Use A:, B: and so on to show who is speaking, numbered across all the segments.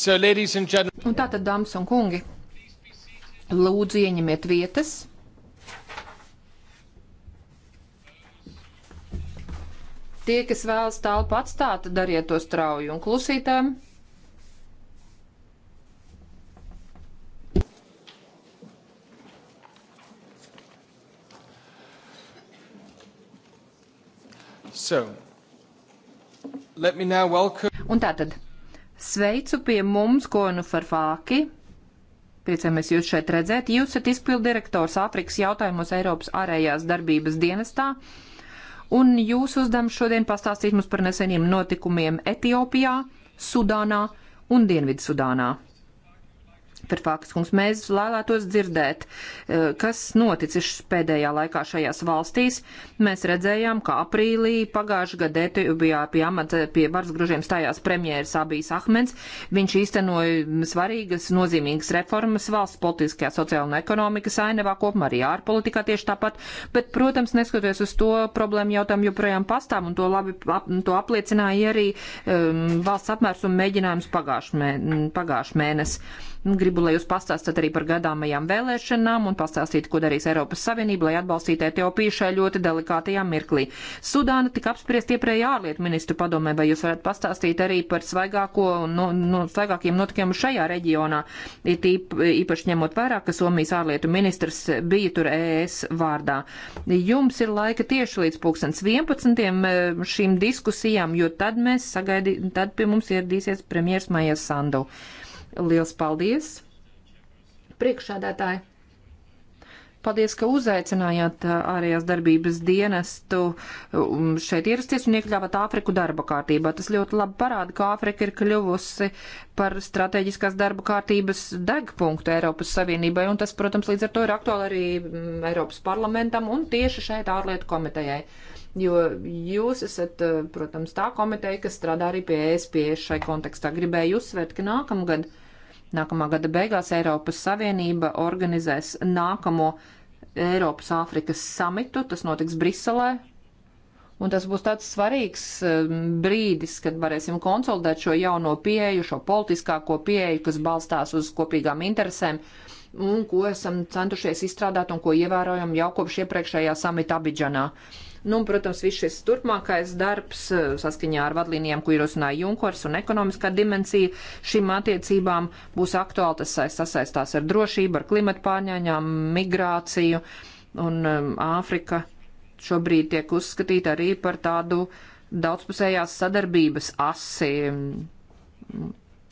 A: So, un tātad,
B: dāmas un kungi, lūdzu ieņemiet vietas. Tie, kas vēlas telpu atstāt, dariet to strauji un klusītēm.
C: So, Un
B: tātad sveicu pie mums Konu Farfāki. Priecamies jūs šeit redzēt. Jūs esat izpildirektors Āfrikas jautājumos Eiropas ārējās darbības dienestā. Un jūs uzdevums šodien pastāstīt mums par neseniem notikumiem Etiopijā, Sudānā un Dienvidsudānā par Fākskungs. Mēs vēlētos dzirdēt, eh, kas noticis pēdējā laikā šajās valstīs. Mēs redzējām, ka aprīlī pagājušā gada Etiopijā pie, amata, pie varas gružiem stājās premjēras Abijas Ahmeds. Viņš īstenoja svarīgas, nozīmīgas reformas valsts politiskajā, sociāla un ekonomikas ainavā, kopumā arī ārpolitikā tieši tāpat. Bet, protams, neskatoties uz to, problēma jautājumu joprojām pastāv, un to, labi, ap, to apliecināja arī um, valsts apmērs un mēģinājums pagājušā mēnesi. Gribu, lai jūs pastāstat arī par gadāmajām vēlēšanām un pastāstītu, ko darīs Eiropas Savienība, lai atbalstītu Etiopiju šajā ļoti delikātajā mirklī. Sudāna tika apspriest iepriekšējā ārlietu ministru padomē, vai jūs varat pastāstīt arī par svaigāko, no, no, svaigākiem notikumiem šajā reģionā, it īpaši ņemot vērā, ka Somijas ārlietu ministrs bija tur ES vārdā. Jums ir laika tieši līdz pulkstens 11. E, šīm diskusijām, jo tad mēs sagaidīsim, tad pie mums ieradīsies premjers Maijas Sandu. Liels paldies! Priekšādātāji! Paldies, ka uzaicinājāt uh, ārējās darbības dienestu um, šeit ierasties un iekļāvāt Āfriku darba kārtībā. Tas ļoti labi parāda, ka Āfrika ir kļuvusi par strateģiskās darba kārtības degpunktu Eiropas Savienībai, un tas, protams, līdz ar to ir aktuāli arī mm, Eiropas parlamentam un tieši šeit ārlietu komitejai. Jo jūs esat, uh, protams, tā komiteja, kas strādā arī pie ES pie šai kontekstā. Gribēju uzsvērt, ka nākamgad. Nākamā gada beigās Eiropas Savienība organizēs nākamo Eiropas Āfrikas samitu. Tas notiks Briselē. Un tas būs tāds svarīgs um, brīdis, kad varēsim konsolidēt šo jauno pieeju, šo politiskāko pieeju, kas balstās uz kopīgām interesēm un ko esam centušies izstrādāt un ko ievērojam jau kopš iepriekšējā samita Abidžanā. Uh, Nu, un, protams, viss šis turpmākais darbs eh, saskaņā ar vadlīnijām, ko ierosināja Junkors un ekonomiskā dimensija šīm attiecībām būs aktuāli. Tas sasaistās ar drošību, ar klimatu pārņēņām, migrāciju un um, Āfrika šobrīd tiek uzskatīta arī par tādu daudzpusējās sadarbības asi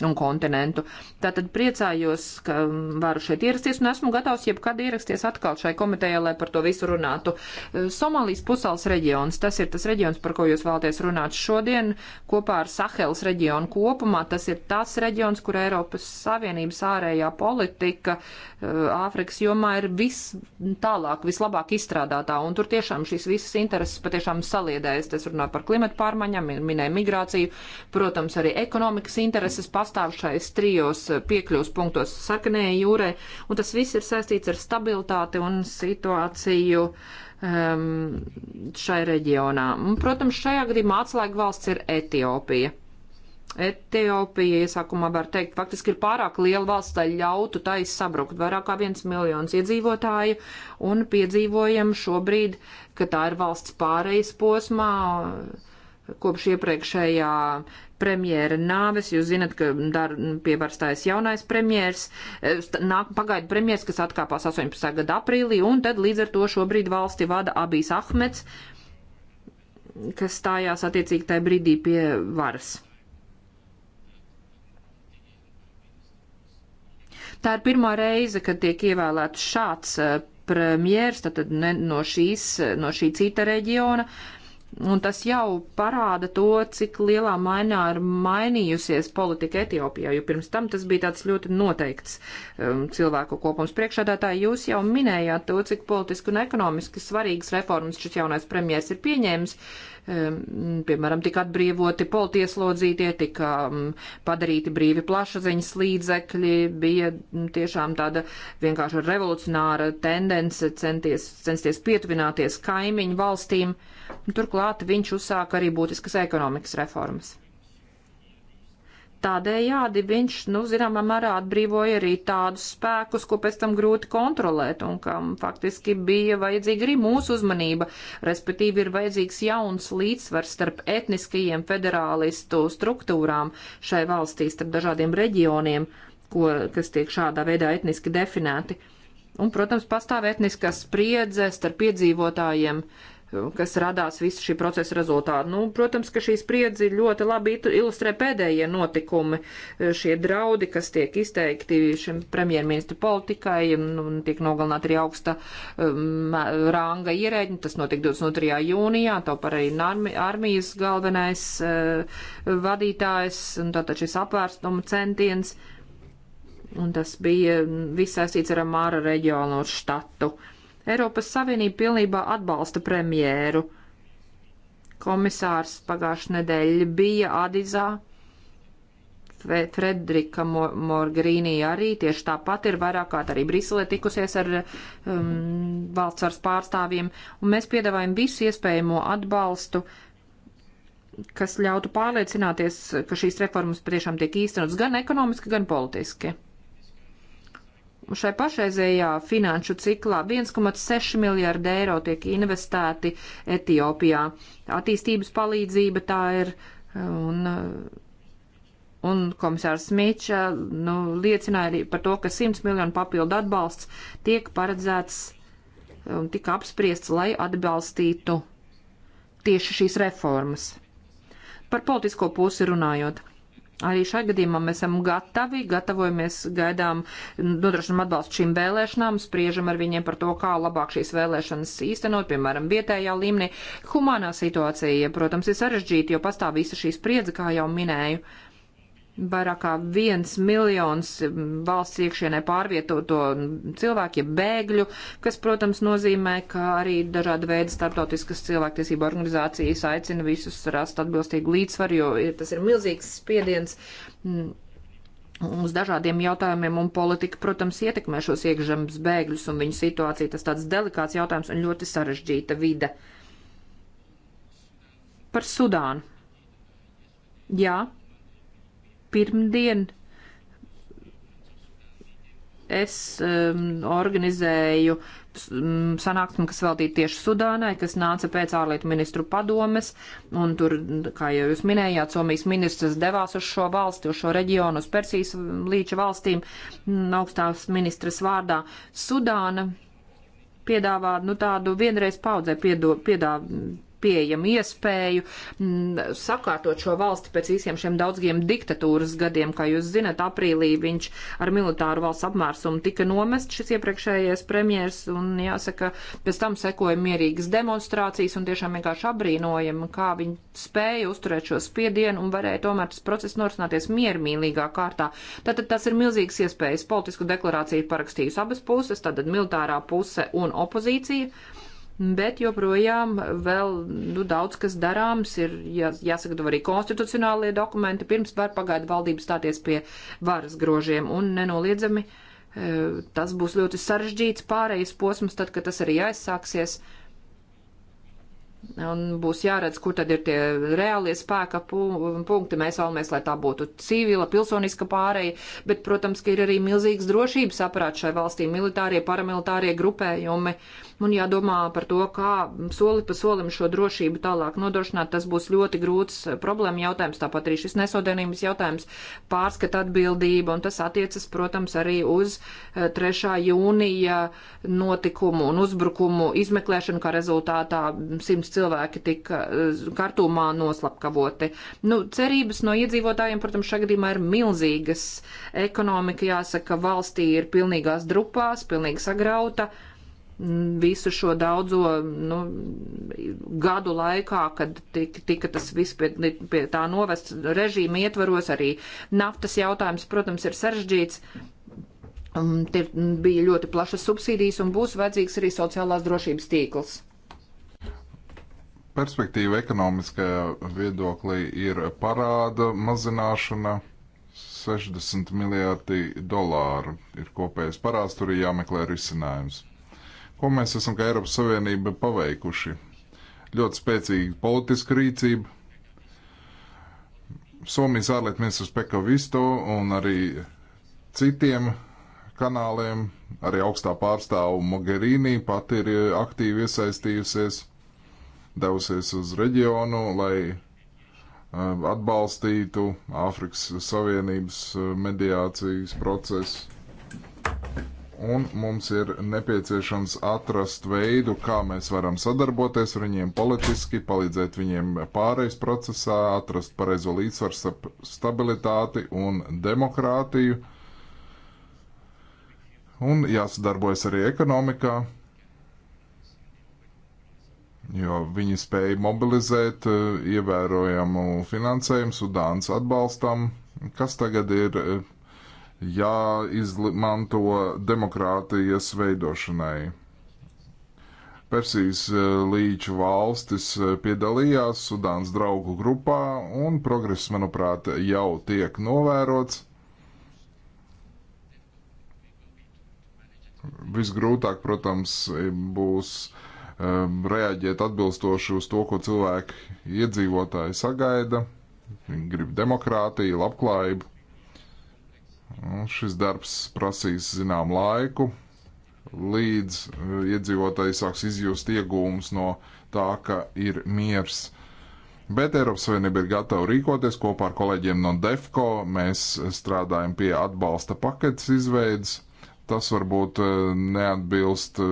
B: un kontinentu. Tātad priecājos, ka varu šeit ierasties un esmu gatavs jebkad ierasties atkal šai komitejai, lai par to visu runātu. Eh, Somālijas pusals reģions, tas ir tas reģions, par ko jūs vēlaties runāt šodien, kopā ar Sahels reģionu kopumā. Tas ir tas reģions, kur Eiropas Savienības ārējā politika eh, Āfrikas jomā ir vis tālāk, vislabāk izstrādātā, un tur tiešām šīs visas intereses patiešām saliedējas. Tas runā par klimatu pārmaiņām, minēja migrāciju, protams, arī ekonomikas intereses pasaulē pastāv šais trijos eh, piekļuvs punktos sarkanajai jūrai, un tas viss ir saistīts ar stabilitāti un situāciju um, šai reģionā. Un, protams, šajā gadījumā atslēga valsts ir Etiopija. Etiopija, iesākumā var teikt, faktiski ir pārāk liela valsts, lai ļautu tai sabrukt vairāk kā viens miljons iedzīvotāju, un piedzīvojam šobrīd, ka tā ir valsts pārejas posmā, uh, kopš iepriekšējā premjera nāves. Jūs zinat, ka dar, piebarstājas jaunais premjers, e, nāk pagaidu premjers, kas atkāpās 18. gada aprīlī, un tad līdz ar to šobrīd valsti vada Abīs Ahmets, kas stājās attiecīgi tajā brīdī pie varas. Tā ir pirmā reize, kad tiek ievēlēts šāds e, premjers, tad ne, no, šīs, e, no šī cita reģiona. Uh, Un tas jau parāda to, cik lielā mainā ir mainījusies politika Etiopijā, jo pirms tam tas bija tāds ļoti noteikts um, cilvēku kopums. Priekšādātāji, jūs jau minējāt to, cik politiski un ekonomiski svarīgas reformas šis jaunais premjers ir pieņēmis. Um, piemēram, tika atbrīvoti politieslodzītie, tika um, padarīti brīvi plašaziņas līdzekļi, bija um, tiešām tāda vienkārši revolucionāra tendence centies, censties pietuvināties kaimiņu valstīm. Uh, Turklāt viņš uzsāka arī būtiskas ekonomikas reformas. Tādējādi viņš, nu, zināmā mērā atbrīvoja arī tādus spēkus, ko pēc tam grūti kontrolēt un kam faktiski bija vajadzīga arī mūsu uzmanība, respektīvi ir vajadzīgs jauns līdzsvars starp etniskajiem federālistu struktūrām šai valstī, starp dažādiem reģioniem, ko, kas tiek šādā veidā etniski definēti. Un, protams, pastāv etniskā spriedze starp piedzīvotājiem. Uh, kas radās visu šī procesa rezultātā. Nu, protams, ka šī spriedzi ļoti labi ilustrē pēdējie notikumi, e, šie draudi, kas tiek izteikti šim premjerministru politikai, nu, tiek nogalināti arī augsta um, ranga ierēģi, tas notika 23. jūnijā, to par arī armijas galvenais uh, vadītājs, un tātad šis apvērstuma centiens, un tas bija viss saistīts ar Māra reģionu štatu. Uh, Eiropas Savienība pilnībā atbalsta premjēru. Komisārs pagājušajā nedēļā bija Adizā. Frederika Morgrīnī arī tieši tāpat ir vairāk kārt arī Briselē tikusies ar um, valsts ar pārstāvjiem, un mēs piedāvājam visu iespējamo atbalstu, kas ļautu pārliecināties, ka šīs reformas patiešām tiek īstenotas gan ekonomiski, gan politiski šai pašreizējā finanšu ciklā 1,6 miljārdi eiro tiek investēti Etiopijā. Attīstības palīdzība tā ir un, un komisārs Miča nu, liecināja arī par to, ka 100 miljonu papildu atbalsts tiek paredzēts un tika apspriests, lai atbalstītu tieši šīs reformas. Par politisko pusi runājot. Arī šai gadījumā mēs esam gatavi, gatavojamies, gaidām, nodrošinām atbalstu šīm vēlēšanām, spriežam ar viņiem par to, kā labāk šīs vēlēšanas īstenot, piemēram, vietējā līmenī. Humānā situācija, protams, ir sarežģīta, jo pastāv visa šī spriedze, kā jau minēju. Uh, vairāk kā viens miljons mm, valsts iekšienē pārvietoto cilvēku, ja bēgļu, kas, protams, nozīmē, ka arī dažāda veida starptautiskas cilvēktiesība organizācijas aicina visus rast atbilstīgu līdzsvaru, jo tas ir milzīgs spiediens mm, uz dažādiem jautājumiem, un politika, protams, ietekmē šos iekšzemes bēgļus un viņu situāciju. Tas tāds delikāts jautājums un ļoti sarežģīta vide. Par Sudānu. Jā, pirmdien es um, organizēju um, sanāksmi, kas veltīta tieši Sudānai, kas nāca pēc ārlietu ministru padomes, un tur, kā jau jūs minējāt, Somijas ministrs devās uz šo valsti, uz šo reģionu, uz Persijas līča valstīm, mm, augstās ministras vārdā. Sudāna piedāvā, nu tādu vienreiz paudzē piedo, piedā, pieejamu iespēju m, mm, sakārtot šo valsti pēc visiem šiem daudzgiem diktatūras gadiem. Kā jūs zinat, aprīlī viņš ar militāru valsts apmērsumu tika nomest šis iepriekšējais premjers, un jāsaka, pēc tam sekoja mierīgas demonstrācijas, un tiešām vienkārši abrīnojami, kā viņi spēja uzturēt šo spiedienu un varēja tomēr tas process norisināties miermīlīgā kārtā. Tātad tas ir milzīgs iespējas. Politisku deklarāciju ir parakstījusi abas puses, tātad militārā puse un opozīcija bet joprojām vēl nu, daudz kas darāms ir, jā, jāsagatavo arī konstitucionālie dokumenti, pirms var pagaidu valdību stāties pie varas grožiem un nenoliedzami eh, tas būs ļoti sarežģīts pārējais posms, tad, kad tas arī aizsāksies. Un būs jāredz, kur tad ir tie reālie spēka punkti. Mēs vēlamies, lai tā būtu civila, pilsoniska pārēja, bet, protams, ka ir arī milzīgs drošības aparāts šai valstī, militārie, paramilitārie grupējumi. Un jādomā par to, kā soli pa solim šo drošību tālāk nodrošināt. Tas būs ļoti grūts eh, problēma jautājums, tāpat arī šis nesodienības jautājums, pārskata atbildība, un tas attiecas, protams, arī uz 3. Eh, jūnija notikumu un uzbrukumu izmeklēšanu, kā rezultātā mm, simts cilvēki tika eh, kartumā noslapkavoti. Nu, cerības no iedzīvotājiem, protams, šajā gadījumā ir milzīgas. Ekonomika, jāsaka, valstī ir pilnīgās drupās, pilnīgi sagrauta visu šo daudzo nu, gadu laikā, kad tika, tika tas viss pie, pie tā novests režīma ietvaros, arī naftas jautājums, protams, ir sarežģīts. Um, Tur bija ļoti plašas subsīdijas un būs vajadzīgs arī sociālās drošības tīkls
C: perspektīva ekonomiskajā viedoklī ir parāda mazināšana. 60 miljardi dolāru ir kopējais parāds, tur ir jāmeklē risinājums. Ko mēs esam kā Eiropas Savienība paveikuši? Ļoti spēcīga politiska rīcība. Somijas ārlietu ministrs Pekavisto un arī citiem kanāliem, arī augstā pārstāvu Mogherini pati ir eh, aktīvi iesaistījusies devusies uz reģionu, lai um, atbalstītu Āfrikas Savienības uh, mediācijas procesu. Un mums ir nepieciešams atrast veidu, kā mēs varam sadarboties ar viņiem politiski, palīdzēt viņiem pārejas procesā, atrast pareizo līdzsvaru starp stabilitāti un demokrātiju. Un jāsadarbojas arī ekonomikā, jo viņi spēja mobilizēt eh, ievērojamu finansējumu Sudānas atbalstam, kas tagad ir eh, jāizmanto demokrātijas veidošanai. Persijas eh, līča valstis piedalījās Sudānas draugu grupā, un progress, manuprāt, jau tiek novērots. Visgrūtāk, protams, būs uh, um, reaģēt atbilstoši uz to, ko cilvēki iedzīvotāji sagaida. Viņi grib demokrātiju, labklājību. Un šis darbs prasīs zinām laiku, līdz uh, iedzīvotāji sāks izjust iegūmus no tā, ka ir miers. Bet Eiropas Savienība ir gatava rīkoties kopā ar kolēģiem no DEFCO. Mēs strādājam pie atbalsta paketes izveidas tas varbūt eh, neatbilst eh,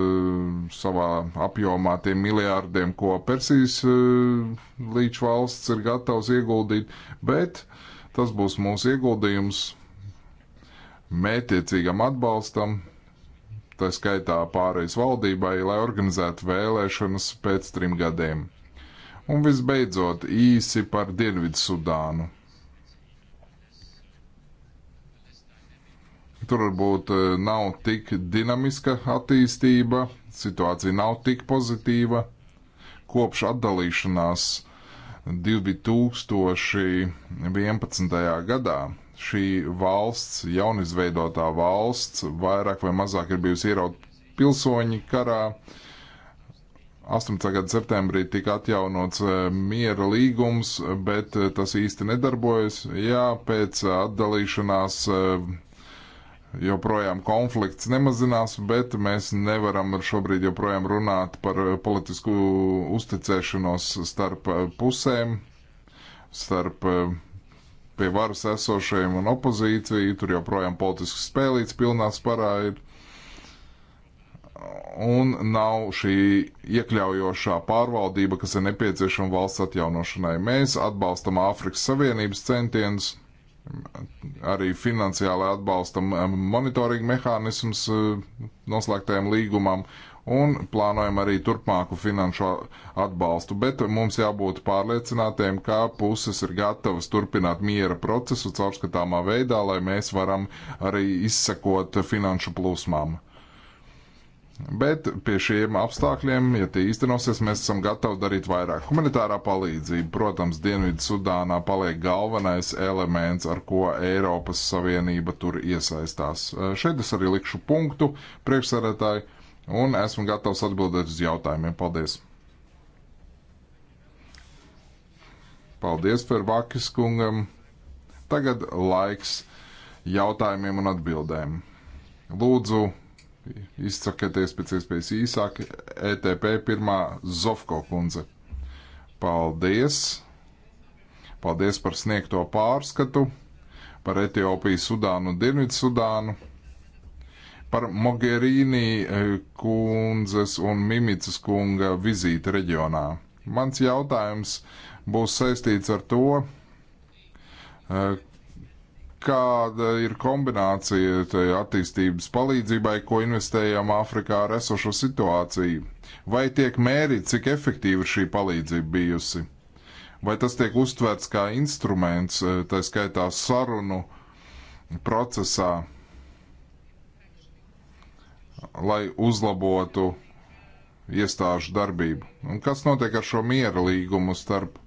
C: savā apjomā tiem miljārdiem, ko Persijas eh, līča valsts ir gatavs ieguldīt, bet tas būs mūsu ieguldījums mētiecīgam atbalstam, tā skaitā pārējais valdībai, lai organizētu vēlēšanas pēc trim gadiem. Un visbeidzot īsi par Dienvidu Sudānu. Tur varbūt e, nav tik dinamiska attīstība, situācija nav tik pozitīva. Kopš atdalīšanās 2011. gadā šī valsts, jaunizveidotā valsts, vairāk vai mazāk ir bijusi ierauta pilsoņi karā. 18. gada septembrī tika atjaunots e, miera līgums, bet e, tas īsti nedarbojas. Jā, pēc atdalīšanās joprojām konflikts nemazinās, bet mēs nevaram šobrīd joprojām runāt par politisku uzticēšanos starp eh, pusēm, starp eh, pie varas esošajiem un opozīciju. Tur joprojām politiski spēlīts pilnā sparā ir. Un nav šī iekļaujošā pārvaldība, kas ir nepieciešama valsts atjaunošanai. Mēs atbalstam Āfrikas Savienības centienus arī finansiāli atbalstam monitoringa mehānisms e, noslēgtajam līgumam un plānojam arī turpmāku finanšu atbalstu, bet mums jābūt pārliecinātiem, ka puses ir gatavas turpināt miera procesu caurskatāmā veidā, lai mēs varam arī izsekot finanšu plūsmām. Bet pie šiem apstākļiem, ja tie īstenosies, mēs esam gatavi darīt vairāk. Humanitārā palīdzība, protams, Dienvidu Sudānā paliek galvenais elements, ar ko Eiropas Savienība tur iesaistās. Šeit es arī likšu punktu priekšsarētāji un esmu gatavs atbildēt uz jautājumiem. Paldies! Paldies Fervakis kungam! Tagad laiks jautājumiem un atbildēm. Lūdzu, izsakieties pēc iespējas īsāk. ETP pirmā Zofko kundze. Paldies! Paldies par sniegto pārskatu par Etiopiju, Sudānu un Dienvidsudānu, par Mogherīni e, kundzes un Mimicas kunga vizīti reģionā. Mans jautājums būs saistīts ar to, e, kāda ir kombinācija attīstības palīdzībai, ko investējam Āfrikā ar esošo situāciju? Vai tiek mērīts, cik efektīva šī palīdzība bijusi? Vai tas tiek uztverts kā instruments, eh, tā skaitā sarunu procesā, lai uzlabotu iestāžu darbību? Un kas notiek ar šo miera līgumu starp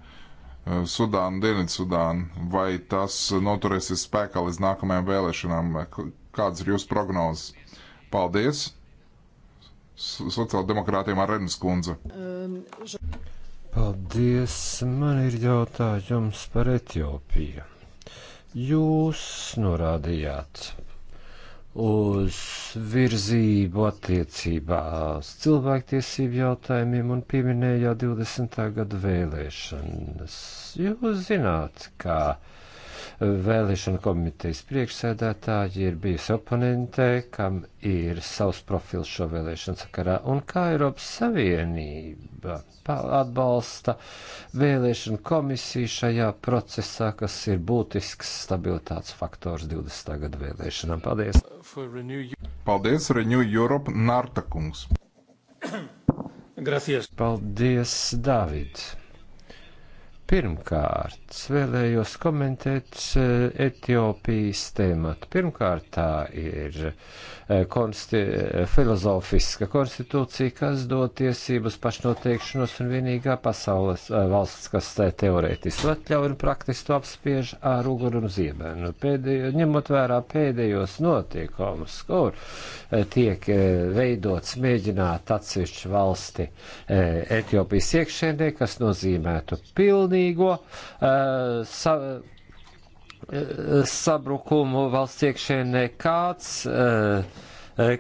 C: Eh, Sudānu, Dienvidsudānu, vai tas noturēsies spēkā līdz nākamajām vēlēšanām? Eh, kādas ir jūsu prognozes? Paldies! Sociāldemokrātiem Arenas kundze.
A: Um, Paldies! Man ir jautājums par Etiopiju. Jūs norādījāt uz virzību attiecībās cilvēktiesību jautājumiem un pieminējāt 20. gadu vēlēšanas. Jūs zināt, ka vēlēšana komitejas priekšsēdētāji ir bijusi oponente, kam ir savs profils šo vēlēšanu sakarā, un kā Eiropas Savienība atbalsta vēlēšanu komisiju šajā procesā, kas ir būtisks stabilitātes faktors 20. gadu vēlēšanām. Paldies!
C: Paldies, Renew Europe, Nārta kungs! Gracias. Paldies, Dāvid! Pirmkārt, vēlējos
A: komentēt eh, Etiopijas tēmatu. Pirmkārt, tā ir eh, konsti filozofiska konstitūcija, kas dod tiesības pašnoteikšanos un vienīgā pasaules eh, valsts, kas teorētiski atļauj un praktiski to apspiež ar uguru un ziemēnu. Pēdējo, ņemot vērā pēdējos notiekumus, kur tiek veidots mēģināt atsevišķu valsti Etiopijas iekšēnē, kas nozīmētu pilnīgi pilnīgo uh, eh, sa, uh, sabrukumu valsts iekšēnē kāds. Uh,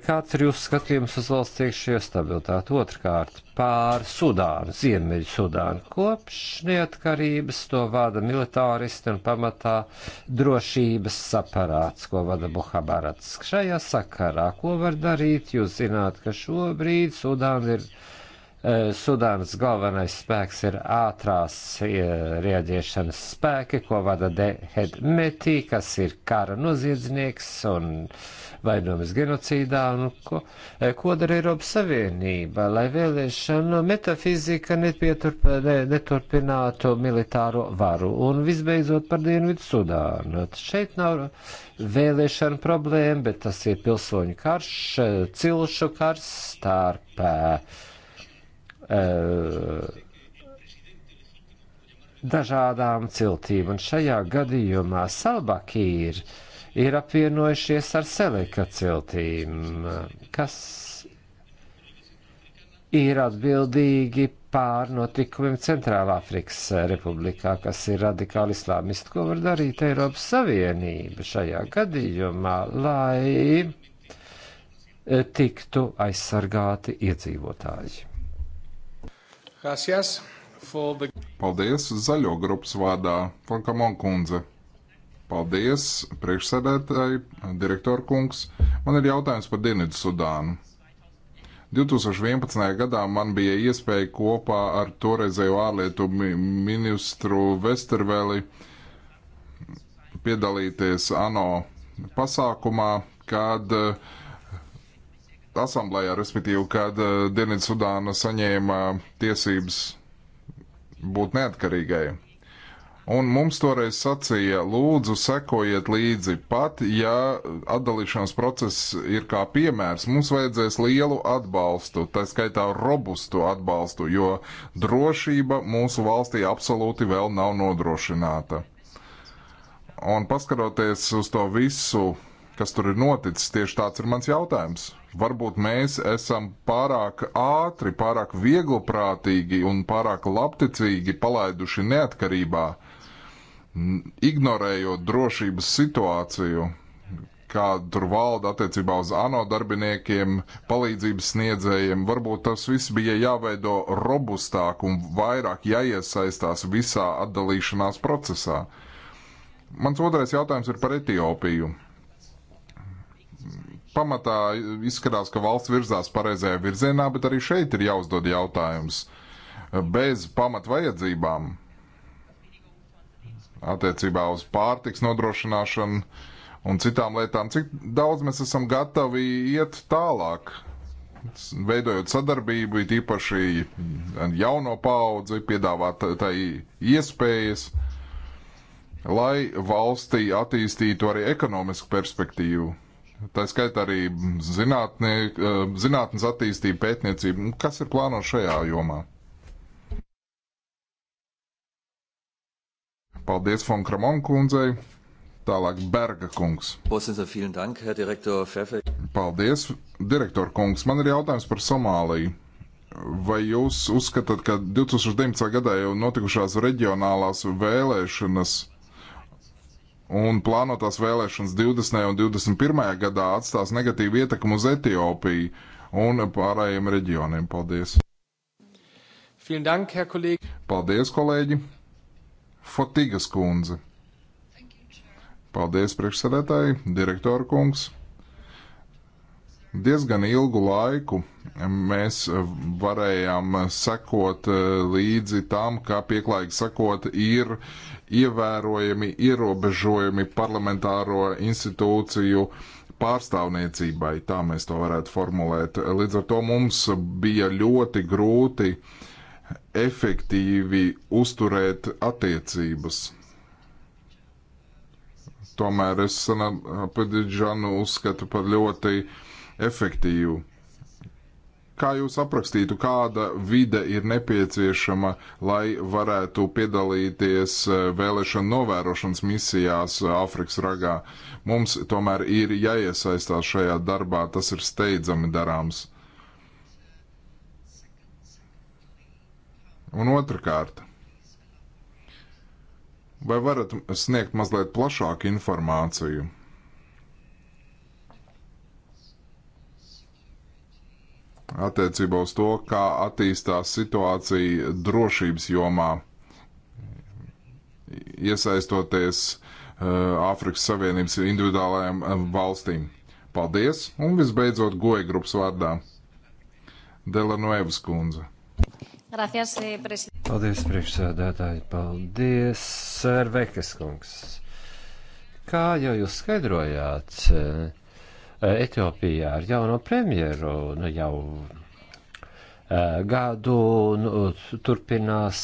A: Kāds ir jūsu skatījums uz valsts iekšējo stabilitāti? Otrkārt, pār Sudānu, Ziemeļu Sudānu. Kopš neatkarības to vada militāristi un pamatā drošības saparāts, ko vada Buhabarats. Šajā sakarā, ko var darīt? Jūs zināt, ka šobrīd Sudāna ir Eh, Sudānas galvenais spēks ir ātrās eh, rieģiešanas spēki, ko vada Dehed Metī, kas ir kara noziedznieks un vainomis genocīdā, un ko, eh, ko dara Eiropas Savienība, lai vēlēšana metafizika ne, neturpinātu militāro varu. Un visbeidzot par Dienvidu Sudānu. Šeit nav vēlēšana problēma, bet tas ir pilsoņu karš, cilšu karš starp. Uh, Eh, dažādām ciltīm, un šajā gadījumā salbakīri ir apvienojušies ar seleka ciltīm, kas ir atbildīgi pār notikumiem Centrālāfrikas republikā, kas ir radikāli islāmisti, ko var darīt Eiropas Savienība šajā gadījumā, lai eh, tiktu aizsargāti iedzīvotāji.
C: The... Paldies zaļo grupas vārdā, Pankamon kundze. Paldies, priekšsēdētāji, direktor kungs. Man ir jautājums par Dienvidu Sudānu. 2011. gadā man bija iespēja kopā ar toreizējo ārlietu ministru Vesterveli piedalīties ANO pasākumā, kad uh, asamblējā, respektīvi, kad eh, Dienvidsudāna saņēma tiesības būt neatkarīgai. Un mums toreiz sacīja, lūdzu, sekojiet līdzi, pat ja atdalīšanās process ir kā piemērs, mums vajadzēs lielu atbalstu, tā skaitā robustu atbalstu, jo drošība mūsu valstī absolūti vēl nav nodrošināta. Un paskatoties uz to visu kas tur ir noticis. Tieši tāds ir mans jautājums. Varbūt mēs esam pārāk ātri, pārāk vieglprātīgi un pārāk labticīgi palaiduši neatkarībā, ignorējot drošības situāciju, kāda tur valda attiecībā uz ANO darbiniekiem, palīdzības sniedzējiem. Varbūt tas viss bija jāveido robustāk un vairāk jāiesaistās visā atdalīšanās procesā. Mans otrais jautājums ir par Etiopiju pamatā izskatās, ka valsts virzās pareizajā virzienā, bet arī šeit ir jāuzdod jautājums. Bez pamat vajadzībām attiecībā uz pārtiks nodrošināšanu un citām lietām, cik daudz mēs esam gatavi iet tālāk, veidojot sadarbību, īpaši jauno paudzi, piedāvāt tai iespējas, lai valstī attīstītu arī ekonomisku perspektīvu. Tā skaitā arī zinātnē, eh, zinātnes attīstība, pētniecība. Nu, kas ir plānots šajā jomā? Paldies Fonkramon kundzei. Tālāk Berga kungs. Paldies, direktor kungs. Man ir jautājums par Somāliju. Vai jūs uzskatāt, ka 2019. gadā jau notikušās reģionālās vēlēšanas un plānotās vēlēšanas 20. un 21. gadā atstās negatīvu ietekmu uz Etiopiju un pārējiem reģioniem. Paldies! Dank, Paldies, kolēģi! Fotigas kundze! Paldies, priekšsēdētāji, direktora kungs! diezgan ilgu laiku mēs eh, varējām eh, sekot eh, līdzi tam, kā pieklājīgi sakot, ir ievērojami ierobežojumi parlamentāro institūciju pārstāvniecībai, tā mēs to varētu formulēt. Līdz ar to mums bija ļoti grūti efektīvi uzturēt attiecības. Tomēr es Sanapedidžanu uzskatu par ļoti uh, efektīvu. Kā jūs aprakstītu, kāda vide ir nepieciešama, lai varētu piedalīties eh, vēlēšana novērošanas misijās Āfrikas ragā? Mums tomēr ir jāiesaistās šajā darbā, tas ir steidzami darāms. Un otrkārt, vai varat sniegt mazliet plašāku informāciju? attiecībā uz to, kā attīstās situācija drošības jomā, iesaistoties eh, Āfrikas uh, Savienības individuālajām eh, valstīm. Paldies! Un visbeidzot, goja grupas vārdā Delanuevas kundze.
B: Gracias, eh,
C: Paldies, priekšsēdētāji! Paldies, Sērvekas
A: kungs! Kā jau jūs skaidrojāt? Uh, Etiopijā ar jauno premjeru nu, jau eh, gadu nu, turpinās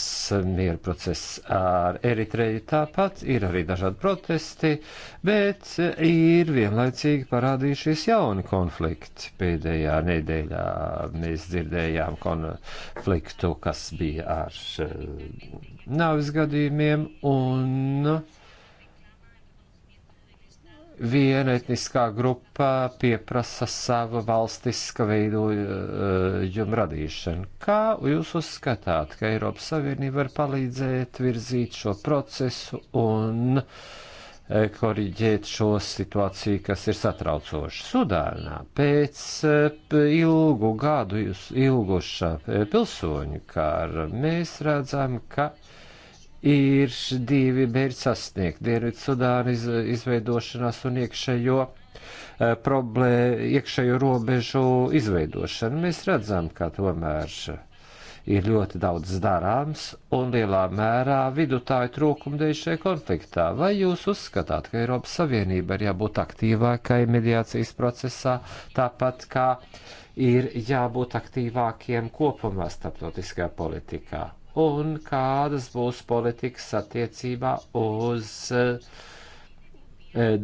A: miera process ar Eritreju. Tāpat ir arī dažādi protesti, bet ir vienlaicīgi parādījušies jauni konflikti. Pēdējā nedēļā mēs dzirdējām konfliktu, kas bija ar eh, nāvis gadījumiem un viena etniskā grupa pieprasa savu valstiska veidojumu radīšanu. Kā jūs uzskatāt, ka Eiropas Savienība var palīdzēt virzīt šo procesu un e, koriģēt šo situāciju, kas ir satraucoša Sudānā pēc e, ilgu gadu ilguša e, pilsoņu kāra? Mēs redzam, ka ir divi mērķi sasniegt - Dienvidu Sudānu iz, izveidošanās un iekšējo eh, problēmu, iekšējo robežu izveidošanu. Mēs redzam, ka tomēr ir ļoti daudz darāms un lielā mērā vidutāju trūkumu dēļ šajā konfliktā. Vai jūs uzskatāt, ka Eiropas Savienība ir jābūt aktīvākai mediācijas procesā, tāpat kā ir jābūt aktīvākiem kopumā starptautiskajā politikā? un kādas būs politikas attiecībā uz eh,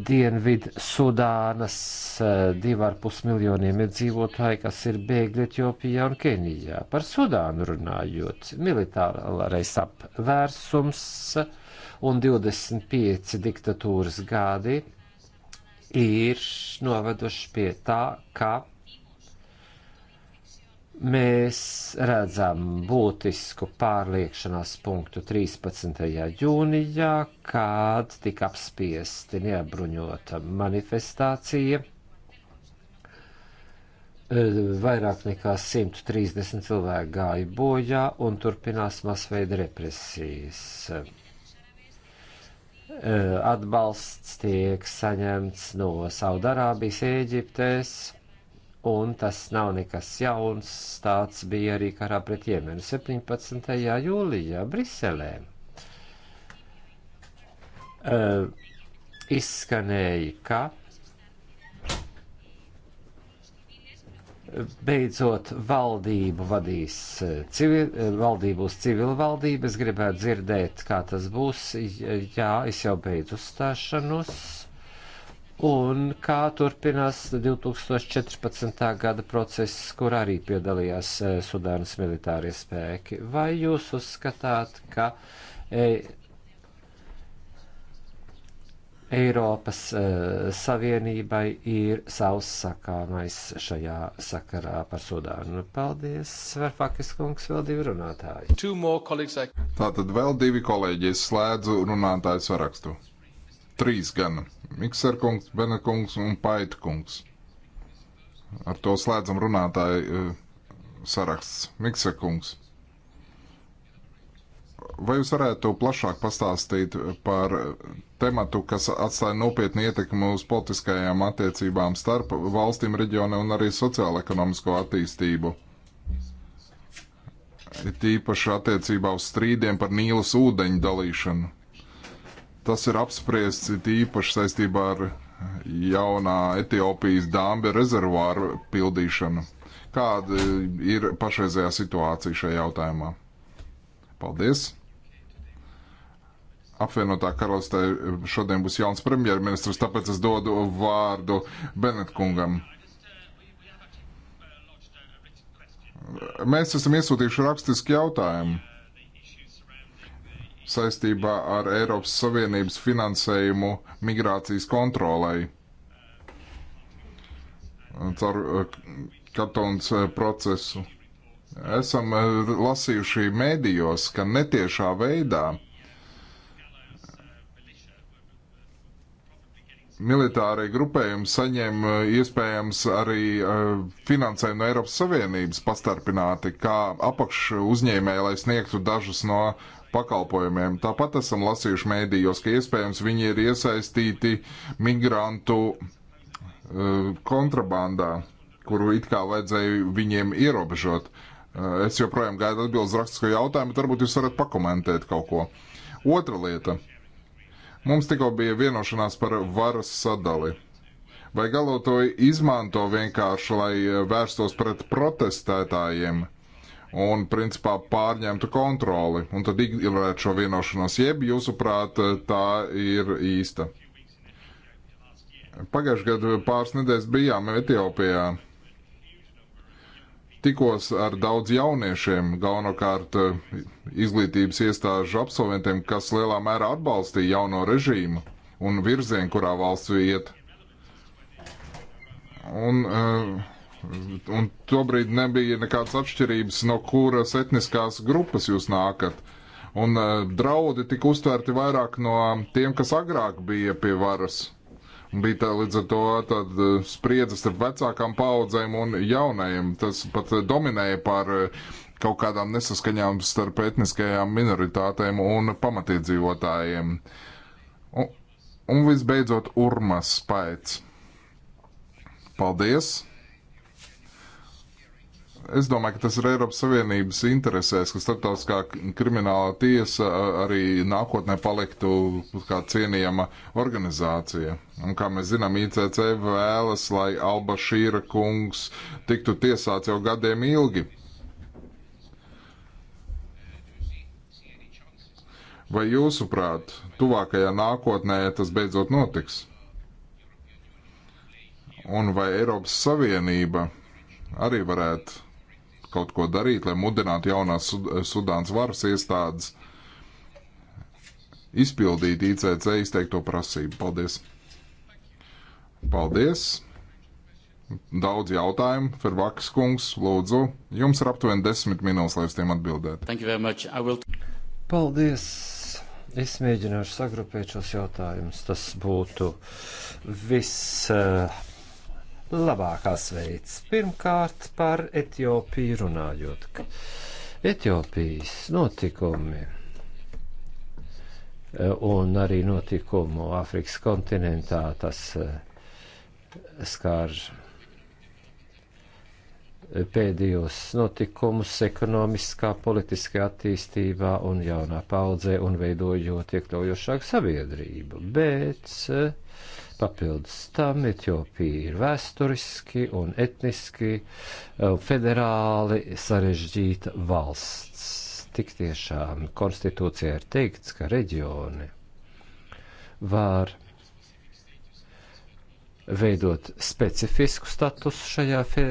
A: Dienvidu Sudānas eh, divu ar pus miljoniem iedzīvotāju, kas ir bēgļi Etiopijā un Kenijā. Par Sudānu runājot, militārais apvērsums un 25 diktatūras gadi ir noveduši pie tā, ka mēs redzam būtisku pārliekšanās punktu 13. jūnijā, kad tika apspiesti neapbruņota manifestācija. Vairāk nekā 130 cilvēki gāja bojā un turpinās masveida represijas. Atbalsts tiek saņemts no Saudarābijas, Ēģiptes un tas nav nekas jauns, tāds bija arī karā pret Jemenu 17. jūlijā Briselē. Uh, izskanēja, ka beidzot valdību vadīs civil, valdību uz civilu valdību. Es gribētu dzirdēt, kā tas būs. Jā, es jau beidzu stāšanos un kā turpinās 2014. gada process, kur arī piedalījās eh, Sudānas militārie spēki. Vai jūs uzskatāt, ka e, Eiropas e, Savienībai ir savs sakāmais
C: šajā sakarā par Sudānu? Paldies, Verfakis
A: kungs, vēl divi
C: runātāji. Tātad vēl divi kolēģi, es slēdzu runātāju sarakstu. Trīs gan Mikserkungs, Benekungs un Paitkungs. Ar to slēdzam runātāju eh, saraksts. Mikserkungs. Vai jūs varētu plašāk pastāstīt par tematu, kas atstāja nopietnu ietekmi uz politiskajām attiecībām starp valstīm, reģionu un arī sociālo-ekonomisko attīstību? It īpaši attiecībā uz strīdiem par Nīlas ūdeņu dalīšanu. Tas ir apspriests īpaši saistībā ar jaunā Etiopijas dāmba rezervāru pildīšanu. Kāda ir pašreizējā situācija šajā jautājumā? Paldies! Apvienotā karalistē šodien būs jauns premjerministrs, tāpēc es dodu vārdu Benetkungam. Mēs esam iesūtījuši rakstisku jautājumu saistībā ar Eiropas Savienības finansējumu migrācijas kontrolai caur eh, Katonas eh, procesu. Esam eh, lasījuši mēdījos, ka netiešā veidā militārie grupējumi saņem iespējams arī finansējumu no Eiropas Savienības pastarpināti, kā apakš uzņēmēji, lai sniegtu dažus no pakalpojumiem. Tāpat esam lasījuši mēdījos, ka iespējams viņi ir iesaistīti migrantu uh, kontrabandā, kuru it kā vajadzēja viņiem ierobežot. Uh, es joprojām gaidu atbildes rakstisko jautājumu, bet varbūt jūs varat pakomentēt kaut ko. Otra lieta. Mums tikko bija vienošanās par varas sadali. Vai galotoji izmanto vienkārši, lai eh, vērstos pret protestētājiem? Uh, un, principā, pārņemtu kontroli un tad ignorētu šo vienošanos. Jeb, jūsuprāt, tā ir īsta. Pagājušajā gadā pāris nedēļas bijām Etiopijā. Tikos ar daudz jauniešiem, galvenokārt izglītības iestāžu absolventiem, kas lielā mērā atbalstīja jauno režīmu un virzienu, kurā valsts iet. Un, uh, Un tobrīd nebija nekādas atšķirības, no kuras etniskās grupas jūs nākat. Un eh, draudi tika uztvērti vairāk no tiem, kas agrāk bija pie varas. Un bija tā līdz ar to tāda eh, spriedze starp vecākām paudzēm un jaunajiem. Tas pat eh, dominēja par kaut kādām nesaskaņām starp etniskajām minoritātēm un pamatiedzīvotājiem. Un, un visbeidzot, urmas spēks. Paldies! Es domāju, ka tas ir Eiropas Savienības interesēs, ka starptautiskā krimināla tiesa arī nākotnē paliktu kā cienījama organizācija. Un kā mēs zinām, ICC vēlas, lai Alba Šīra kungs tiktu tiesāts jau gadiem ilgi. Vai jūsuprāt, tuvākajā nākotnē tas beidzot notiks? Un vai Eiropas Savienība arī varētu kaut ko darīt, lai mudinātu jaunās Sudānas varas iestādes izpildīt ICC izteikto prasību. Paldies! Paldies! Daudz jautājumu. Fervakas kungs, lūdzu, jums ir aptuveni desmit minūtes, lai uz tiem atbildētu. Will...
A: Paldies! Es mēģināšu sagrupēt šos jautājumus. Tas būtu viss. Uh labākās veids. Pirmkārt, par Etiopiju runājot. Etiopijas notikumi e, un arī notikumu Āfrikas kontinentā tas e, skār pēdējos notikumus ekonomiskā, politiskā attīstībā un jaunā paudzē un veidojot iekļaujošāku sabiedrību. Bet uh, Papildus tam Etiopija ir vēsturiski un etniski eh, federāli sarežģīta valsts. Tik tiešām konstitūcijā ir teikts, ka reģioni var veidot specifisku statusu šajā fe,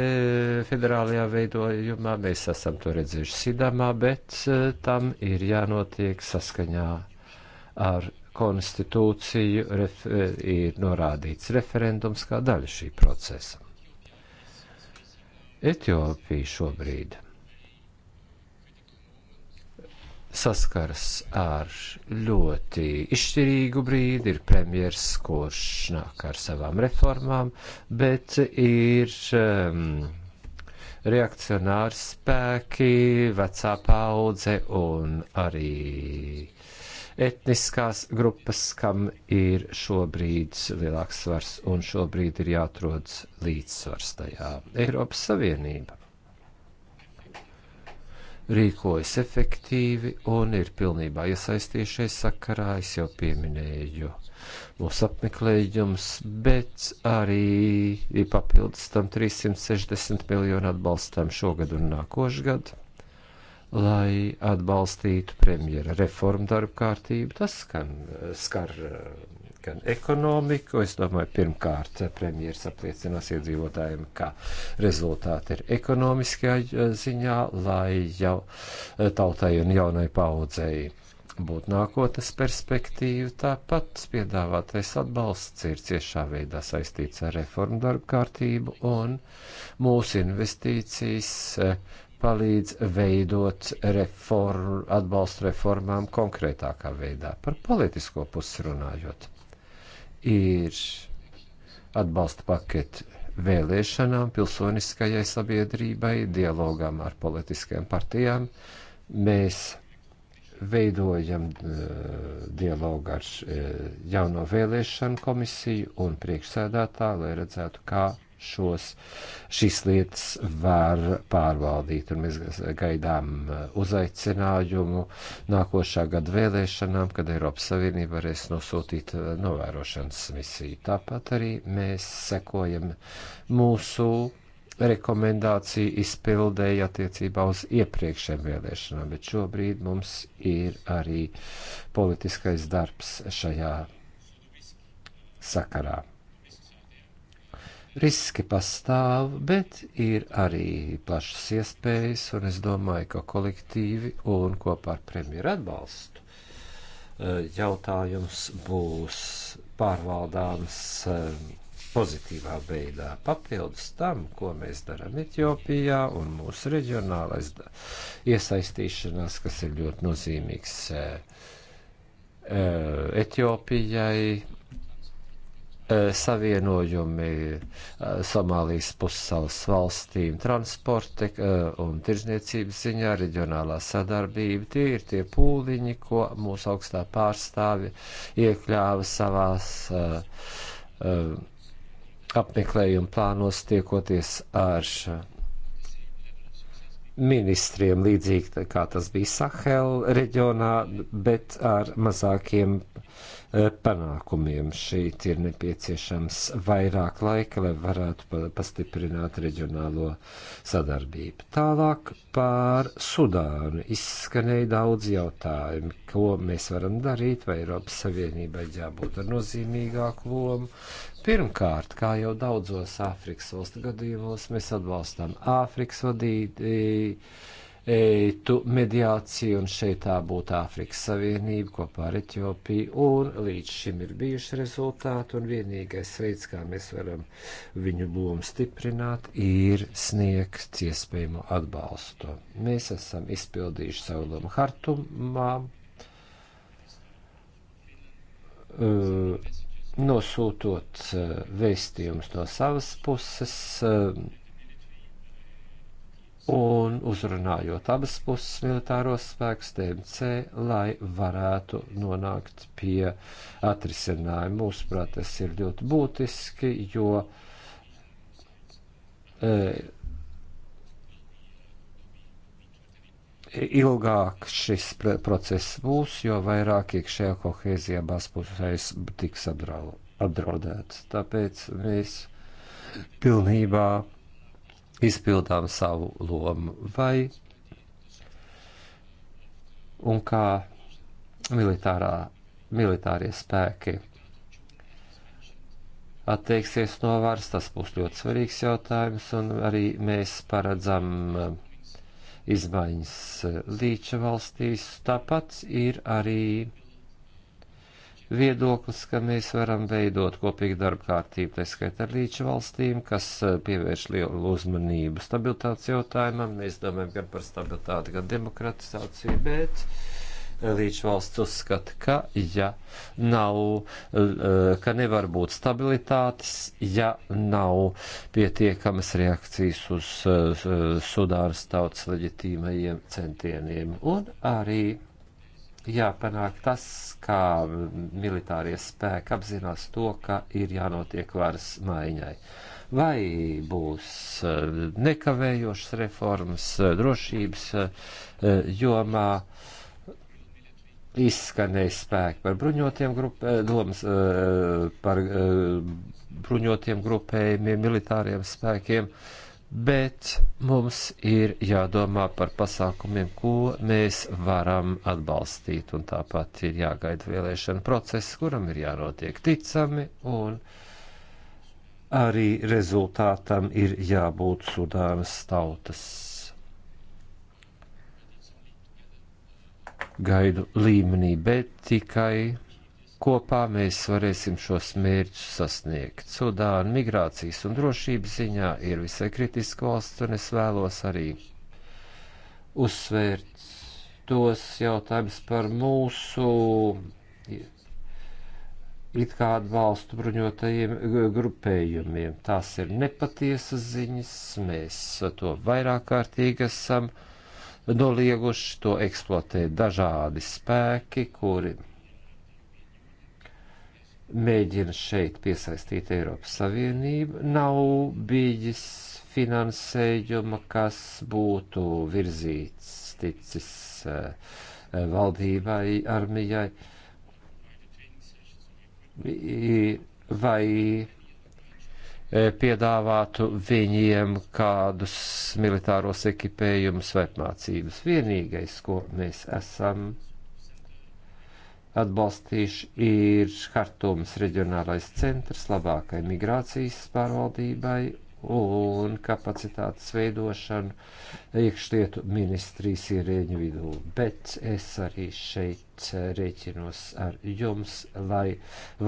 A: federālajā veidojumā. Mēs esam to redzējuši Sidamā, bet eh, tam ir jānotiek saskaņā ar konstitūciju ref, e, ir norādīts referendums kā daļa šī procesa. Etiopija šobrīd saskaras ar ļoti izšķirīgu brīdi, ir premjers, kurš nāk ar savām reformām, bet ir um, reakcionāri spēki, vecā paudze un arī etniskās grupas, kam ir šobrīd lielāks svars un šobrīd ir jāatrod līdzsvars tajā. Eiropas Savienība rīkojas efektīvi un ir pilnībā iesaistījušies sakarā, es jau pieminēju mūsu apmeklējums, bet arī papildus tam 360 miljonu atbalstam šogad un nākošgad lai atbalstītu premjera reformu darbu kārtību. Tas skan, skar gan ekonomiku. Es domāju, pirmkārt, premjeras apliecinās iedzīvotājiem, ka rezultāti ir ekonomiskajā ziņā, lai jau tautai un jaunai paudzei būtu nākotnes perspektīva. Tāpat piedāvātais atbalsts ir ciešā veidā saistīts ar reformu darbu kārtību un mūsu investīcijas palīdz veidot reform, atbalstu reformām konkrētākā veidā. Par politisko pusi runājot, ir atbalsta paketi vēlēšanām, pilsoniskajai sabiedrībai, dialogām ar politiskajām partijām. Mēs veidojam eh, dialogu ar eh, jauno vēlēšanu komisiju un priekšsēdētāju, lai redzētu, kā šos, šīs lietas var pārvaldīt. Un mēs gaidām uh, uzaicinājumu nākošā gada vēlēšanām, kad Eiropas Savienība varēs nosūtīt uh, novērošanas misiju. Tāpat arī mēs sekojam mūsu rekomendāciju izpildēja attiecībā uz iepriekšējām vēlēšanām, bet šobrīd mums ir arī politiskais darbs šajā sakarā. Riski pastāv, bet ir arī plašas iespējas, un es domāju, ka kolektīvi un kopā ar premjeru atbalstu eh, jautājums būs pārvaldāms eh, pozitīvā veidā. Papildus tam, ko mēs darām Etiopijā un mūsu reģionālais iesaistīšanās, kas ir ļoti nozīmīgs eh, Etiopijai, Eh, savienojumi eh, Somālijas pussalas valstīm transporta eh, un tirzniecības ziņā, reģionālā sadarbība. Tie ir tie pūliņi, ko mūsu augstā pārstāvi iekļāva savās uh, uh, apmeklējuma plānos tiekoties ar ministriem, līdzīgi kā tas bija Sahel reģionā, bet ar mazākiem eh, panākumiem. Šeit ir nepieciešams vairāk laika, lai varētu pastiprināt reģionālo sadarbību. Tālāk par Sudānu izskanēja daudz jautājumu, ko mēs varam darīt, vai Eiropas Savienībai jābūt ar nozīmīgāku lomu, Pirmkārt, kā jau daudzos Āfrikas valstu gadījumos, mēs atbalstām Āfrikas vadītu e, mediāciju, un šeit tā būtu Āfrikas Savienība kopā ar Eķiopiju, un līdz šim ir bijuši rezultāti, un vienīgais veids, kā mēs varam viņu lomu stiprināt, ir sniegt iespējamo atbalstu. Mēs esam izpildījuši savu lomu hartumā. Uh, nosūtot eh, vēstījumus no savas puses eh, un uzrunājot abas puses militāros spēkus TMC, lai varētu nonākt pie atrisinājuma. Mūsuprāt, tas ir ļoti būtiski, jo e, ilgāk šis process būs, jo vairāk iekšējā kohēzija abās pusēs tiks apdraudēts. Tāpēc mēs pilnībā izpildām savu lomu. Vai un kā militārā, militārie spēki attieksies no varas, tas būs ļoti svarīgs jautājums, un arī mēs paredzam izmaiņas līča valstīs. Tāpat ir arī viedoklis, ka mēs varam veidot kopīgu darba kārtību, tā skaitā ar līča valstīm, kas eh, pievērš lielu uzmanību stabilitātes jautājumam. Mēs domājam gan par stabilitāti, gan demokratizāciju, bet Līdz valsts uzskata, ka ja nav, eh, ka nevar būt stabilitātes, ja nav pietiekamas reakcijas uz eh, Sudānas tautas leģitīmajiem centieniem. Un arī jāpanāk tas, kā militārie spēki apzinās to, ka ir jānotiek varas maiņai. Vai būs eh, nekavējošas reformas drošības jomā? izskanēja spēki par bruņotiem grupē, eh, domas eh, par eh, bruņotiem grupējumiem, militāriem spēkiem, bet mums ir jādomā par pasākumiem, ko mēs varam atbalstīt, un tāpat ir jāgaida vēlēšana process, kuram ir jānotiek ticami, un arī rezultātam ir jābūt Sudānas tautas gaidu līmenī, bet tikai kopā mēs varēsim šos mērķus sasniegt. Sudāna migrācijas un drošības ziņā ir visai kritiska valsts, un es vēlos arī uzsvērt tos jautājumus par mūsu it kā atbalstu bruņotajiem grupējumiem. Tās ir nepatiesas ziņas, mēs to vairāk kārtīgi esam uh, nolieguši, to eksploatē dažādi spēki, kuri mēģina šeit piesaistīt Eiropas Savienību. Nav bijis finansējuma, kas būtu virzīts, ticis eh, valdībai, armijai. Vai E, piedāvātu viņiem kādus militāros ekipējumus vai mācības. Vienīgais, ko mēs esam atbalstījuši, ir Hartūmas reģionālais centrs labākai migrācijas pārvaldībai un kapacitātes veidošanu iekšlietu ministrijas ierēģu vidū. Bet es arī šeit rēķinos ar jums, lai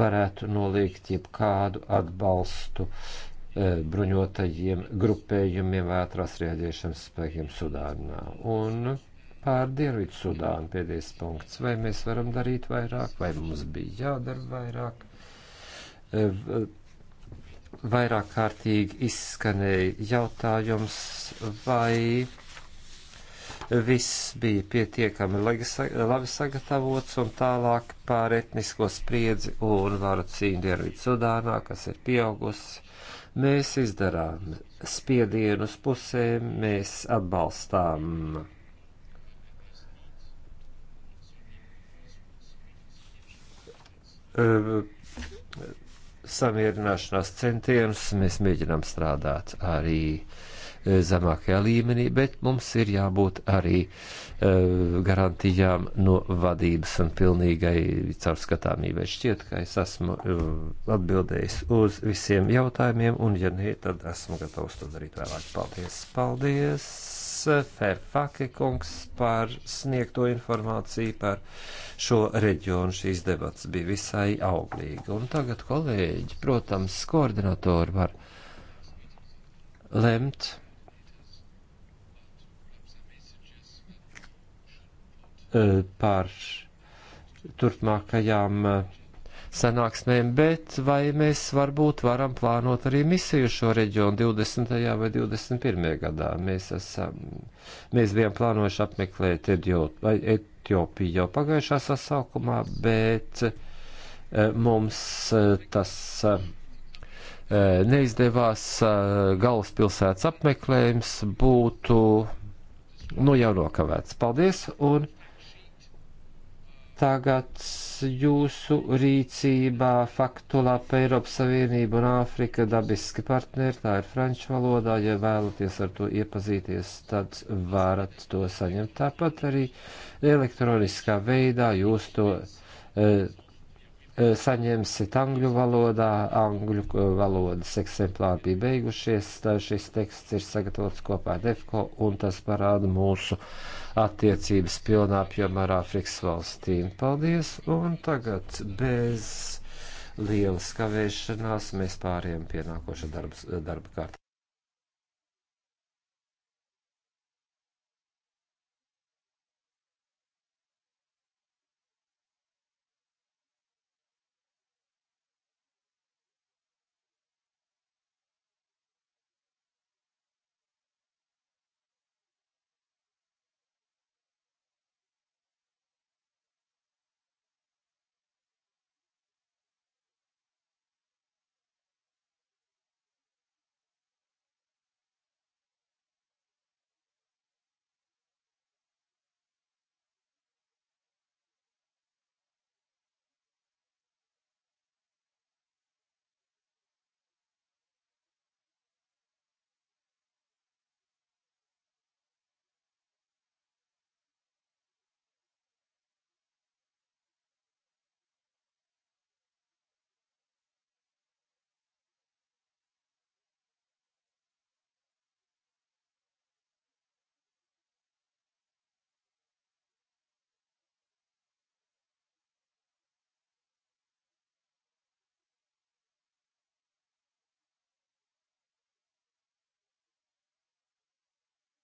A: varētu noliegt jebkādu atbalstu e, bruņotajiem grupējumiem vētrās rēģēšanas spēkiem Sudānā. Un pār Dienvidu Sudānu pēdējais punkts. Vai mēs varam darīt vairāk, vai mums bija jādara vairāk? E, vairāk kārtīgi izskanēja jautājums, vai viss bija pietiekami labi sagatavots un tālāk pār etnisko spriedzi un varu cīņu Dienvidu Sudānā, kas ir pieaugusi. Mēs izdarām spiedienu uz pusēm, mēs atbalstām uh, samierināšanās centienus, mēs mēģinām strādāt arī e, zemākajā līmenī, bet mums ir jābūt arī uh, garantijām no vadības un pilnīgai caurskatāmībai. Šķiet, ka es esmu uh, atbildējis uz visiem jautājumiem, un ja nē, tad esmu gatavs to darīt vēlāk. Paldies! Paldies! Ferfake kungs par sniegto informāciju par šo reģionu. Šīs debats bija visai auglīgi. Un tagad kolēģi, protams, koordinatori var lemt. Par turpmākajām uh, sanāksmēm, bet vai mēs varbūt varam plānot arī misiju šo reģionu 20. vai 21. gadā? Mēs, esam, mēs bijām plānojuši apmeklēt Etiopiju jau pagājušā sasaukumā, bet eh, mums eh, tas eh, neizdevās galvaspilsētas apmeklējums būtu nu jau nokavēts. Paldies! Un Tagad jūsu rīcībā faktu lapa Eiropas Savienība un Āfrika dabiski partneri, tā ir franču valodā, ja vēlaties ar to iepazīties, tad varat to saņemt tāpat arī elektroniskā veidā, jūs to e, Eh, saņemsiet angļu valodā, angļu eh, valodas eksemplāri bija beigušies, tā šis teksts ir sagatavots kopā ar DEFCO, un tas parāda mūsu attiecības pilnā apjomā ar Āfrikas valstīm. Paldies, un tagad bez lielas kavēšanās mēs pāriem pie nākoša eh, darba, darba kārta.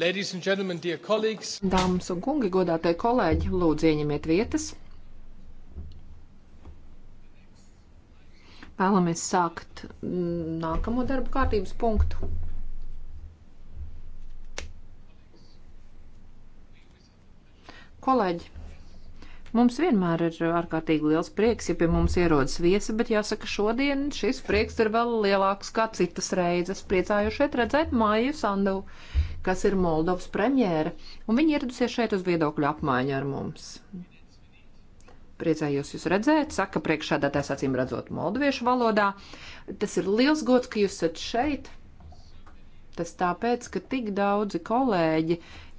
C: Ladies and gentlemen, dear colleagues.
B: Dāmas un kungi, godātie kolēģi, lūdzu ieņemiet vietas. Vēlamies sākt mm, nākamo darbu kārtības punktu. Kolēģi, Mums vienmēr ir ārkārtīgi liels prieks, ja pie mums ierodas viesi, bet jāsaka, šodien šis prieks ir vēl lielāks kā citas reizes. Priecāju šeit redzēt Māju Sandu, kas ir Moldovas premjēra, un viņa ieradusies šeit uz viedokļu apmaiņu ar mums. Priecājos jūs redzēt, saka priekšādātājs acīm redzot moldoviešu valodā. Tas ir liels gods, ka jūs esat šeit. Tas tāpēc, ka tik daudzi kolēģi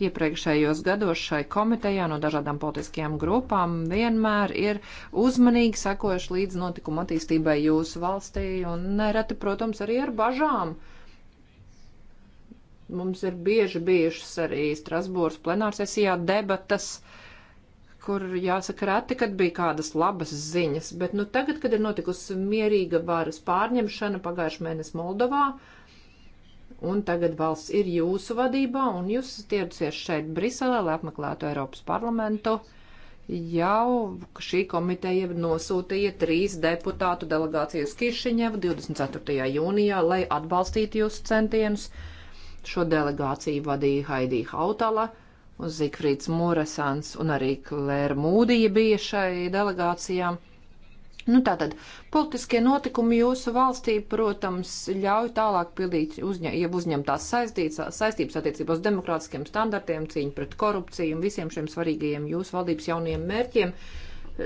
B: iepriekšējos gados šai komitejā no dažādām politiskajām grupām vienmēr ir uzmanīgi sekojuši līdz notikuma attīstībai jūsu valstī un nereti, protams, arī ar bažām. Mums ir bieži bijušas arī Strasbūras plenārsesijā debatas kur jāsaka reti, kad bija kādas labas ziņas, bet nu tagad, kad ir notikusi mierīga varas pārņemšana pagājušajā mēnesī Moldovā, uh, Un tagad valsts ir jūsu vadībā, un jūs esat ieradusies šeit Briselē, lai apmeklētu Eiropas parlamentu. Jau šī komiteja nosūtīja trīs deputātu delegāciju uz Kišiņevu 24. jūnijā, lai atbalstītu jūsu centienus. Šo delegāciju vadīja Haidī Hautala, Zikfrīds Muresans un arī Klēra Mūdija bija šai delegācijām. Nu, tātad politiskie notikumi jūsu valstī, protams, ļauj tālāk pildīt uzņem, uzņemtās saistības, saistības attiecībā uz demokrātiskiem standartiem, cīņu pret korupciju un visiem šiem svarīgajiem jūsu valdības jaunajiem mērķiem.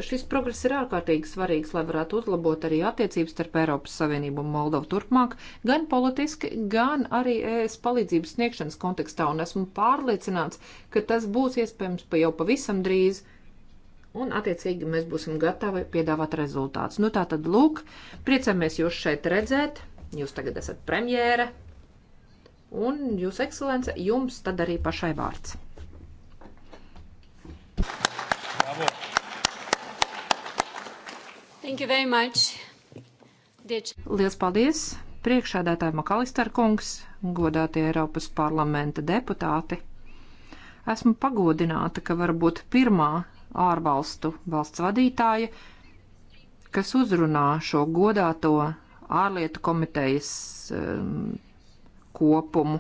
B: Šis progress ir ārkārtīgi svarīgs, lai varētu uzlabot arī attiecības starp Eiropas Savienību un Moldovu turpmāk, gan politiski, gan arī ES palīdzības sniegšanas kontekstā, un esmu pārliecināts, ka tas būs iespējams pa jau pavisam drīz un, attiecīgi, mēs būsim gatavi piedāvāt rezultātus. Nu, tā tad, lūk, priecamies jūs šeit redzēt, jūs tagad esat premjēra, un, jūs ekscelence, jums tad arī pašai vārds.
C: Bravo.
A: Thank you very much.
B: Lielas paldies, priekšādātāja Makalister kungs, godātie Eiropas parlamenta deputāti. Esmu pagodināta, ka varbūt pirmā ārvalstu valsts vadītāja, kas uzrunā šo godāto ārlietu komitejas um, kopumu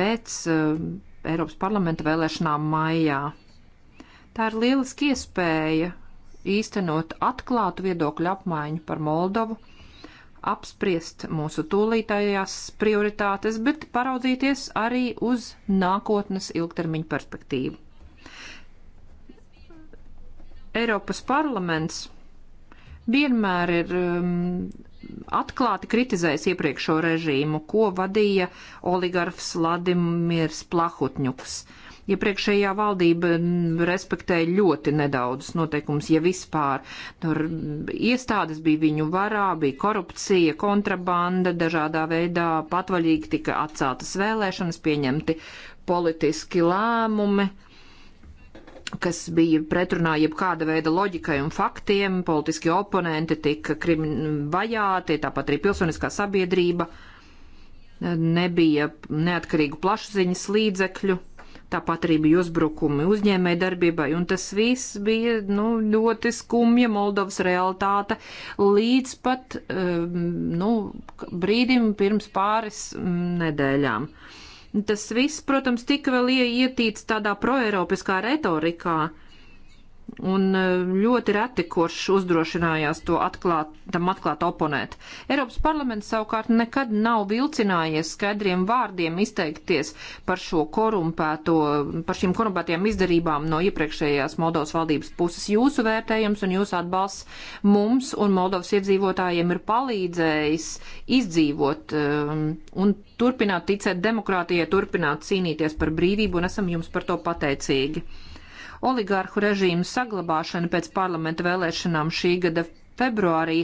B: pēc um, Eiropas parlamenta vēlēšanām maijā. Tā ir lieliski iespēja īstenot atklātu viedokļu apmaiņu par Moldovu, apspriest mūsu tūlītējās prioritātes, bet paraudzīties arī uz nākotnes ilgtermiņu perspektīvu. Eiropas parlaments vienmēr ir um, atklāti kritizējis iepriekšējo režīmu, ko vadīja oligarfs Vladimirs Plahutņuks. Iepriekšējā ja valdība respektēja ļoti nedaudz noteikums, ja vispār. Tur mm, iestādes bija viņu varā, bija korupcija, kontrabanda, dažādā veidā patvaļīgi tika atceltas vēlēšanas, pieņemti politiski lēmumi, kas bija pretrunā jebkāda veida loģikai un faktiem, politiski oponenti tika vajāti, tāpat arī pilsoniskā sabiedrība, nebija neatkarīgu plašsaziņas līdzekļu, tāpat arī bija uzbrukumi uzņēmēji darbībai, un tas viss bija nu, ļoti skumja Moldovas realitāte līdz pat um, nu, brīdim pirms pāris mm, nedēļām. Uh, Tas viss, protams, tika vēl ietīts tādā proeiropiskā retorikā. Uh, Un e, ļoti reti, kurš uzdrošinājās to atklāt, tam atklāt oponēt. Eiropas parlaments savukārt nekad nav vilcinājies skaidriem vārdiem izteikties par šo korumpēto, par šīm korumpētajām izdarībām no iepriekšējās Moldovas valdības puses. Jūsu vērtējums un jūsu atbalsts mums un Moldovas iedzīvotājiem ir palīdzējis izdzīvot um, un turpināt ticēt demokrātijai, turpināt cīnīties par brīvību un esam jums par to pateicīgi oligārhu režīmu saglabāšanu pēc parlamenta vēlēšanām šī gada februārī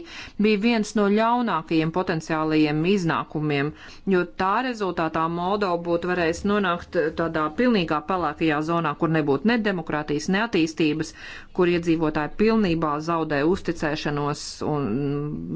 B: bija viens no ļaunākajiem potenciālajiem iznākumiem, jo tā rezultātā Moldova būtu varējusi nonākt tādā pilnīgā pelēkajā zonā, kur nebūtu ne demokrātijas, ne attīstības, kur iedzīvotāji pilnībā zaudē uzticēšanos un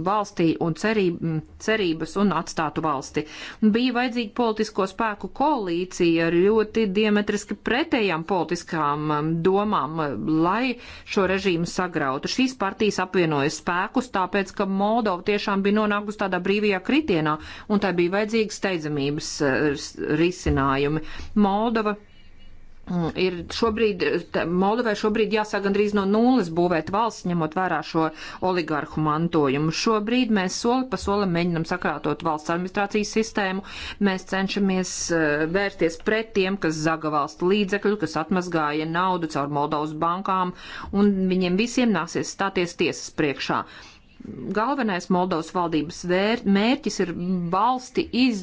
B: valstī un cerīb, cerības un atstātu valsti. Bija vajadzīga politisko spēku koalīcija ar ļoti diametriski pretējām politiskām um, domām, lai šo režīmu sagrautu. Šīs partijas apvienojas spēkus, tāpēc, ka Moldova tiešām bija nonākusi tādā brīvajā kritienā, un tā bija vajadzīga steidzamības eh, risinājumi. Moldova Ir šobrīd, Moldovai šobrīd jāsāk gandrīz no nulles būvēt valsts, ņemot vērā šo oligarhu mantojumu. Šobrīd mēs soli pa solim mēģinam sakrātot valsts administrācijas sistēmu. Mēs cenšamies eh, vērsties pret tiem, kas zaga valstu līdzekļu, kas atmazgāja naudu caur Moldovas bankām, un viņiem visiem nāksies stāties tiesas priekšā galvenais Moldovas valdības vēr, mērķis ir valsti iz,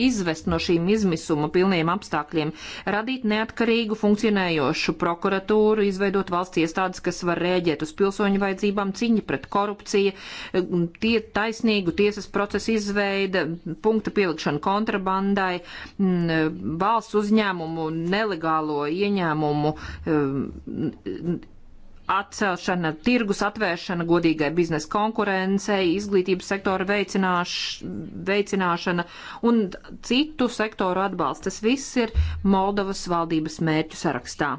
B: izvest no šīm izmisuma pilniem apstākļiem, radīt neatkarīgu funkcionējošu prokuratūru, izveidot valsts iestādes, kas var rēģēt uz pilsoņu vajadzībām, ciņa pret korupciju, tie taisnīgu tiesas procesu izveida, punkta pielikšana kontrabandai, valsts uzņēmumu, nelegālo ieņēmumu atcelšana, tirgus atvēršana, godīgai biznesa konkurencei, izglītības sektora veicināš, veicināšana un citu sektoru atbalsts. Tas viss ir Moldovas valdības mērķu sarakstā.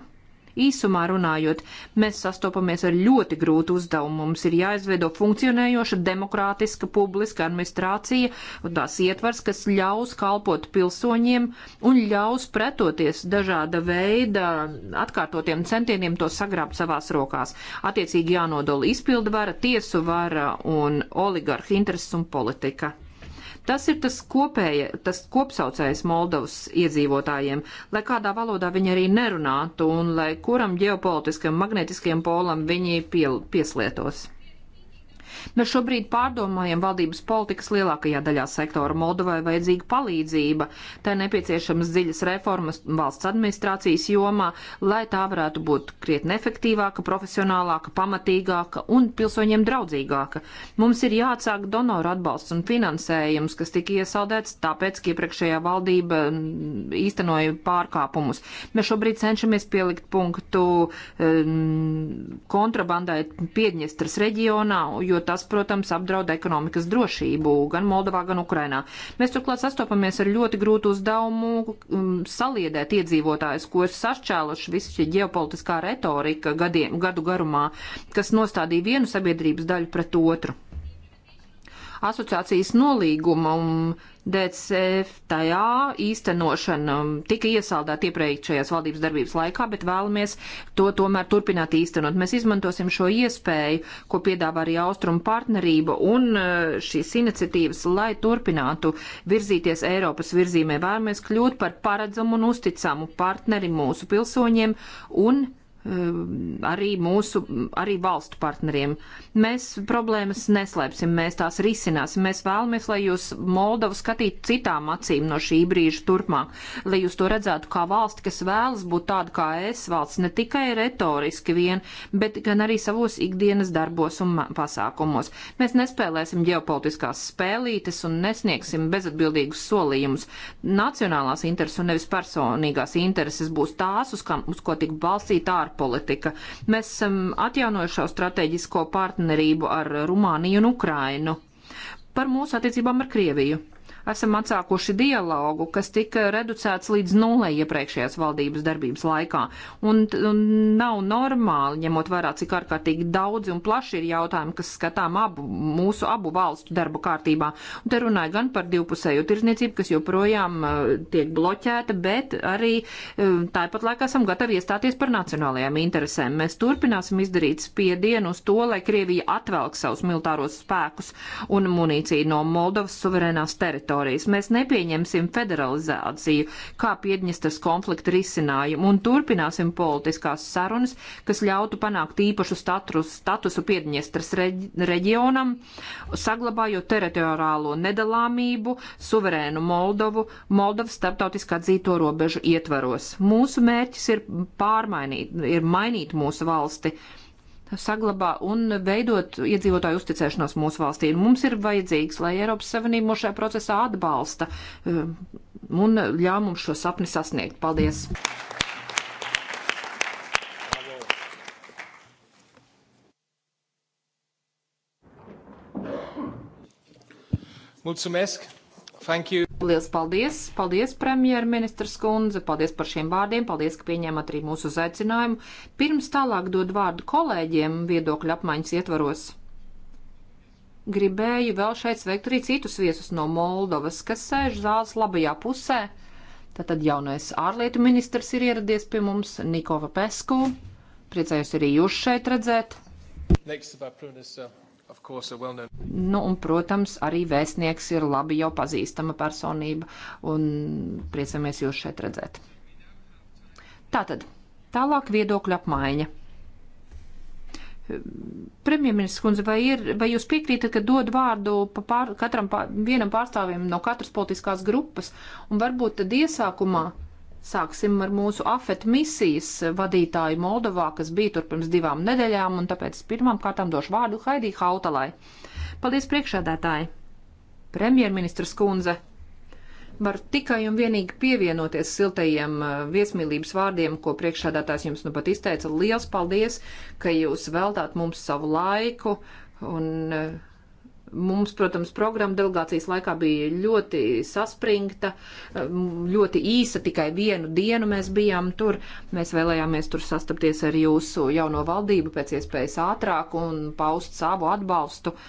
B: Īsumā runājot, mēs sastopamies ar ļoti grūtu uzdevumu. Mums ir jāizveido funkcionējoša, demokrātiska, publiska administrācija un tās ietvars, kas ļaus kalpot pilsoņiem un ļaus pretoties dažāda veida atkārtotiem centieniem to sagrābt savās rokās. Attiecīgi jānodola izpildu vara, tiesu vara un oligarhi intereses un politika. Tas ir tas, kopēja, tas kopsaucējs Moldovas iedzīvotājiem, lai kādā valodā viņi arī nerunātu un lai kuram ģeopolitiskam magnetiskajam polam viņi pie, pieslietos. Mēs šobrīd pārdomājam valdības politikas lielākajā daļā sektora. Moldovai vajadzīga palīdzība, tā nepieciešamas dziļas reformas valsts administrācijas jomā, lai tā varētu būt krietni efektīvāka, profesionālāka, pamatīgāka un pilsoņiem draudzīgāka. Mums ir jāatsāk donoru atbalsts un finansējums, kas tika iesaldēts tāpēc, ka iepriekšējā valdība mm, īstenoja pārkāpumus. Mēs šobrīd cenšamies pielikt punktu um, kontrabandai Piedņestras reģionā, jo tā tas, protams, apdraud ekonomikas drošību gan Moldovā, gan Ukrainā. Mēs turklāt sastopamies ar ļoti grūtu uzdevumu um, saliedēt iedzīvotājus, ko ir sašķēluši visi šī ģeopolitiskā retorika gadiem, gadu garumā, kas nostādīja vienu sabiedrības daļu pret otru asociācijas nolīguma un DCF tajā īstenošana tika iesaldēta iepriekšējās valdības darbības laikā, bet vēlamies to tomēr turpināt īstenot. Mēs izmantosim šo iespēju, ko piedāvā arī Austrumu partnerība un e, šīs iniciatīvas, lai turpinātu virzīties Eiropas virzīmē. Vēlamies kļūt par paredzamu un uzticamu partneri mūsu pilsoņiem un Um, arī mūsu, arī valstu partneriem. Mēs problēmas neslēpsim, mēs tās risināsim, mēs vēlamies, lai jūs Moldovu skatītu citām acīm no šī brīža turpmāk, lai jūs to redzētu kā valsti, kas vēlas būt tāda kā es valsts, ne tikai retoriski vien, bet gan arī savos ikdienas darbos un pasākumos. Mēs nespēlēsim ģeopolitiskās spēlītes un nesniegsim bezatbildīgus solījumus. Nacionālās intereses un nevis personīgās intereses būs tās, uz, kam, uz ko tik balstīt ārā ārpolitika. Mēs esam atjaunojuši savu strateģisko partnerību ar Rumāniju un Ukrainu par mūsu attiecībām ar Krieviju esam atsākuši dialogu, kas tika reducēts līdz nulē iepriekšējās valdības darbības laikā. Un, un nav normāli, ņemot vērā, cik ārkārtīgi daudz un plaši ir jautājumi, kas skatām abu, mūsu abu valstu darbu kārtībā. Un te runāja gan par divpusēju tirzniecību, kas joprojām uh, tiek bloķēta, bet arī uh, tāpat laikā esam gatavi iestāties par nacionālajām interesēm. Mēs turpināsim izdarīt spiedienu uz to, lai Krievija atvelk savus militāros spēkus un munīciju no Moldovas suverēnās teritorijas teritorijas. Mēs nepieņemsim federalizāciju kā Piedņestras konflikta risinājumu un turpināsim politiskās sarunas, kas ļautu panākt īpašu status, statusu Piedņestras reģionam, saglabājot teritoriālo nedalāmību, suverēnu Moldovu, Moldovas starptautiskā dzīto robežu ietvaros. Mūsu mērķis ir pārmainīt, ir mainīt mūsu valsti saglabā un veidot iedzīvotāju uzticēšanos mūsu valstī. Mums ir vajadzīgs, lai Eiropas Savienība mūs šajā procesā atbalsta um, un ļauj mums šo sapni sasniegt. Paldies! Mulțumesc! Lielas paldies! Paldies, premjerministrs Kundze! Paldies par šiem vārdiem! Paldies, ka pieņēmat arī mūsu uzaicinājumu! Pirms tālāk dod vārdu kolēģiem viedokļu apmaiņas ietvaros. Gribēju vēl šeit sveikt arī citus viesus no Moldovas, kas sēž zāles labajā pusē. Tātad jaunais ārlietu ministrs ir ieradies pie mums, Nikova Pesku. Priecājos arī jūs šeit redzēt. Next, Nu, un, protams, arī vēstnieks ir labi jau pazīstama personība, un priecamies jūs šeit redzēt. Tātad, tālāk viedokļu apmaiņa. Premjerministrs kundze, vai, ir, vai jūs piekrītat, ka dod vārdu pa pār, katram pār, vienam pārstāvim no katras politiskās grupas, un varbūt tad iesākumā Sāksim ar mūsu afet misijas vadītāju Moldovā, kas bija tur pirms divām nedēļām, un tāpēc pirmām kārtām došu vārdu Haidī Hautalai. Paldies priekšādātāji! Premjerministras kundze! Var tikai un vienīgi pievienoties siltajiem uh, viesmīlības vārdiem, ko priekšādātājs jums nu pat izteica. Liels paldies, ka jūs veltāt mums savu laiku un uh, Mums, protams, programma delegācijas laikā bija ļoti saspringta, ļoti īsa, tikai vienu dienu mēs bijām tur. Mēs vēlējāmies tur sastapties ar jūsu jauno valdību pēc iespējas ātrāk un paust savu atbalstu uh,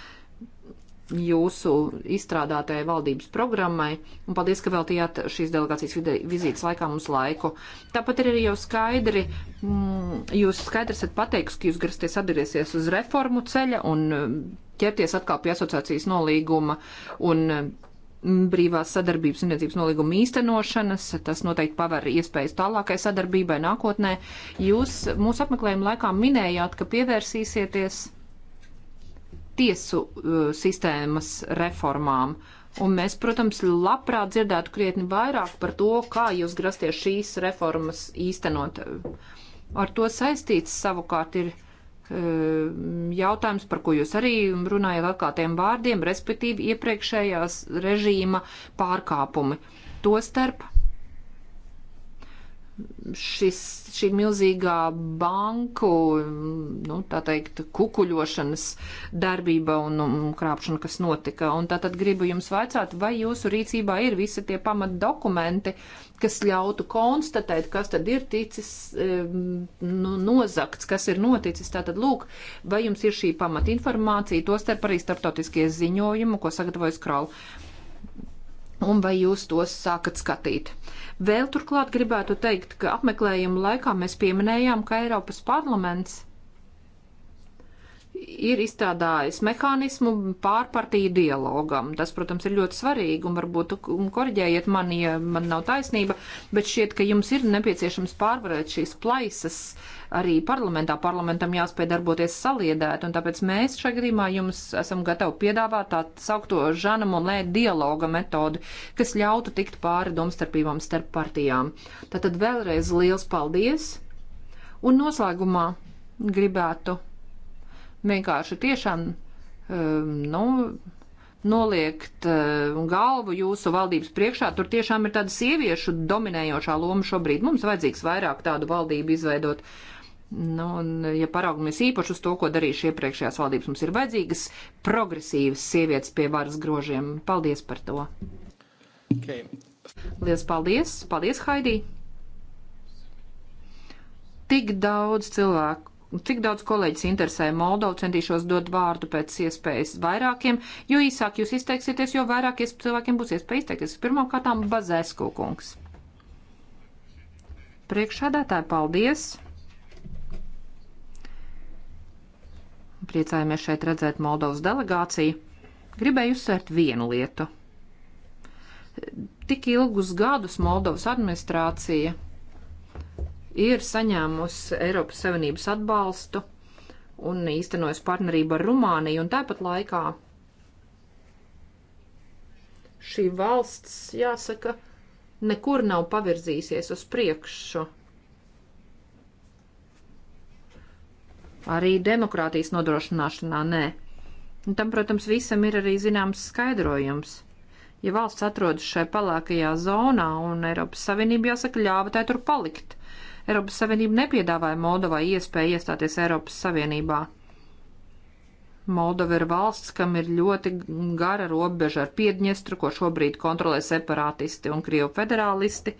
B: jūsu izstrādātajai valdības programmai, un paldies, ka veltījāt šīs delegācijas vizītes laikā mums laiku. Tāpat ir arī jau skaidri, mm, jūs skaidri esat pateikusi, ka jūs grasties atgriezties uz reformu ceļa un mm, ķerties atkal pie asociācijas nolīguma un mm, brīvās sadarbības un niecības nolīguma īstenošanas. Tas noteikti paver iespējas tālākai sadarbībai nākotnē. Jūs mūsu apmeklējuma laikā minējāt, ka pievērsīsieties tiesu uh, sistēmas reformām. Un mēs, protams, labprāt dzirdētu krietni vairāk par to, kā jūs grasties šīs reformas īstenot. Ar to saistīts savukārt ir uh, jautājums, par ko jūs arī runājat atklātiem vārdiem, respektīvi iepriekšējās režīma pārkāpumi. Tostarp šis, šī milzīgā banku, nu, tā teikt, kukuļošanas darbība un, un krāpšana, kas notika. Un tātad gribu jums vaicāt, vai jūsu rīcībā ir visi tie pamat dokumenti, kas ļautu konstatēt, kas tad ir ticis nu, nozakts, kas ir noticis. Tātad, lūk, vai jums ir šī pamat informācija, tostarp arī starptautiskie ziņojumi, ko sagatavojas Krala. Un vai jūs tos sākat skatīt? Uh, Vēl turklāt gribētu teikt, ka apmeklējuma laikā mēs pieminējām, ka Eiropas parlaments ir izstrādājis mehānismu pārpartiju dialogam. Tas, protams, ir ļoti svarīgi un varbūt korģējiet mani, ja man nav taisnība, bet šķiet, ka jums ir nepieciešams pārvarēt šīs plaisas arī parlamentā. Parlamentam jāspēj darboties saliedēt, un tāpēc mēs šajā gadījumā jums esam gatavi piedāvāt tā saukto Žana Monē dialoga metodi, kas ļautu tikt pāri domstarpībām starp partijām. Tātad vēlreiz liels paldies! Un noslēgumā gribētu vienkārši tiešām um, nu, noliekt uh, galvu jūsu valdības priekšā. Tur tiešām ir tāda sieviešu dominējošā loma šobrīd. Mums vajadzīgs vairāk tādu valdību izveidot. Nu, un, ja paraugamies īpaši uz to, ko darījuši iepriekšējās valdības, mums ir vajadzīgas progresīvas sievietes pie varas grožiem. Paldies par to! Okay. Lielas paldies! Paldies, Haidī! Tik daudz cilvēku Cik daudz kolēģis interesē Moldovu, centīšos dot vārdu pēc iespējas vairākiem, jo īsāk jūs izteiksieties, jo vairāk cilvēkiem būs iespēja izteikties. Pirmkārt, Bazēsku kungs. Priekšādātāji, paldies! Priecājamies šeit redzēt Moldovas delegāciju. Gribēju uzsvērt vienu lietu. Tik ilgus gadus Moldovas administrācija ir saņēmusi Eiropas Savienības atbalstu un īstenojas partnerību ar Rumāniju, un tāpat laikā šī valsts, jāsaka, nekur nav pavirzīsies uz priekšu. Arī demokrātijas nodrošināšanā nē. Un tam, protams, visam ir arī zināms skaidrojums ja valsts atrodas šajā palākajā zonā un Eiropas Savienība jāsaka ļāva tai tur palikt. Eiropas Savienība nepiedāvāja Moldovai iespēju iestāties Eiropas Savienībā. Moldova ir valsts, kam ir ļoti gara robeža ar Piedņestru, ko šobrīd kontrolē separātisti un Krievu federālisti.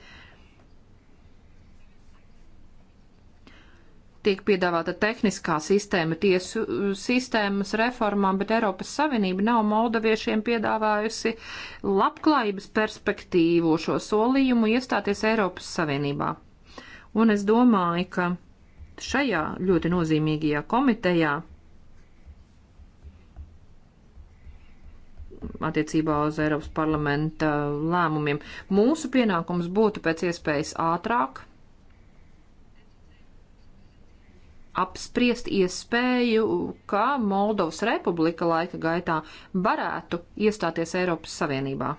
B: Tiek piedāvāta tehniskā sistēma tiesu sistēmas reformām, bet Eiropas Savienība nav moldaviešiem piedāvājusi labklājības perspektīvu šo solījumu iestāties Eiropas Savienībā. Un es domāju, ka šajā ļoti nozīmīgajā komitejā attiecībā uz Eiropas parlamenta lēmumiem. Mūsu pienākums būtu pēc iespējas ātrāk apspriest iespēju, ka Moldovas republika laika gaitā varētu iestāties Eiropas Savienībā.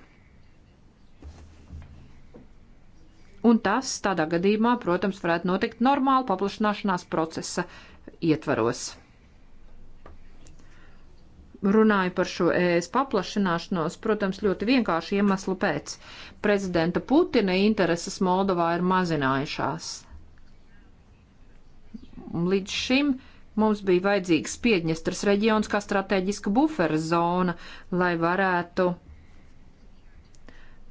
B: un tas tādā gadījumā, protams, varētu notikt normāla paplašanāšanās procesa ietvaros. Runāju par šo ES paplašināšanos, protams, ļoti vienkārši iemeslu pēc. Prezidenta Putina intereses Moldovā ir mazinājušās. Līdz šim mums bija vajadzīgs Piedņestras reģions kā strateģiska buferzona, lai varētu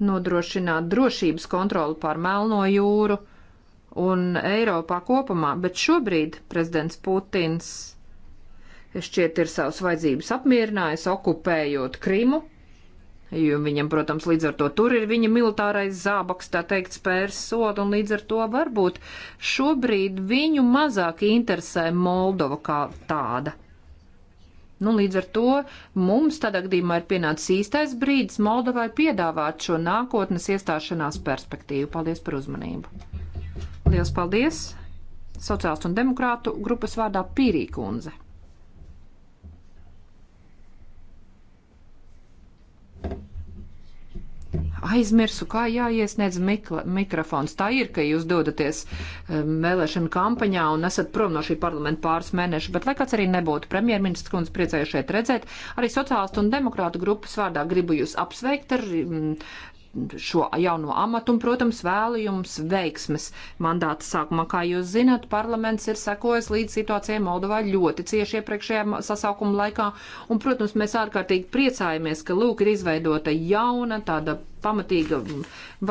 B: nodrošināt drošības kontroli pār Melno jūru un Eiropā kopumā, bet šobrīd prezidents Putins šķiet ir savas vajadzības apmierinājis, okupējot Krimu, jo viņam, protams, līdz ar to tur ir viņa militārais zābaks, tā teikt, spērs sodu, un līdz ar to varbūt šobrīd viņu mazāk interesē Moldova kā tāda. Nu, līdz ar to mums tādā gadījumā ir pienācis īstais brīdis Moldovai piedāvāt šo nākotnes iestāšanās perspektīvu. Paldies par uzmanību. Lielas paldies! Sociālistu un demokrātu grupas vārdā Pīrī kundze. aizmirsu, kā jāiesniedz mikla, mikrofons. Tā ir, ka jūs dodaties um, vēlēšana kampaņā un esat prom no šī parlamenta pāris mēneši, bet lai kāds arī nebūtu premjerministrs kundze priecēju šeit redzēt, arī sociālistu un demokrātu grupas vārdā gribu jūs apsveikt ar um, šo jauno amatu un, protams, vēlu jums veiksmes mandāta sākumā. Kā jūs zināt, parlaments ir sekojis līdz situācijai Moldovā ļoti cieši iepriekšējā sasaukuma laikā, un, protams, mēs ārkārtīgi priecājamies, ka, lūk, ir izveidota jauna tāda pamatīga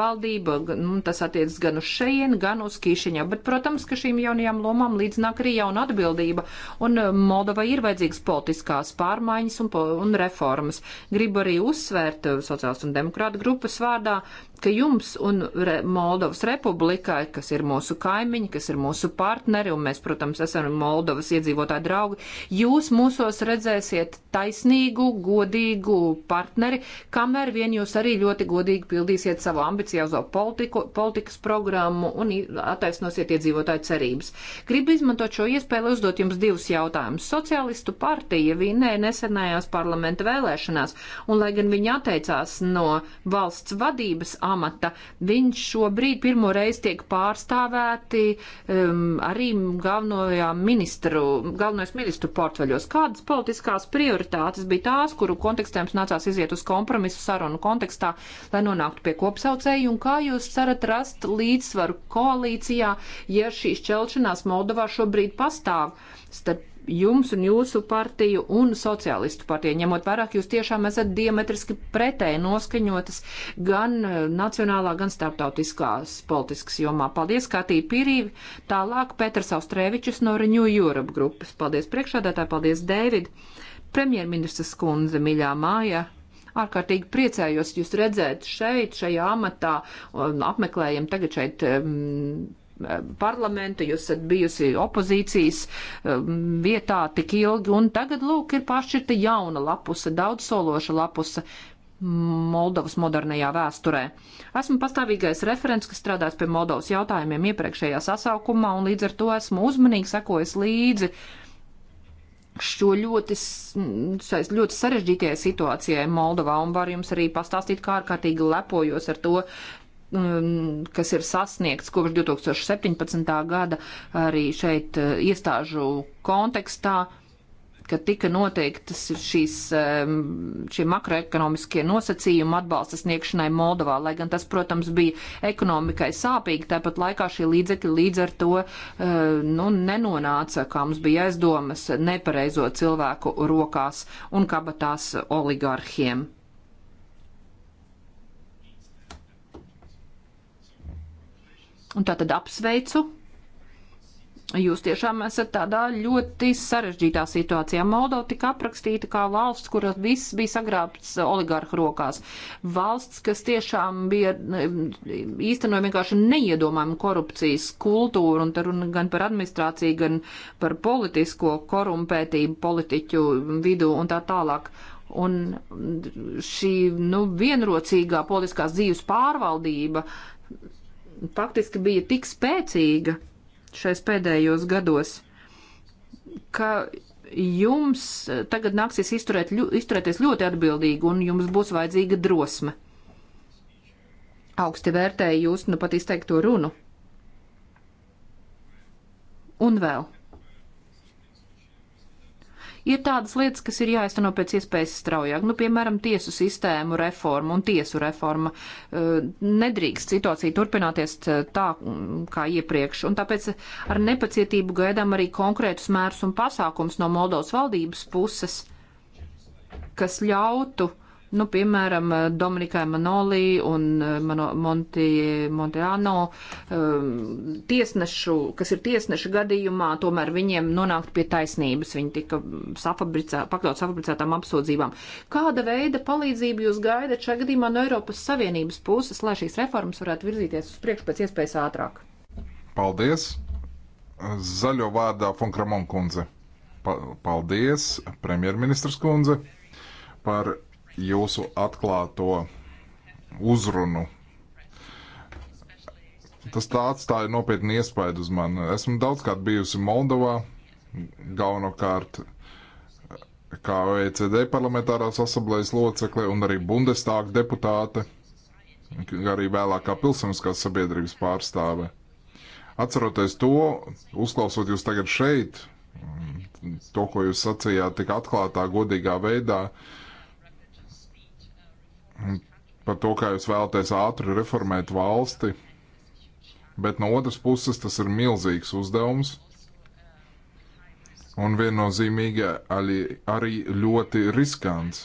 B: valdība, nu, tas attiecas gan uz šejienu, gan uz Kīšiņā. Bet, protams, ka šīm jaunajām lomām līdz nāk arī jauna atbildība, un eh, Moldovai ir vajadzīgas politiskās pārmaiņas un, un reformas. Gribu arī uzsvērt eh, sociāls un demokrāta grupas vārdā, ka jums un Re Moldovas republikai, kas ir mūsu kaimiņi, kas ir mūsu partneri, un mēs, protams, esam Moldovas iedzīvotāji draugi, jūs mūsos redzēsiet taisnīgu, godīgu partneri, kamēr vien jūs arī ļoti godīgi pildīsiet savu ambiciozo politiku, politikas programmu un attaisnosiet iedzīvotāju cerības. Gribu izmantot šo iespēju, lai uzdot jums divus jautājumus. Socialistu partija vinē nesenajās parlamenta vēlēšanās, un lai gan viņi atteicās no valsts vadības, amata. Viņš šobrīd pirmo reizi tiek pārstāvēti um, arī galvenajā ministru, galvenais ministru portfeļos. Kādas politiskās prioritātes bija tās, kuru kontekstā jums nācās iziet uz kompromisu sarunu kontekstā, lai nonāktu pie kopsaucēju, un kā jūs cerat rast līdzsvaru koalīcijā, ja šī šķelšanās Moldovā šobrīd pastāv starp jums un jūsu partiju un sociālistu partiju, ņemot vairāk, jūs tiešām esat diametriski pretēji noskaņotas gan eh, nacionālā, gan starptautiskās politiskas jomā. Paldies, Katī Pirīvi, tālāk Petrs Austrēvičus no Renew Europe grupas. Paldies priekšādātāji, paldies, Dēvid. Premjerministras kundze, mīļā māja, ārkārtīgi priecājos jūs redzēt šeit, šajā amatā, apmeklējam tagad šeit um, parlamentu, jūs esat bijusi opozīcijas um, vietā tik ilgi, un tagad, lūk, ir pašķirta jauna lapuse, daudz sološa lapuse. Moldovas modernajā vēsturē. Esmu pastāvīgais referents, kas strādās pie Moldovas jautājumiem iepriekšējā sasaukumā, un līdz ar to esmu uzmanīgi sekojis līdzi šo ļoti, ļoti sarežģītajai situācijai Moldovā, un varu jums arī pastāstīt, kā ārkārtīgi lepojos ar to, Um, kas ir sasniegts kopš 2017. gada arī šeit uh, iestāžu kontekstā, ka tika noteiktas šīs, um, šie makroekonomiskie nosacījumi atbalsta sniegšanai Moldovā, lai gan tas, protams, bija ekonomikai sāpīgi, tāpat laikā šie līdzekļi līdz ar to uh, nu, nenonāca, kā mums bija aizdomas, nepareizo cilvēku rokās un kabatās oligarhiem. Un tā tad apsveicu. Jūs tiešām esat tādā ļoti sarežģītā situācijā. Moldova tika aprakstīta kā valsts, kuras viss bija sagrābts oligarhu rokās. Valsts, kas tiešām bija eh, īstenoja vienkārši neiedomājumu korupcijas kultūru, un te runa gan par administrāciju, gan par politisko korumpētību politiķu vidu un tā tālāk. Un šī nu, vienrocīgā politiskās dzīves pārvaldība uh, faktiski bija tik spēcīga šais pēdējos gados, ka jums tagad nāksies izturēt, izturēties ļoti atbildīgi un jums būs vajadzīga drosme. Augsti vērtēju jūs nu pat izteikto runu. Un vēl. Ir tādas lietas, kas ir jāizteno pēc iespējas straujāk, nu, piemēram, tiesu sistēmu reforma un tiesu reforma. Eh, nedrīkst situācija turpināties eh, tā, mm, kā iepriekš, un tāpēc ar nepacietību gaidām arī konkrētus mērus un pasākums no Moldovas valdības puses, kas ļautu Nu, piemēram, eh, Dominikai Manolī un eh, Mano, Monti, Monteano um, tiesnešu, kas ir tiesneša gadījumā, tomēr viņiem nonākt pie taisnības. Viņi tika safabricā, pakļaut safabricētām apsūdzībām. Kāda veida palīdzību jūs gaidat šajā gadījumā no Eiropas Savienības puses, lai šīs reformas varētu virzīties uz priekšu pēc iespējas ātrāk?
C: Paldies! Zaļo vārdā Funkramon kundze. Pa paldies, premjerministrs kundze, par jūsu atklāto uzrunu. Tas tā atstāja nopietnu iespaidu uz mani. Esmu daudzkārt bijusi Moldovā, galvenokārt kā OECD parlamentārās asamblejas locekle un arī Bundestāga deputāte, arī vēlāk kā pilsoniskās sabiedrības pārstāve. Atceroties to, uzklausot jūs tagad šeit, to, ko jūs sacījāt tik atklātā, godīgā veidā, uh, par to, kā jūs vēlaties ātri reformēt valsti, bet no otras puses tas ir milzīgs uzdevums un viennozīmīgi arī ļoti riskants.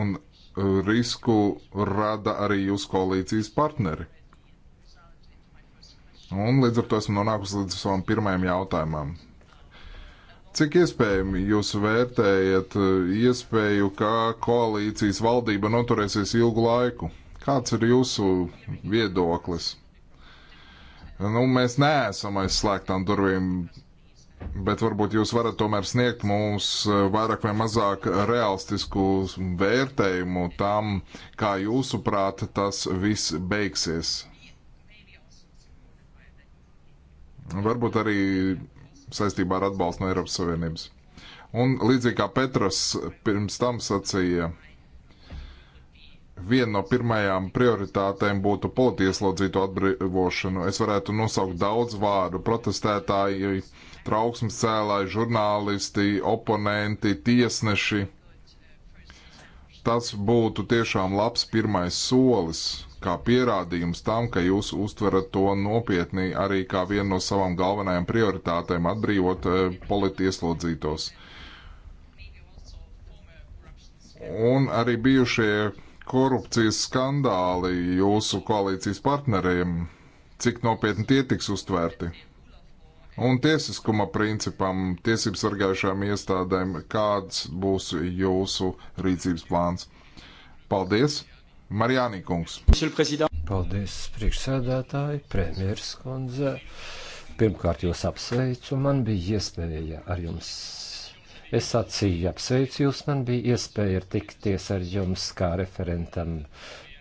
C: Un uh, risku rada arī jūsu koalīcijas partneri. Un līdz ar to esmu nonākusi līdz savam pirmajam jautājumam. Cik iespējami jūs vērtējat uh, iespēju, ka koalīcijas valdība noturēsies ilgu laiku? Kāds ir jūsu viedoklis? Nu, mēs neesam aiz slēgtām durvīm, bet varbūt jūs varat tomēr sniegt mums uh, vairāk vai mazāk realistisku vērtējumu tam, kā jūsuprāt tas viss beigsies. Varbūt arī saistībā ar atbalstu no Eiropas Savienības. Un līdzīgi kā Petras pirms tam sacīja, viena no pirmajām prioritātēm būtu politieslodzīto atbrīvošanu. Es varētu nosaukt daudz vārdu - protestētāji, trauksmes cēlāji, žurnālisti, oponenti, tiesneši. Tas būtu tiešām labs pirmais solis kā pierādījums tam, ka jūs uztverat to nopietni arī kā vienu no savām galvenajām prioritātēm atbrīvot eh, politieslodzītos. Un arī bijušie korupcijas skandāli jūsu koalīcijas partneriem, cik nopietni tie tiks uztvērti? Un tiesiskuma principam, tiesību sargājušām iestādēm, kāds būs jūsu rīcības plāns? Paldies! Marjānī kungs.
A: Paldies, priekšsēdētāji, premjeras kundze. Pirmkārt, jūs apsveicu, man bija iespēja ar jums Es sacīju, apsveicu jūs, man bija iespēja tikties ar jums kā referentam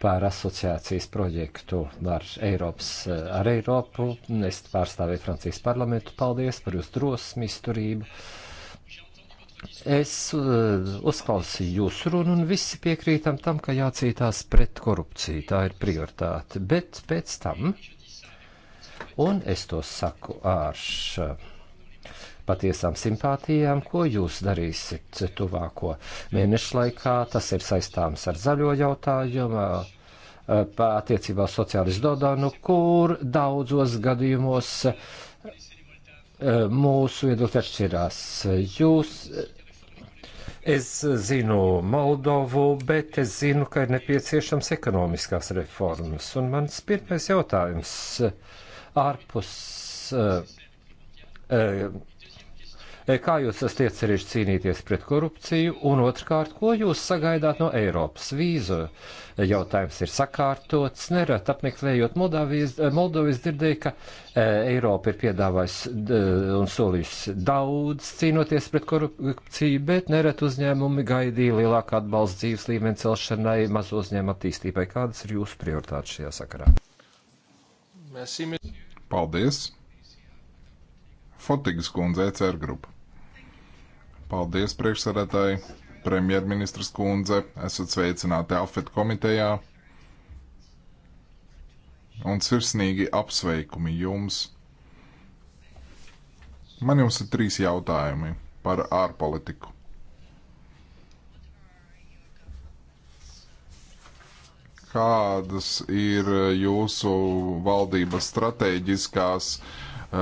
A: pār asociācijas projektu ar, Eiropas, ar Eiropu. Es pārstāvēju Francijas parlamentu. Paldies par jūsu drosmi, izturību Es eh, uzklausīju jūsu runu un visi piekrītam tam, ka jācītās pret korupciju. Tā ir prioritāte. Bet pēc tam, un es to saku ar eh, patiesām simpātijām, ko jūs darīsiet tuvāko mēnešu laikā, tas ir saistāms ar zaļo jautājumu eh, attiecībā sociālistu Dodanu, kur daudzos gadījumos uh, mūsu viedokļi atšķirās. Jūs, es zinu Moldovu, bet es zinu, ka ir nepieciešams ekonomiskās reformas. Un mans pirmais jautājums ārpus. Uh, uh, E, kā jūs esat iecerījuši cīnīties pret korupciju, un otrkārt, ko jūs sagaidāt no Eiropas vīzu. Jautājums ir sakārtots, nerad apmeklējot Moldavijas, e, Moldovijas dzirdēju, ka e, Eiropa ir piedāvājusi un solījusi daudz cīnoties pret korupciju, bet nerad uzņēmumi gaidīja lielāku atbalstu dzīves līmeni celšanai, mazo uzņēmumu attīstībai. Kādas ir jūsu prioritātes šajā sakarā?
C: Paldies! Fotigas kundze ECR grupa. Paldies, priekšsēdētāji, premjerministras kundze, esat sveicināti AFET komitejā un sirsnīgi apsveikumi jums. Man jums ir trīs jautājumi par ārpolitiku. Kādas ir jūsu valdības stratēģiskās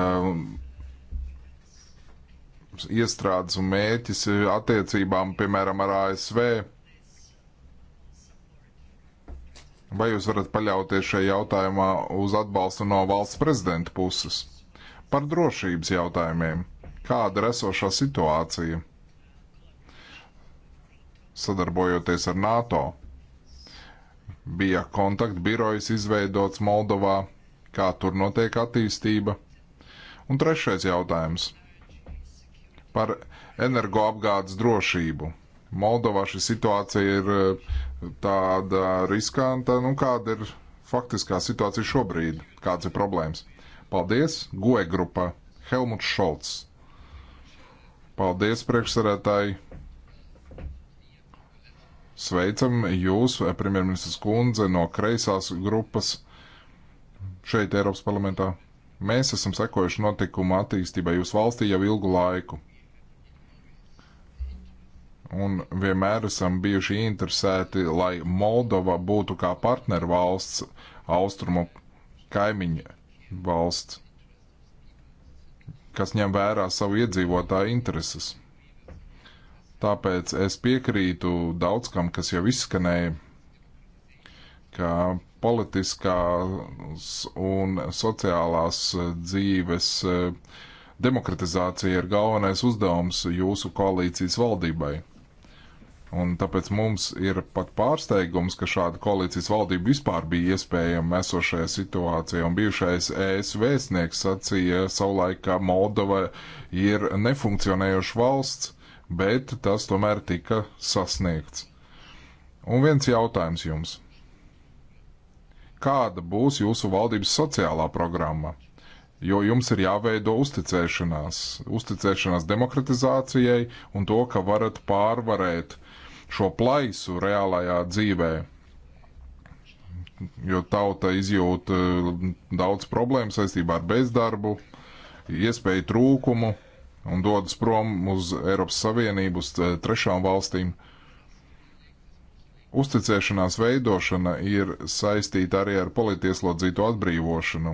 C: um, iestrādes un mēķis eh, attiecībām, piemēram, ar ASV. Vai jūs varat paļauties šajā jautājumā uz atbalstu no valsts prezidenta puses? Par drošības jautājumiem. Kāda ir esošā situācija? Sadarbojoties ar NATO, bija kontaktbirojas izveidots Moldovā, kā tur notiek attīstība. Un trešais jautājums par energoapgādes drošību. Moldovā šī situācija ir eh, tāda riskanta, nu kāda ir faktiskā situācija šobrīd, kāds ir problēmas. Paldies, GOE grupa, Helmuts Šolts. Paldies, priekšsarētāji. Sveicam jūs, premjerministrs kundze, no kreisās grupas šeit Eiropas parlamentā. Mēs esam sekojuši notikuma attīstībai jūsu valstī jau ilgu laiku un vienmēr esam bijuši interesēti, lai Moldova būtu kā partnervalsts, austrumu kaimiņa valsts, kas ņem vērā savu iedzīvotāju intereses. Tāpēc es piekrītu daudz kam, kas jau izskanēja, ka politiskās un sociālās dzīves eh, demokratizācija ir galvenais uzdevums jūsu koalīcijas valdībai. Un tāpēc mums ir pat pārsteigums, ka šāda koalīcijas valdība vispār bija iespējama esošajā situācijā. Un bijušais ES vēstnieks sacīja savulaik, ka Moldova ir nefunkcionējoša valsts, bet tas tomēr tika sasniegts. Un viens jautājums jums. Kāda būs jūsu valdības sociālā programma? jo jums ir jāveido uzticēšanās, uzticēšanās demokratizācijai un to, ka varat pārvarēt šo plaisu reālajā dzīvē. Jo tauta izjūt eh, daudz problēmu saistībā ar bezdarbu, iespēju trūkumu un dodas prom uz Eiropas Savienību, uz eh, trešām valstīm. Uzticēšanās veidošana ir saistīta arī ar politieslodzīto atbrīvošanu,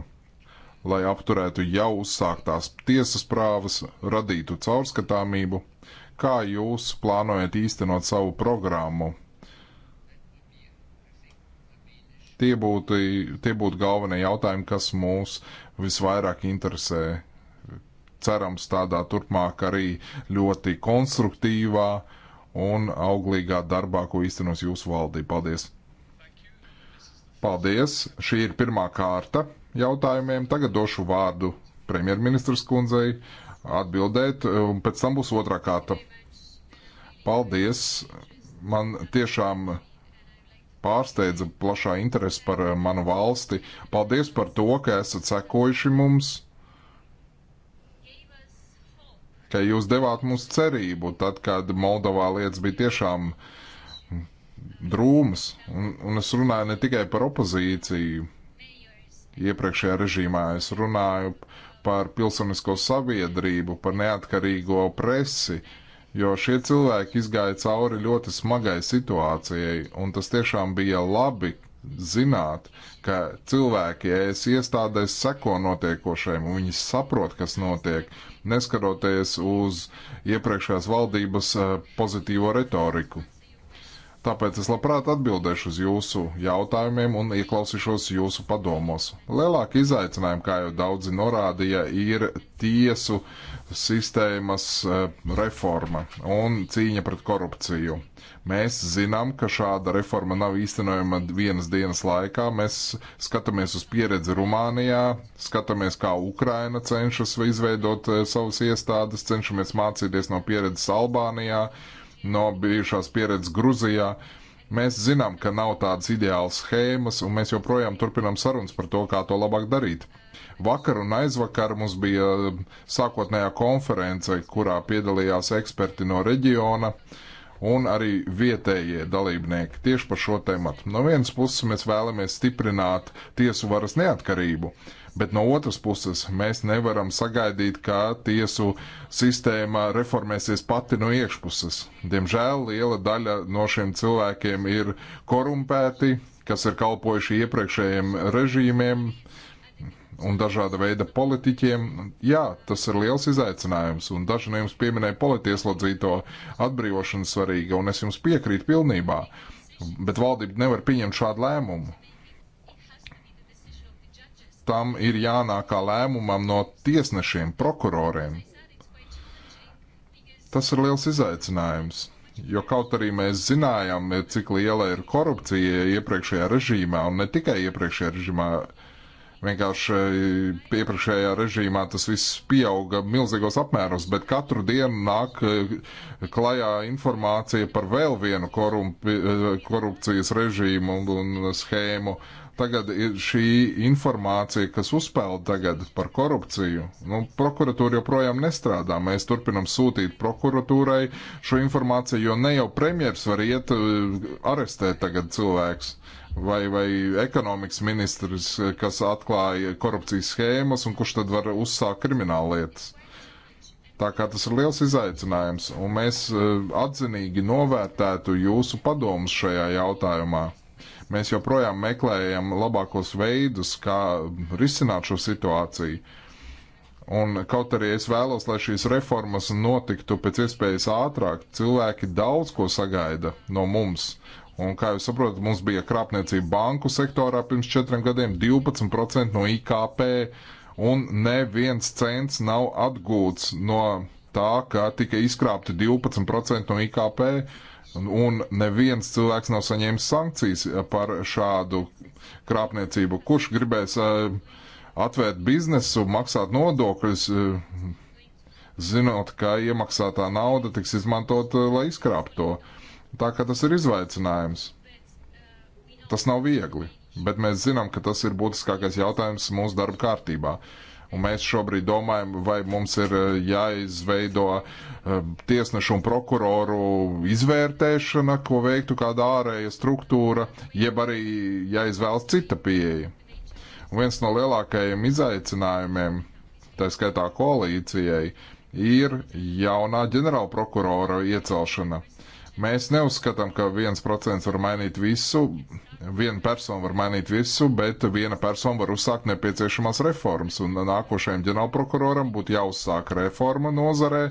C: lai apturētu jau uzsāktās tiesas prāvas, radītu caurskatāmību Kā jūs plānojat īstenot savu programmu? Tie būtu, tie būtu galvenie jautājumi, kas mūs visvairāk interesē. Cerams, tādā turpmāk arī ļoti konstruktīvā un auglīgā darbā, ko īstenos jūsu valdība. Paldies! Paldies! Šī ir pirmā kārta jautājumiem. Tagad došu vārdu premjerministras kundzei atbildēt, un pēc tam būs otrā kārta. Paldies! Man tiešām pārsteidza plašā interese par eh, manu valsti. Paldies par to, ka esat sekojuši mums, ka jūs devāt mums cerību tad, kad Moldovā lietas bija tiešām drūmas. Un, un es runāju ne tikai par opozīciju. Iepriekšējā režīmā es runāju par par pilsonisko sabiedrību, par neatkarīgo presi, jo šie cilvēki izgāja cauri ļoti smagai situācijai, un tas tiešām bija labi zināt, ka cilvēki ES iestādēs seko notiekošajam, un viņi saprot, kas notiek, neskaroties uz iepriekšējās valdības eh, pozitīvo retoriku. Tāpēc es labprāt atbildēšu uz jūsu jautājumiem un ieklausīšos jūsu padomos. Lielākie izaicinājumi, kā jau daudzi norādīja, ir tiesu sistēmas e, reforma un cīņa pret korupciju. Mēs zinām, ka šāda reforma nav īstenojama vienas dienas laikā. Mēs skatāmies uz pieredzi Rumānijā, skatāmies, kā Ukraina cenšas izveidot e, savas iestādes, cenšamies mācīties no pieredzes Albānijā, no bijušās pieredzes Gruzijā. Mēs zinām, ka nav tādas ideālas schēmas, un mēs joprojām turpinām sarunas par to, kā to labāk darīt. Vakar un aizvakar mums bija um, sākotnējā konference, kurā piedalījās eksperti no reģiona un arī vietējie dalībnieki tieši par šo tēmu. No vienas puses mēs vēlamies stiprināt tiesu varas neatkarību, Bet no otras puses, mēs nevaram sagaidīt, ka tiesu sistēma reformēsies pati no iekšpuses. Diemžēl liela daļa no šiem cilvēkiem ir korumpēti, kas ir kalpojuši iepriekšējiem režīmiem un dažāda veida politiķiem. Jā, tas ir liels izaicinājums, un daži no jums pieminēja politieslodzīto atbrīvošanu svarīga, un es jums piekrītu pilnībā. Bet valdība nevar pieņemt šādu lēmumu tam ir jānāk kā lēmumam no tiesnešiem, prokuroriem. Tas ir liels izaicinājums, jo kaut arī mēs zinājām, cik liela ir korupcija iepriekšējā režīmā, un ne tikai iepriekšējā režīmā, uh, Vienkārši eh, iepriekšējā režīmā tas viss pieauga milzīgos apmēros, bet katru dienu nāk eh, klajā informācija par vēl vienu korumpi, eh, korupcijas režīmu un, un schēmu. Tagad ir šī informācija, kas uzpeld tagad par korupciju. Nu, prokuratūra joprojām nestrādā. Mēs turpinam sūtīt prokuratūrai šo informāciju, jo ne jau premjers var iet arestēt tagad cilvēks. Uh, vai, vai ekonomikas ministrs, kas atklāja korupcijas schēmas un kurš tad var uzsākt kriminālu lietas. Tā kā tas ir liels izaicinājums, un mēs e, atzinīgi novērtētu jūsu padomus šajā jautājumā. Mēs joprojām meklējam labākos veidus, kā risināt šo situāciju. Un kaut arī es vēlos, lai šīs reformas notiktu pēc iespējas ātrāk, cilvēki daudz ko sagaida no mums, Un, kā jūs saprotat, mums bija krāpniecība banku sektorā pirms četriem gadiem 12% no IKP, un neviens cents nav atgūts no tā, ka tika izkrāpti 12% no IKP, un neviens cilvēks nav saņēmis sankcijas par šādu krāpniecību. Kurš gribēs eh, atvērt biznesu, maksāt nodokļus, eh, zinot, ka iemaksātā nauda tiks izmantot, eh, lai izkrāptu to? Tā kā tas ir izaicinājums. Tas nav viegli, bet mēs zinām, ka tas ir būtiskākais jautājums mūsu darba kārtībā. Un mēs šobrīd domājam, vai mums ir e, jāizveido e, tiesnešu un prokuroru izvērtēšana, ko veiktu kāda ārēja struktūra, jeb arī jāizvēlas cita pieeja. Un viens no lielākajiem izaicinājumiem, tā skaitā koalīcijai, ir jaunā ģenerālprokurora iecelšana Mēs neuzskatām, ka viens procents var mainīt visu, viena persona var mainīt visu, bet viena persona var uzsākt nepieciešamās reformas. Un nākošajam ģenerālprokuroram būtu jāuzsāk reforma nozarē,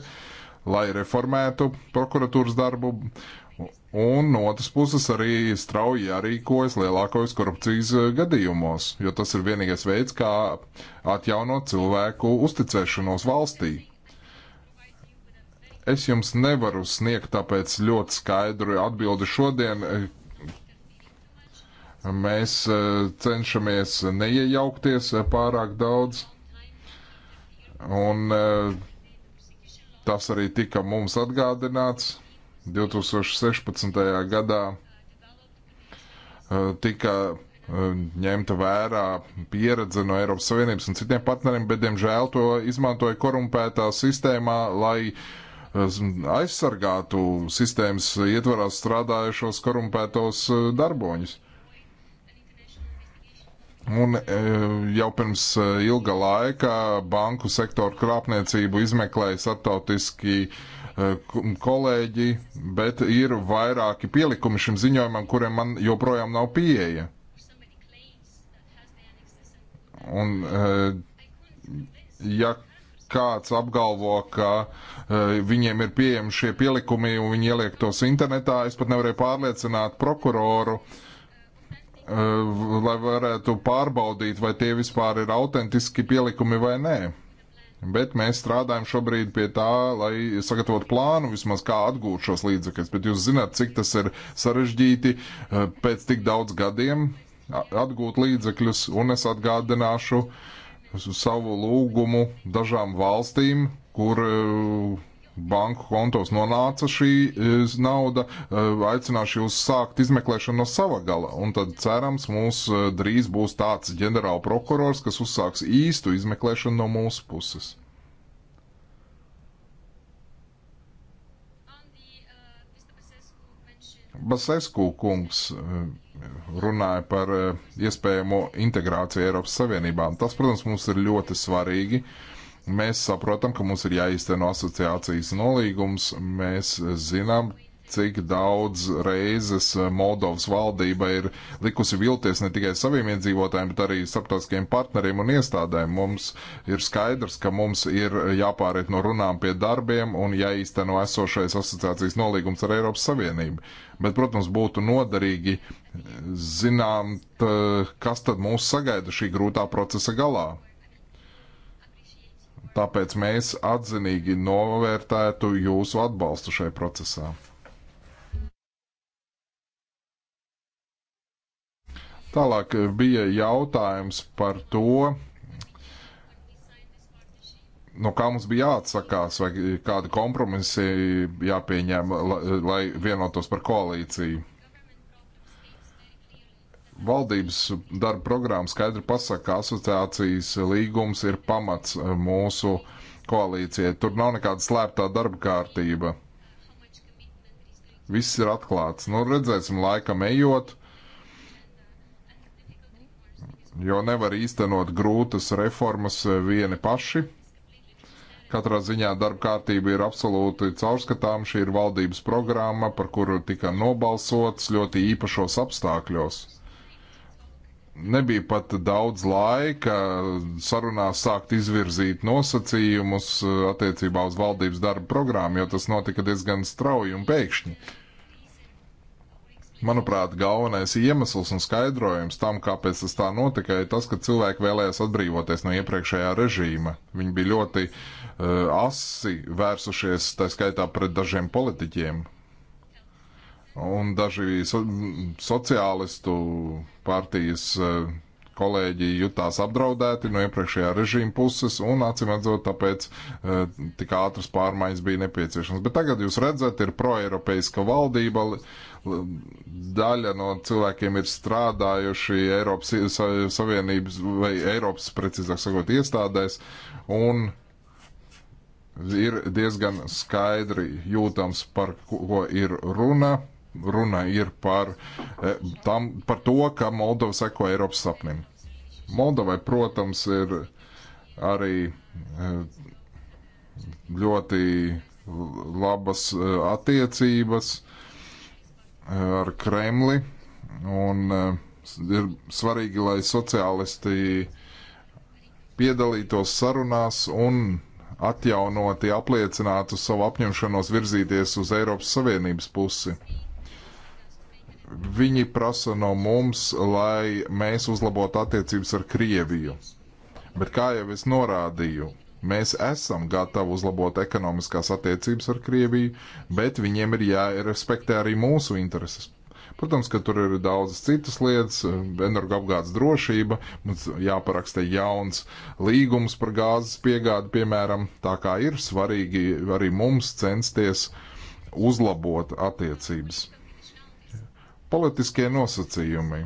C: lai reformētu prokuratūras darbu. Un no otras puses arī strauji jārīkojas lielākajos korupcijas gadījumos, jo tas ir vienīgais veids, kā atjaunot cilvēku uzticēšanos valstī. Es jums nevaru sniegt tāpēc ļoti skaidru atbildi šodien. Mēs eh, cenšamies neiejaukties eh, pārāk daudz, un eh, tas arī tika mums atgādināts 2016. gadā. Tika ņemta vērā pieredze no Eiropas Savienības un citiem partneriem, bet, diemžēl, to izmantoja korumpētā sistēmā, lai uh, aizsargātu sistēmas ietvarās strādājušos korumpētos e, darboņus. Un e, jau pirms e, ilga laika banku sektoru krāpniecību izmeklēja starptautiski kolēģi, bet ir vairāki pielikumi šim ziņojumam, kuriem man joprojām nav pieeja. Un, ja kāds apgalvo, ka uh, viņiem ir pieejami šie pielikumi un viņi ieliek tos internetā. Es pat nevarēju pārliecināt prokuroru, uh, lai varētu pārbaudīt, vai tie vispār ir autentiski pielikumi vai nē. Bet mēs strādājam šobrīd pie tā, lai sagatavotu plānu vismaz kā atgūt šos līdzekļus. Bet jūs zināt, cik tas ir sarežģīti uh, pēc tik daudz gadiem atgūt līdzekļus, un es atgādināšu uh, savu lūgumu dažām valstīm, kur e, banku kontos nonāca šī e, nauda, e, aicināšu jūs sākt izmeklēšanu no sava gala. Un tad cerams, mums drīz būs tāds ģenerāla prokurors, kas uzsāks īstu izmeklēšanu no mūsu puses. Basesku kungs eh, runāja par eh, iespējamo integrāciju Eiropas Savienībā. Tas, protams, mums ir ļoti svarīgi. Mēs saprotam, ka mums ir jāīsteno asociācijas nolīgums. Mēs zinām, cik daudz reizes eh, Moldovas valdība ir likusi vilties ne tikai saviem iedzīvotājiem, bet arī starptautiskiem partneriem un iestādēm. Mums ir skaidrs, ka mums ir jāpāriet no runām pie darbiem un jāīsteno esošais asociācijas nolīgums ar Eiropas Savienību. Bet, protams, būtu noderīgi eh, zināt, kas tad mūs sagaida šī grūtā procesa galā. Tāpēc mēs atzinīgi novērtētu jūsu atbalstu šai procesā. Tālāk eh, bija jautājums par to, no kā mums bija jāatsakās, vai kādi kompromisi jāpieņem, lai vienotos par koalīciju. Valdības darba programma skaidri pasaka, ka asociācijas līgums ir pamats eh, mūsu koalīcijai. Tur nav nekāda slēptā darba kārtība. Viss ir atklāts. Nu, redzēsim, laikam ejot, jo nevar īstenot grūtas reformas eh, vieni paši. Katrā ziņā darba kārtība ir absolūti caurskatām, šī ir valdības programma, par kuru tika nobalsots ļoti īpašos apstākļos. Nebija pat daudz laika sarunās sākt izvirzīt nosacījumus eh, attiecībā uz valdības darba programmu, jo tas notika diezgan strauji un pēkšņi. Uh, Manuprāt, galvenais iemesls un skaidrojums tam, kāpēc tas tā notika, ir tas, ka cilvēki vēlējās atbrīvoties no iepriekšējā režīma. Viņi bija ļoti uh, asi vērsušies, tā skaitā pret dažiem politiķiem. Un daži so sociālistu partijas uh, kolēģi jutās apdraudēti no iepriekšējā režīma puses, un acīm redzot, tāpēc eh, tik ātras pārmaiņas bija nepieciešamas. Bet tagad jūs redzat, ir proeiropeiska valdība, daļa no cilvēkiem ir strādājuši Eiropas Savienības vai Eiropas, precīzāk sakot, iestādēs, un ir diezgan skaidri jūtams, par ko ir runa. Runa ir par, e, tam, par to, ka Moldova seko Eiropas sapnim. Moldovai, protams, ir arī e, ļoti labas e, attiecības Eh, ar Kremli, un eh, ir svarīgi, lai sociālisti piedalītos sarunās un atjaunoti apliecinātu savu apņemšanos virzīties uz Eiropas Savienības pusi. Viņi prasa no mums, lai mēs uzlabotu attiecības ar Krieviju. Bet kā jau es norādīju, Mēs esam gatavi uzlabot ekonomiskās attiecības ar Krieviju, bet viņiem ir jārespektē arī mūsu intereses. Protams, ka tur ir daudzas citas lietas, energoapgādes drošība, mums jāparaksta jauns līgums par gāzes piegādi, piemēram. Tā kā ir svarīgi arī mums censties uzlabot attiecības. Politiskie nosacījumi.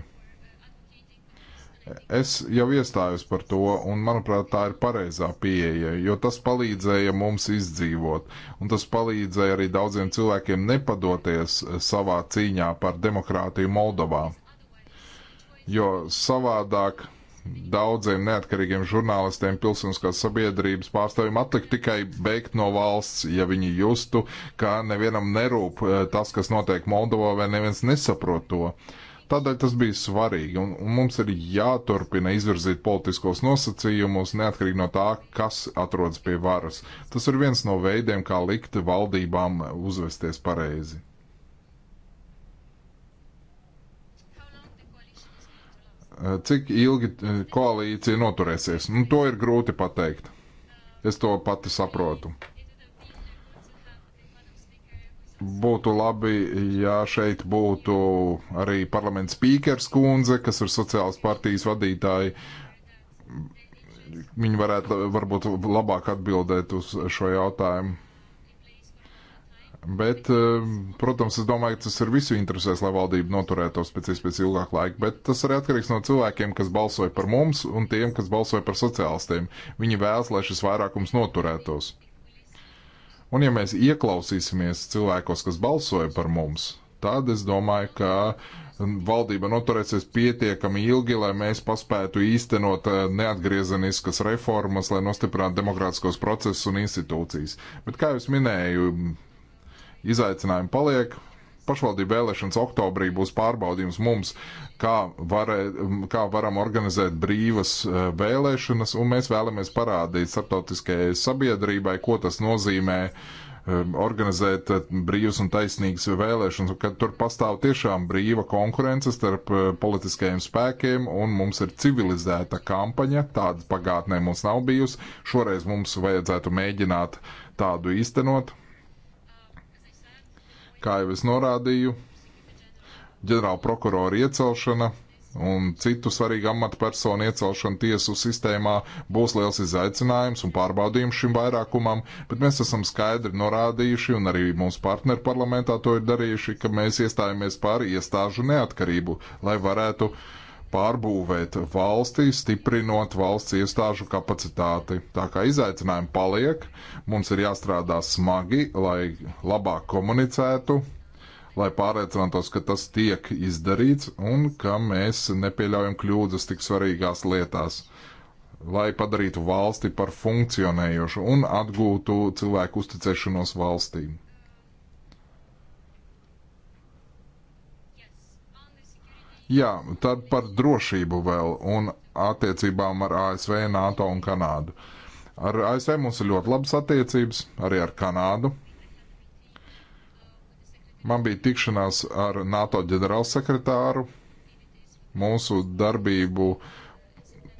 C: Es jau iestājos par to, un manuprāt, tā ir pareizā pieeja, jo tas palīdzēja mums izdzīvot, un tas palīdzēja arī daudziem cilvēkiem nepadoties savā cīņā par demokrātiju Moldovā. Jo savādāk daudziem neatkarīgiem žurnālistiem, pilsoniskās sabiedrības pārstāvjiem atlikt tikai beigt no valsts, ja viņi justu, ka nevienam nerūp eh, tas, kas notiek Moldovā, vai neviens nesaprot to. Uh, Tādēļ tas bija svarīgi, un, un mums ir jāturpina izvirzīt politiskos nosacījumus, neatkarīgi no tā, kas atrodas pie varas. Tas ir viens no veidiem, kā likt valdībām uzvesties pareizi. Cik ilgi eh, koalīcija noturēsies? Nu, to ir grūti pateikt. Es to pati saprotu būtu labi, ja šeit būtu arī parlaments spīkers kundze, kas ir sociālas partijas vadītāji. Viņi varētu varbūt labāk atbildēt uz šo jautājumu. Bet, eh, protams, es domāju, ka tas ir visu interesēs, lai valdība noturētos pēc iespējas ilgāk laika, bet tas arī atkarīgs no cilvēkiem, kas balsoja par mums un tiem, kas balsoja par sociālistiem. Viņi vēlas, lai šis vairākums noturētos. Un ja mēs ieklausīsimies cilvēkos, kas balsoja par mums, tad es domāju, ka valdība noturēsies pietiekami ilgi, lai mēs paspētu īstenot eh, neatgriezeniskas reformas, lai nostiprinātu demokrātiskos procesus un institūcijas. Bet, kā jau es minēju, izaicinājumi paliek, pašvaldību vēlēšanas oktobrī būs pārbaudījums mums, kā, varē, kā varam organizēt brīvas eh, vēlēšanas, un mēs vēlamies parādīt starptautiskajai sabiedrībai, ko tas nozīmē eh, organizēt eh, brīvas un taisnīgas vēlēšanas, kad tur pastāv tiešām brīva konkurence starp politiskajiem spēkiem un mums ir civilizēta kampaņa, tāda pagātnē mums nav bijusi, šoreiz mums vajadzētu mēģināt tādu īstenot. Kā jau es norādīju, ģenerāla prokurora iecelšana un citu svarīgu amatpersonu iecelšana tiesu sistēmā būs liels izaicinājums un pārbaudījums šim vairākumam, bet mēs esam skaidri norādījuši, un arī mūsu partneri parlamentā to ir darījuši, ka mēs iestājamies par iestāžu neatkarību, lai varētu uh, pārbūvēt valstī, stiprinot valsts iestāžu kapacitāti. Tā kā izaicinājumi paliek, mums ir jāstrādā smagi, lai labāk komunicētu, lai pārliecinātos, ka tas tiek izdarīts un ka mēs nepieļaujam kļūdas tik svarīgās lietās, lai padarītu valsti par funkcionējošu un atgūtu cilvēku uzticēšanos valstīm. Jā, tad par drošību vēl un attiecībām ar ASV, NATO un Kanādu. Ar ASV mums ir ļoti labas attiecības, arī ar Kanādu. Man bija tikšanās ar NATO ģenerālsekretāru. Mūsu darbību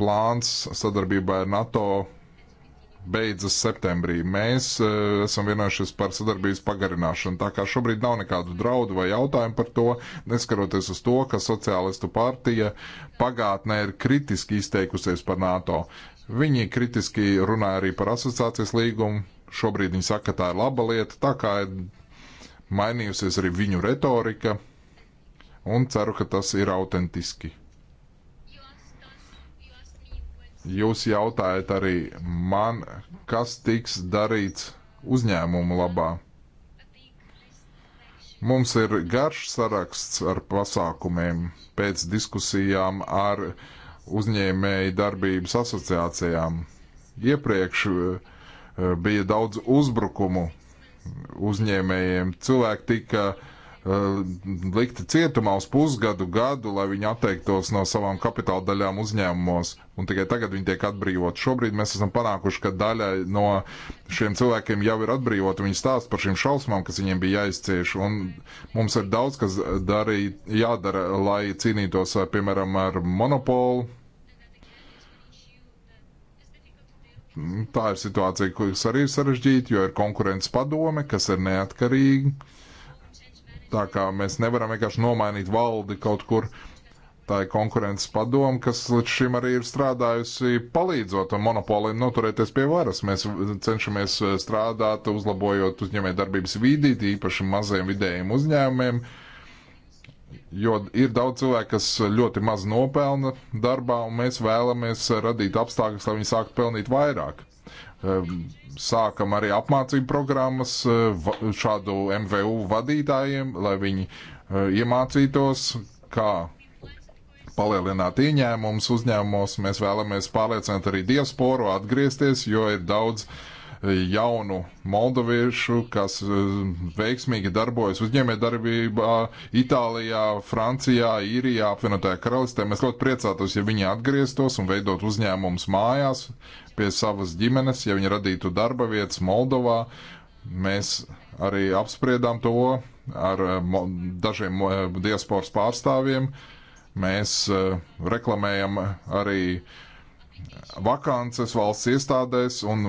C: plāns sadarbībā ar NATO beidzas septembrī. Mēs uh, esam vienojušies par sadarbības pagarināšanu, tā kā šobrīd nav nekādu draudu vai jautājumu par to, neskaroties uz to, ka Socialistu partija pagātnē ir kritiski izteikusies par NATO. Viņi kritiski runāja arī par asociācijas līgumu, šobrīd viņi saka, ka tā ir laba lieta, tā kā ir mainījusies arī viņu retorika, un ceru, ka tas ir autentiski. Jūs jautājat arī man, kas tiks darīts uzņēmumu labā. Mums ir garš saraksts ar pasākumiem pēc diskusijām ar uzņēmēju darbības asociācijām. Iepriekš eh, bija daudz uzbrukumu uzņēmējiem. Cilvēki tika uh, Uh, likti cietumā uz pusgadu, gadu, lai viņi atteiktos no savām kapitāla daļām uzņēmumos, un tikai tagad viņi tiek atbrīvoti. Šobrīd mēs esam panākuši, ka daļa no šiem cilvēkiem jau ir atbrīvota, viņi stāsta par šīm šausmām, kas viņiem bija jāizcieš, un mums ir daudz, kas darī, jādara, lai cīnītos, uh, piemēram, ar monopolu. Tā ir situācija, kas arī ir sarežģīta, jo ir konkurences padome, kas ir neatkarīga Tā kā mēs nevaram vienkārši nomainīt valdi kaut kur. Tā ir konkurences padoma, kas līdz šim arī ir strādājusi, palīdzot monopoliem noturēties pie varas. Mēs cenšamies eh, strādāt, uzlabojot uzņēmējdarbības vidi, īpaši maziem vidējiem uzņēmumiem, jo ir daudz cilvēku, kas ļoti maz nopelna darbā, un mēs vēlamies radīt apstākļus, lai viņi sāktu pelnīt vairāk. Ehm, sākam arī apmācību programmas eh, šādu MVU vadītājiem, lai viņi eh, iemācītos, kā palielināt ieņēmumus uzņēmumos. Mēs vēlamies pārliecināt arī diasporu atgriezties, jo ir daudz uh, jaunu moldoviešu, kas e, veiksmīgi darbojas uzņēmējdarbībā Itālijā, Francijā, Īrijā, apvienotajā karalistē. Mēs ļoti priecātos, ja viņi atgrieztos un veidot uzņēmumus mājās pie savas ģimenes, ja viņi radītu darba vietas Moldovā. Mēs arī apspriedām to ar e, dažiem e, diasporas pārstāvjiem. Mēs reklamējam arī vakances valsts iestādēs un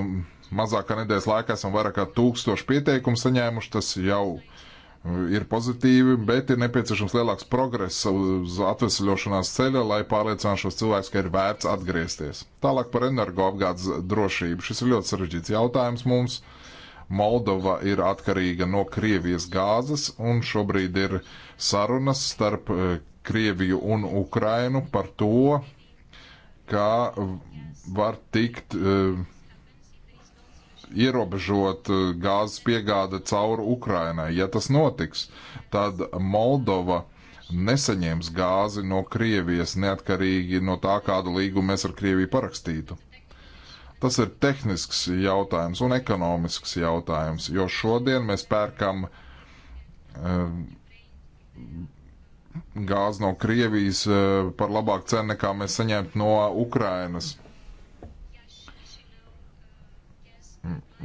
C: mazākā nedēļas laikā esam vairāk kā tūkstošu pieteikumu saņēmuši. Tas jau uh, ir pozitīvi, bet ir nepieciešams lielāks progress uz atvesļošanās ceļa, lai pārliecinātu šos cilvēkus, ka ir vērts atgriezties. Tālāk par energoapgādes drošību. Šis ir ļoti sarežģīts jautājums mums. Moldova ir atkarīga no Krievijas gāzes, un šobrīd ir sarunas starp uh, Krieviju un Ukrainu par to, kā var tikt uh, ierobežot eh, gāzes piegāde cauri Ukrainai. Ja tas notiks, tad Moldova nesaņems gāzi no Krievijas neatkarīgi no tā, kādu līgumu mēs ar Krieviju parakstītu. Tas ir tehnisks jautājums un ekonomisks jautājums, jo šodien mēs pērkam um, gāzi no Krievijas uh, par labāku cenu nekā mēs saņemtu no Ukrainas. Mm.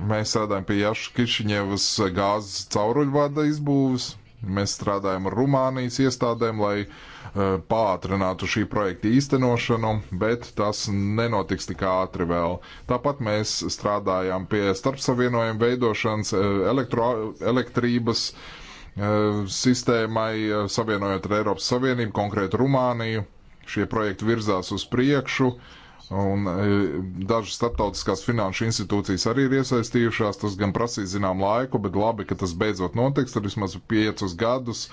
C: Mēs strādājam pie Jaškišņevas gāzes cauruļvada izbūves. Mēs strādājam ar Rumānijas iestādēm, lai uh, pātrinātu šī projekta īstenošanu, bet tas nenotiks tik ātri vēl. Tāpat mēs strādājam pie starpsavienojuma veidošanas eh, elektro, elektrības uh, sistēmai, savienojot ar Eiropas Savienību, konkrēti Rumāniju. Šie projekti virzās uz priekšu. Uh, Un e, dažas starptautiskās finanšu institūcijas arī ir iesaistījušās. Tas gan prasīs zinām laiku, bet labi, ka tas beidzot notiks. Tad vismaz piecus gadus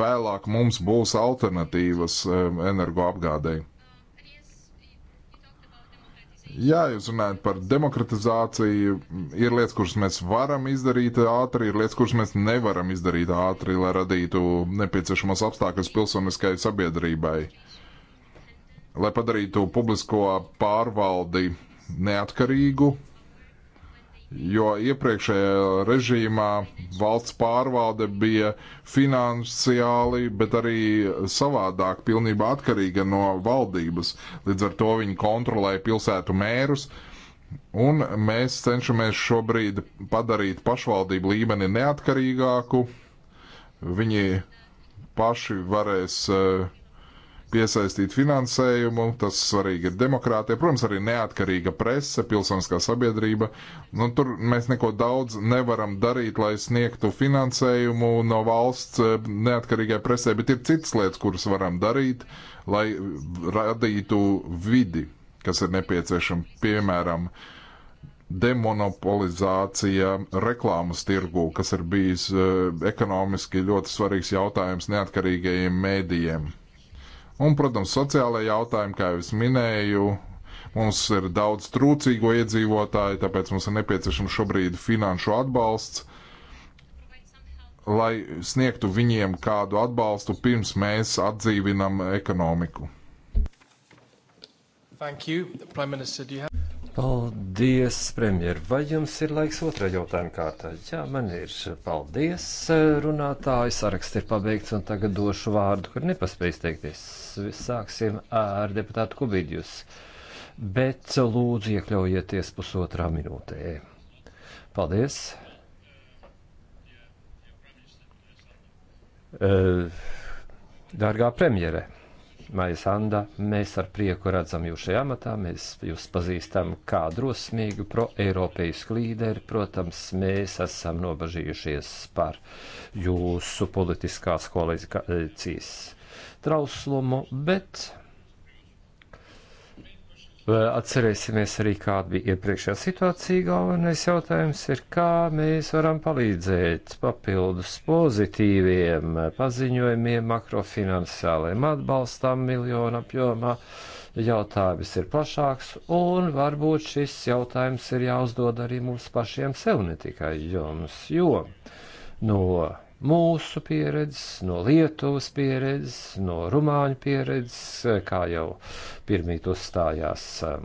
C: vēlāk mums būs alternatīvas e, energoapgādēji. Jā, jūs runājat par demokratizāciju. Ir lietas, kuras mēs varam izdarīt ātri, ir lietas, kuras mēs nevaram izdarīt ātri, lai radītu nepieciešamos apstākļus pilsoniskai sabiedrībai. Uh, lai padarītu publisko pārvaldi neatkarīgu, jo iepriekšējā režīmā valsts pārvalde bija finansiāli, bet arī savādāk pilnībā atkarīga no valdības. Līdz ar to viņi kontrolēja pilsētu mērus. Un mēs cenšamies šobrīd padarīt pašvaldību līmeni neatkarīgāku. Viņi paši varēs uh, piesaistīt finansējumu, tas svarīgi ir demokrātija, protams, arī neatkarīga prese, pilsoniskā sabiedrība. Nu, tur mēs neko daudz nevaram darīt, lai sniegtu finansējumu no valsts eh, neatkarīgai presē, bet ir citas lietas, kuras varam darīt, lai radītu vidi, kas ir nepieciešama, piemēram, demonopolizācija reklāmas tirgū, kas ir bijis eh, ekonomiski ļoti svarīgs jautājums neatkarīgajiem mēdījiem. Un, protams, sociālajie jautājumi, kā jau es minēju, mums ir daudz trūcīgo iedzīvotāju, tāpēc mums ir nepieciešams šobrīd finanšu atbalsts, lai sniegtu viņiem kādu atbalstu pirms mēs atdzīvinam ekonomiku. Minister, have...
A: Paldies, premjer. Vai jums ir laiks otrā jautājuma kārtā? Jā, man ir. Paldies, runātāji. Saraksts ir pabeigts un tagad došu vārdu, kur nepaspēj izteikties sāksim ar deputātu Kubidjus, bet lūdzu iekļaujieties pusotrā minūtē. Paldies! Eh, dārgā premjere, Maija Sanda, mēs ar prieku redzam jūs šajā amatā, mēs jūs pazīstam kā drosmīgu pro-eiropeisku līderi. Protams, mēs esam nobažījušies par jūsu politiskās koalīcijas trauslumu, bet eh, atcerēsimies arī, kāda bija iepriekšējā situācija. Galvenais jautājums ir, kā mēs varam palīdzēt papildus pozitīviem paziņojumiem, makrofinansiāliem atbalstam miljonu apjomā. Jautājums ir plašāks, un varbūt šis jautājums ir jāuzdod arī mums pašiem sev, ne tikai jums, jo no mūsu pieredzes, no Lietuvas pieredzes, no Rumāņu pieredzes, kā jau pirmīt uzstājās um,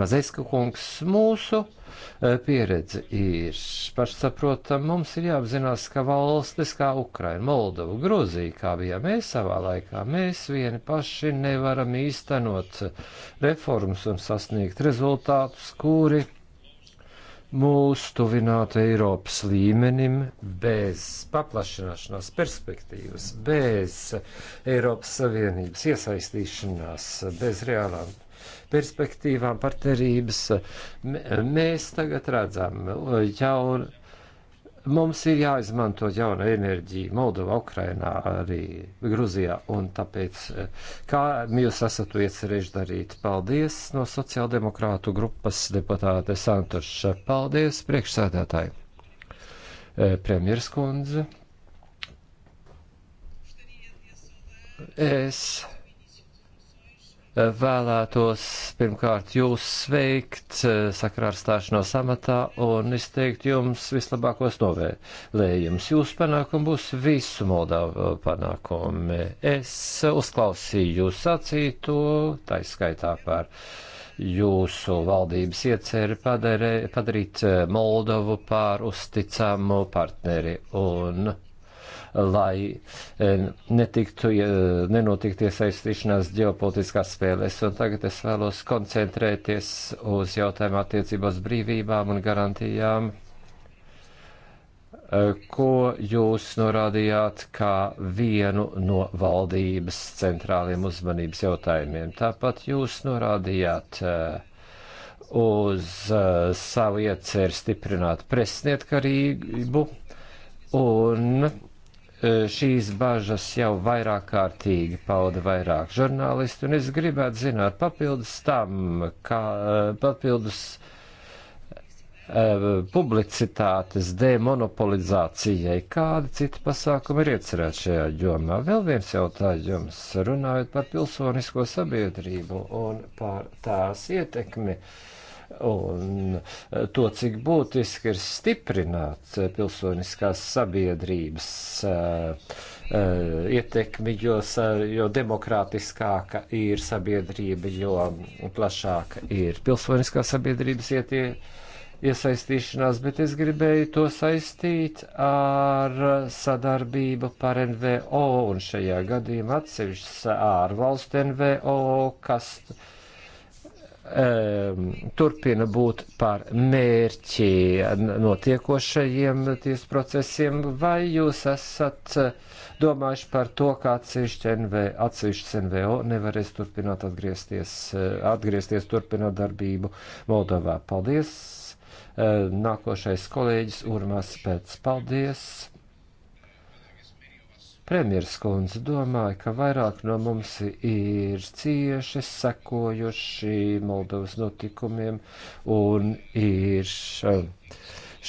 A: Mazeska kungs, mūsu uh, pieredze ir pašsaprotama. Mums ir jāapzinās, ka valstis kā Ukraina, Moldova, Grozija, kā bijām mēs savā laikā, mēs vieni paši nevaram īstenot uh, reformas un sasniegt rezultātus, kuri mūs tuvināt Eiropas līmenim bez paplašināšanās perspektīvas, bez Eiropas Savienības iesaistīšanās, bez reālām perspektīvām partnerības. Mēs tagad redzam jaunu Mums ir jāizmanto jauna enerģija Moldova, Ukrainā, arī Gruzijā, un tāpēc, eh, kā jūs esat to iecerējuši darīt, paldies no sociāldemokrātu grupas deputāte Santoša. Paldies, priekšsēdētāji. Eh, premjeras kundze. Es vēlētos pirmkārt jūs sveikt eh, sakarā ar stāšanos amatā un izteikt jums vislabākos novēlējumus. Jūsu panākumi būs visu Moldavu panākumi. Es uzklausīju jūs sacīto, taiskaitā par jūsu valdības ieceri padarē, padarīt eh, Moldavu par uzticamu partneri un lai e, netiktu, e, nenotiktu iesaistīšanās ģeopolitiskās spēlēs. Un tagad es vēlos koncentrēties uz jautājumu attiecībās brīvībām un garantijām e, ko jūs norādījāt kā vienu no valdības centrāliem uzmanības jautājumiem. Tāpat jūs norādījāt uz savu ieceru stiprināt presnietkarību un E, šīs bažas jau vairāk kārtīgi pauda vairāk žurnālisti, un es gribētu zināt papildus tam, kā e, papildus uh, publicitātes demonopolizācijai, kādi citi pasākumi ir iecerēti šajā jomā. Vēl viens jautājums, runājot par pilsonisko sabiedrību un par tās ietekmi. Uh, un to, cik būtiski ir stiprināt eh, pilsoniskās sabiedrības eh, eh, ietekmi, jo, jo demokrātiskāka ir sabiedrība, jo plašāka ir pilsoniskā sabiedrības ietekme iesaistīšanās, bet es gribēju to saistīt ar sadarbību par NVO un šajā gadījumā atsevišķas ārvalstu NVO, kas Ehm, turpina būt par mērķi notiekošajiem tiesu procesiem, vai jūs esat eh, domājuši par to, ka atsevišķas NVO nevarēs turpināt atgriezties, eh, atgriezties turpināt darbību Moldovā? Paldies! Ehm, nākošais kolēģis Urmas Pēc. Paldies! Premjeras kundze domāja, ka vairāk no mums ir cieši sekojuši Moldovas notikumiem un ir um,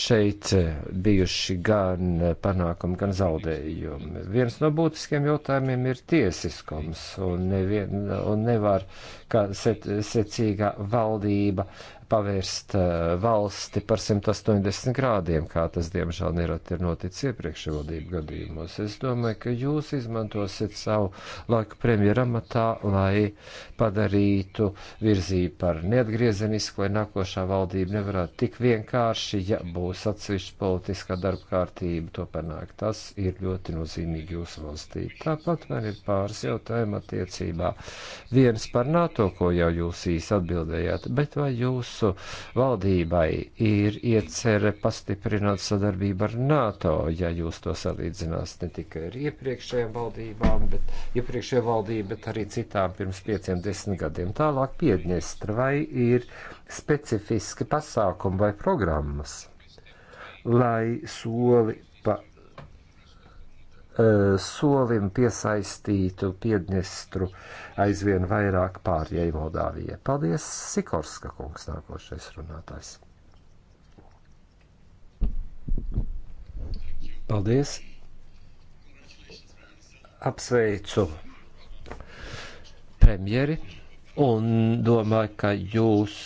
A: šeit eh, bijuši gan panākumi, gan zaudējumi. Viens no būtiskiem jautājumiem ir tiesiskums un, nevien, un nevar kā secīga valdība pavērst eh, valsti par 180 grādiem, kā tas diemžēl nerad ir noticis iepriekšējo valdību gadījumos. Es domāju, ka jūs izmantosiet savu laiku premjeramatā, lai padarītu virzību par neatgriezenisku, lai nākošā valdība nevarētu tik vienkārši, ja būs atsevišķa politiskā darba kārtība, to panākt. Tas ir ļoti nozīmīgi jūsu valstī. Tāpat man ir pāris jautājumu attiecībā. Viens par NATO, ko jau jūs īsi atbildējāt, bet vai jūsu mūsu valdībai ir iecerē pastiprināt sadarbību ar NATO, ja jūs to salīdzināt ne tikai ar iepriekšējām valdībām, bet iepriekšējā valdība, bet arī citām pirms pieciem, desmit gadiem. Tālāk Piedņestra vai ir specifiski pasākumi vai programmas, lai soli Eh, solim piesaistītu Piedņestru aizvien vairāk pārējai Moldāvijai. Paldies, Sikorska kungs, nākošais runātājs. Paldies! Apsveicu premjeri un domāju, ka jūs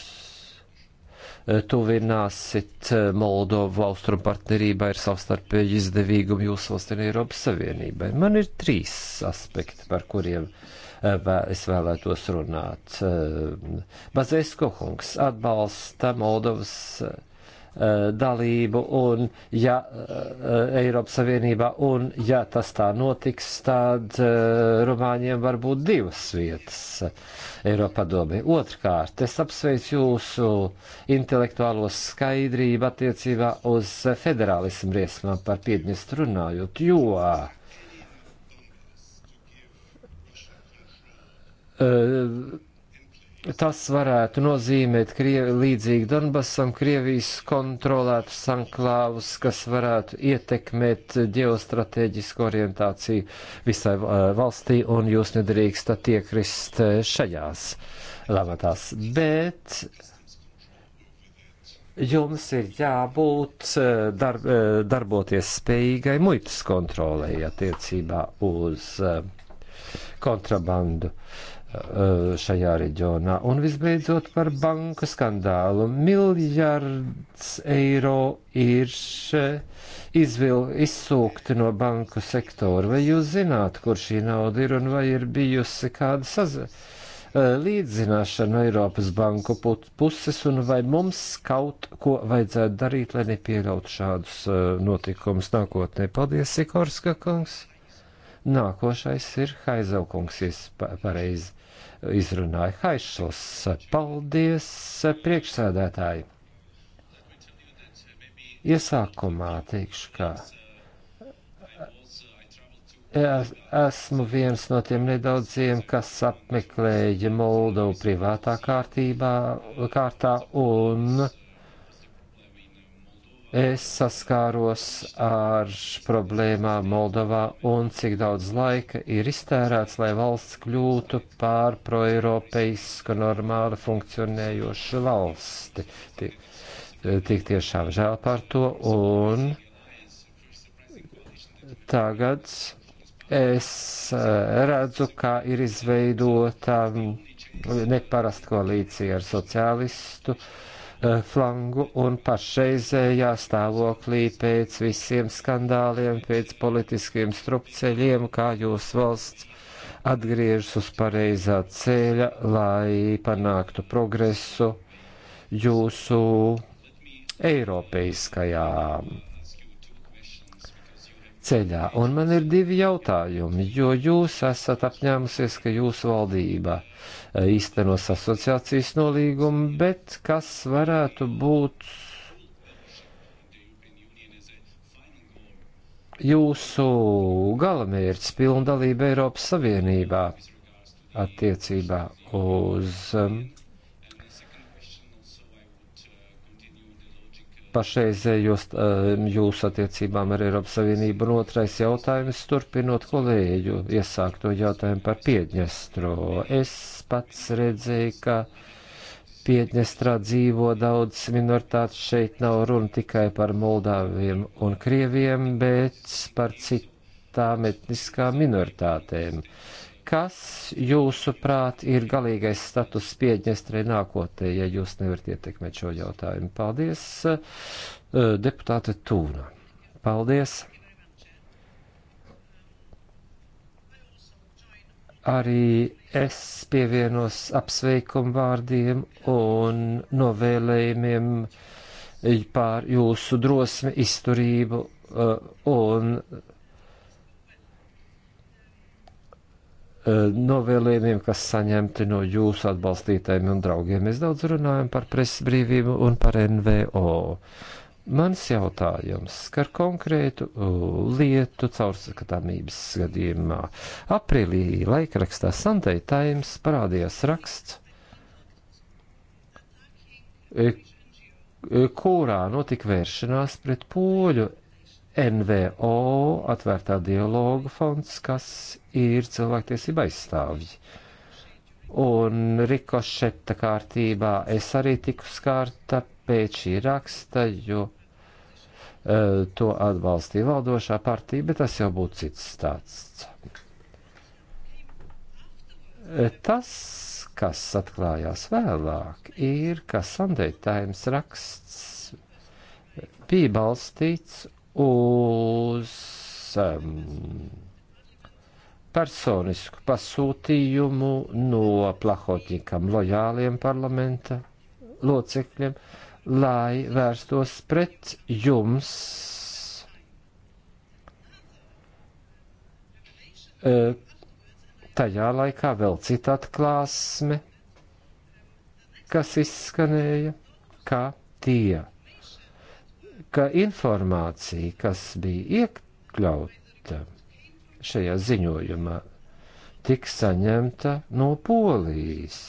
A: tuvināsit eh, Moldovu austrumu partnerībā ir savstarpēji izdevīgumi jūsu valstī un Eiropas Savienībai. Man ir trīs aspekti, par kuriem eh, es vēlētos runāt. Eh, Bazēs Kohungs atbalsta Moldovas Eh, dalību un ja eh, Eiropas Savienībā un ja tas tā notiks, tad eh, Rumāņiem var būt divas vietas Eiropa domē. Otrkārt, es apsveicu jūsu intelektuālo skaidrību attiecībā uz federālismu riesmām par Piedņestru runājot, jo Uh, Tas varētu nozīmēt Krievi, līdzīgi Donbasam, Krievijas kontrolētus sanklāvus, kas varētu ietekmēt ģeostrateģisku orientāciju visai valstī, un jūs nedrīkstat iekrist šajās lamatās. Bet jums ir jābūt darb, darboties spējīgai muitas kontrolei attiecībā uz kontrabandu. Uh, Eh, šajā reģionā. Un visbeidzot par banku skandālu. Miljards eiro ir eh, izvil, izsūkti no banku sektora. Vai jūs zināt, kur šī nauda ir un vai ir bijusi kāda sazināšana? Eh, līdzināšanu no Eiropas banku puses, un vai mums kaut ko vajadzētu darīt, lai nepieļautu šādus notikumus nākotnē. Paldies, Sikorska kungs! Nākošais ir Haizelkungs, ja pareizi izrunāja Haišls. Paldies, priekšsēdētāji! Iesākumā teikšu, ka es, esmu viens no tiem nedaudziem, kas apmeklēja Moldovu privātā kārtībā, kārtā un es saskāros ar problēmām Moldovā un cik daudz laika ir iztērēts, lai valsts kļūtu pār proeiropeisku normāli funkcionējošu valsti. Tik, tik tiešām žēl par to un tagad es eh, redzu, ka ir izveidota neparasta koalīcija ar sociālistu uh, Eh, flangu un pašreizējā stāvoklī pēc visiem skandāliem, pēc politiskiem strupceļiem, kā jūs valsts atgriežas uz pareizā ceļa, lai panāktu progresu jūsu eiropeiskajā ceļā. Un man ir divi jautājumi, jo jūs esat apņēmusies, ka jūsu valdība uh, īstenos asociācijas nolīgumu, bet kas varētu būt jūsu galamērķis pilndalība Eiropas Savienībā attiecībā uz um, pašreizējos um, jūsu attiecībām ar Eiropas Savienību. Un otrais jautājums, turpinot kolēģu iesākto jautājumu par Piedņestro. Es pats redzēju, ka Piedņestrā dzīvo daudz minoritātes. Šeit nav runa tikai par Moldāviem un Krieviem, bet par citām etniskām minoritātēm. Kas, jūsuprāt, ir galīgais status Piedņestrē nākotnē, ja jūs nevarat ietekmēt šo jautājumu? Paldies, eh, deputāte Tūna. Paldies! arī es pievienos apsveikumu vārdiem un novēlējumiem pār jūsu drosmi, izturību uh, un uh, novēlējumiem, kas saņemti no jūsu atbalstītājiem un draugiem. Mēs daudz runājam par presas brīvību un par NVO. Mans jautājums skar konkrētu uh, lietu caurskatāmības gadījumā. Aprīlī laikrakstā Sunday Times parādījās raksts, eh, eh, kurā notika vēršanās pret poļu NVO atvērtā dialoga fonds, kas ir cilvēktiesība aizstāvji. Un rikošeta kārtībā es arī tiku skārta pēc šī raksta, jo Eh, to atbalstīja valdošā partija, bet tas jau būtu cits stāsts. Eh, tas, kas atklājās vēlāk, ir, ka Sunday Times raksts bija balstīts uz um, personisku pasūtījumu no plahoķikam lojāliem parlamenta locekļiem. Uh, lai vērstos pret jums, e, tajā laikā vēl cita atklāsme, kas izskanēja, kā tie, ka informācija, kas bija iekļauta šajā ziņojumā, tika saņemta no polijas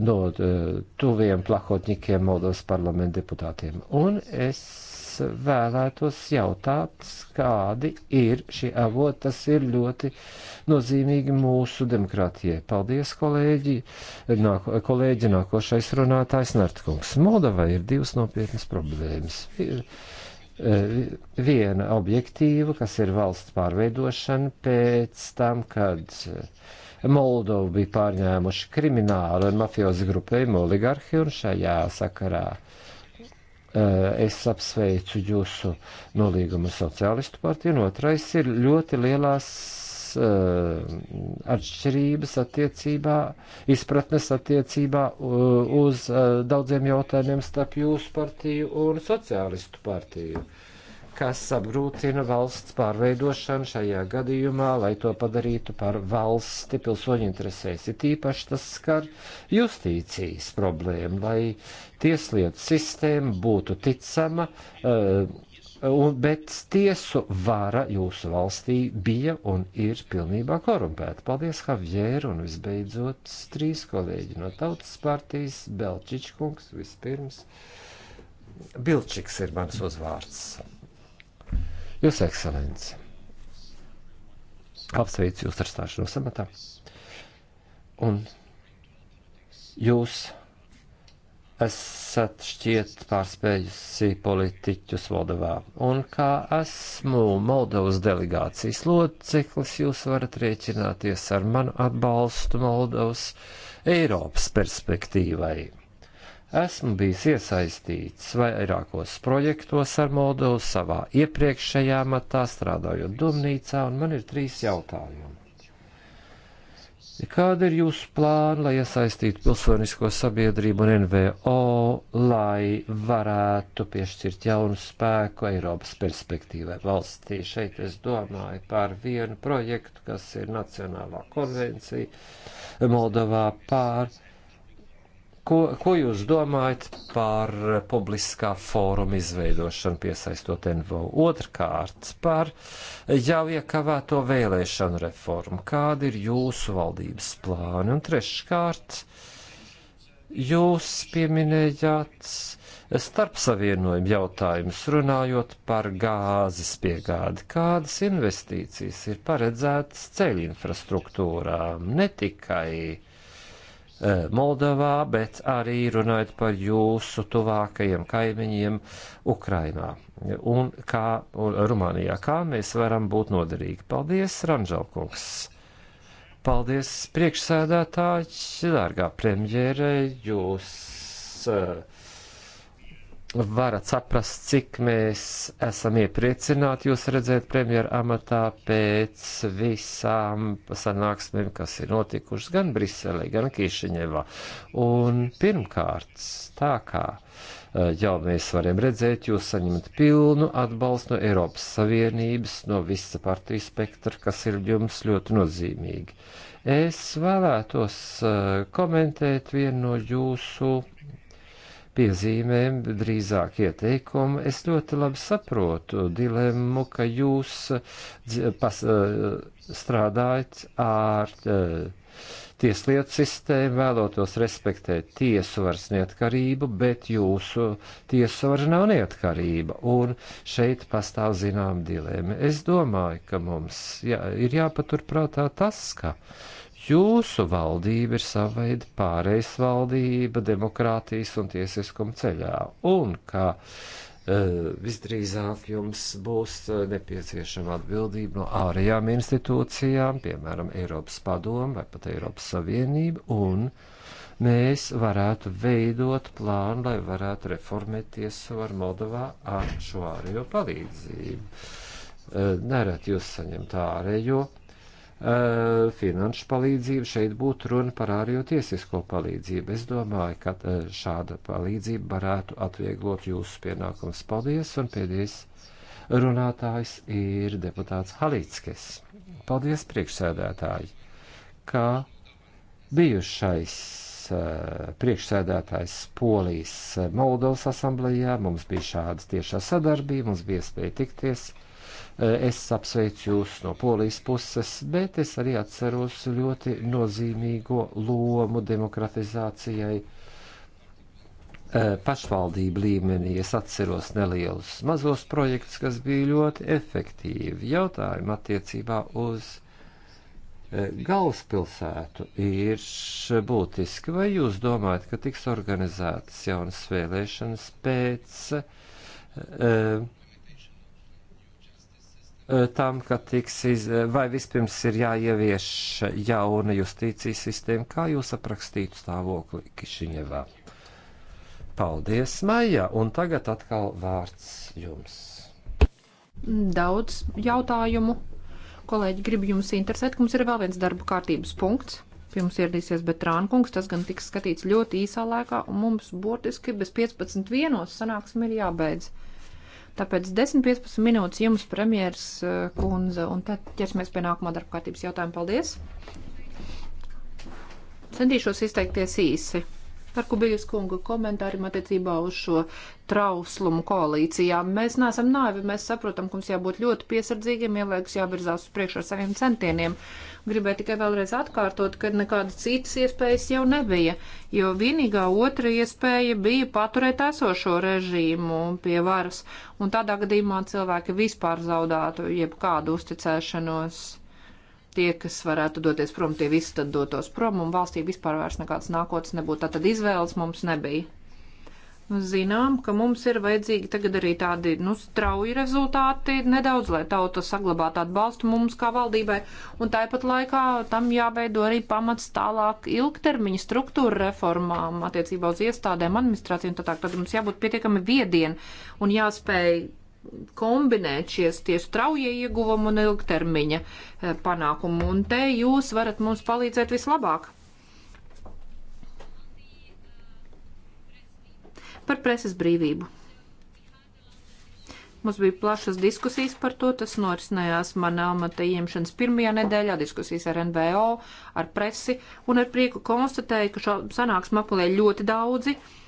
A: no eh, tuviem plakotņikiem Moldovas parlamenta deputātiem. Un es vēlētos jautāt, kādi ir šie avoti. Tas ir ļoti nozīmīgi mūsu demokrātijai. Paldies, kolēģi. Nāko, kolēģi nākošais runātājs Nartkungs. Moldovai ir divas nopietnas problēmas. Eh, viena objektīva, kas ir valsts pārveidošana pēc tam, kad uh, Moldovu bija pārņēmuši krimināli un mafiozi grupējumu oligarhi, un šajā sakarā eh, es apsveicu jūsu nolīgumu sociālistu partiju, un otrais ir ļoti lielās eh, atšķirības attiecībā, izpratnes attiecībā eh, uz daudziem jautājumiem starp jūsu partiju un sociālistu partiju. Uh, kas apgrūtina valsts pārveidošanu šajā gadījumā, lai to padarītu par valsti pilsoņu interesēs. Ir īpaši tas skar justīcijas problēmu, lai tieslietu sistēma būtu ticama, eh, bet tiesu vara jūsu valstī bija un ir pilnībā korumpēta. Paldies, Havjēr, un visbeidzot trīs kolēģi no Tautas partijas, Belčičkungs vispirms. Bilčiks ir mans uzvārds. Jūs ekscelenci, apsveicu jūs ar stāšanos amatā, un jūs esat šķiet pārspējusi politiķus Moldovā. Un kā esmu Moldovas delegācijas loceklis, jūs varat rēķināties ar manu atbalstu Moldovas Eiropas perspektīvai. Esmu bijis iesaistīts vairākos projektos ar Moldovu savā iepriekšējā matā, strādājot domnīcā, un man ir trīs jautājumi. Kāda ir jūsu plāna, lai iesaistītu pilsonisko sabiedrību un NVO, lai varētu piešķirt jaunu spēku Eiropas perspektīvai valstī? Šeit es domāju par vienu projektu, kas ir Nacionālā konvencija Moldovā pār Ko, ko jūs domājat par publiskā fóruma izveidošanu, piesaistot NVO? Otrkārt, par jau iekavēto vēlēšanu reformu. Kādi ir jūsu valdības plāni? Un treškārt, jūs pieminējāt starpsavienojumu jautājumus, runājot par gāzes piegādi. Kādas investīcijas ir paredzētas ceļu infrastruktūrām? Ne tikai Eh, Moldavā, bet arī runājot par jūsu tuvākajiem kaimiņiem Ukrainā un kā un Rumānijā. Kā mēs varam būt noderīgi? Paldies, Ranžalkungs! Paldies, priekšsēdētāji, dārgā premjere, jūs uh, varat saprast, cik mēs esam iepriecināti jūs redzēt premjeru amatā pēc visām sanāksmēm, kas ir notikušas gan Briselē, gan Kīšiņevā. Un pirmkārt, tā kā eh, jau mēs varam redzēt, jūs saņemat pilnu atbalstu no Eiropas Savienības, no visa partiju spektra, kas ir jums ļoti nozīmīgi. Es vēlētos eh, komentēt vienu no jūsu piezīmēm, drīzāk ieteikumu. Es ļoti labi saprotu dilemmu, ka jūs pas, eh, strādājat ar eh, tieslietu sistēmu, vēlotos respektēt tiesu varas neatkarību, bet jūsu tiesu vara nav neatkarība, un šeit pastāv zinām dilemma. Es domāju, ka mums jā, ir jāpaturprātā tas, ka uh, Jūsu valdība ir sava veida pārejas valdība demokrātijas un tiesiskuma ceļā, un ka uh, visdrīzāk jums būs e, nepieciešama atbildība no ārējām institūcijām, piemēram, Eiropas padomu vai pat Eiropas Savienību, un mēs varētu veidot plānu, lai varētu reformēt tiesu ar Moldovā ar šo ārējo palīdzību. Uh, Nereti jūs saņemt ārējo. Jo Eh, finanšu palīdzību, šeit būtu runa par ārējo tiesisko palīdzību. Es domāju, ka eh, šāda palīdzība varētu atvieglot jūsu pienākums. Paldies, un pēdējais runātājs ir deputāts Halīckis. Paldies, priekšsēdētāji, kā bijušais eh, priekšsēdētājs Polijas Moldovas asamblējā. Mums bija šāda tiešā sadarbība, mums bija iespēja tikties. Eh, es apsveicu jūs no polijas puses, bet es arī atceros ļoti nozīmīgo lomu demokratizācijai eh, pašvaldību līmenī. Es atceros nelielus mazos projektus, kas bija ļoti efektīvi. Jautājumi attiecībā uz eh, galvaspilsētu ir būtiski. Vai jūs domājat, ka tiks organizētas jaunas vēlēšanas pēc uh, Eh, tam, ka tiks, iz, eh, vai vispirms ir jāievieš jauna justīcijas sistēma, kā jūs aprakstītu stāvokli Kišiņevā. Paldies, Maija, un tagad atkal vārds jums.
B: Daudz jautājumu. Kolēģi, gribu jums interesēt, ka mums ir vēl viens darba kārtības punkts. Pie mums ieradīsies Betrānkungs, tas gan tiks skatīts ļoti īsā laikā, un mums burtiski bez 15.1. sanāksim ir jābeidz. Tāpēc 10-15 minūtes jums, premjeras eh, kundze, un tad ķersimies pie nākamā darba kārtības jautājuma. Paldies! Centīšos izteikties īsi ar Kubiļas kunga komentāriem attiecībā uz šo trauslumu koalīcijā. Mēs neesam naivi, mēs saprotam, ka mums jābūt ļoti piesardzīgiem, ielaikus jāvirzās uz priekšu ar saviem centieniem. Gribēju tikai vēlreiz atkārtot, ka nekādas citas iespējas jau nebija, jo vienīgā otra iespēja bija paturēt esošo režīmu pie varas, un tādā gadījumā cilvēki vispār zaudātu jebkādu uzticēšanos Tie, kas varētu doties prom, tie visi tad dotos prom, un valstī vispār vairs nekāds nākotnes nebūtu. Tātad izvēles mums nebija. Nu, zinām, ka mums ir vajadzīgi tagad arī tādi, nu, strauji rezultāti nedaudz, lai tauta saglabātu atbalstu mums kā valdībai, un tāpat laikā tam jāveido arī pamats tālāk ilgtermiņa struktūra reformām attiecībā uz iestādēm, administrācijām, tā tā, tad mums jābūt pietiekami viedien un jāspēj kombinēt šies tieši traujie ieguvumi un ilgtermiņa eh, panākumu, un te jūs varat mums palīdzēt vislabāk. Par preses brīvību. Mums bija plašas diskusijas par to, tas norisinājās manā amata iemšanas pirmajā nedēļā, diskusijas ar NVO, ar presi, un ar prieku konstatēju, ka šo sanāksmu apulē ļoti daudzi. Uh,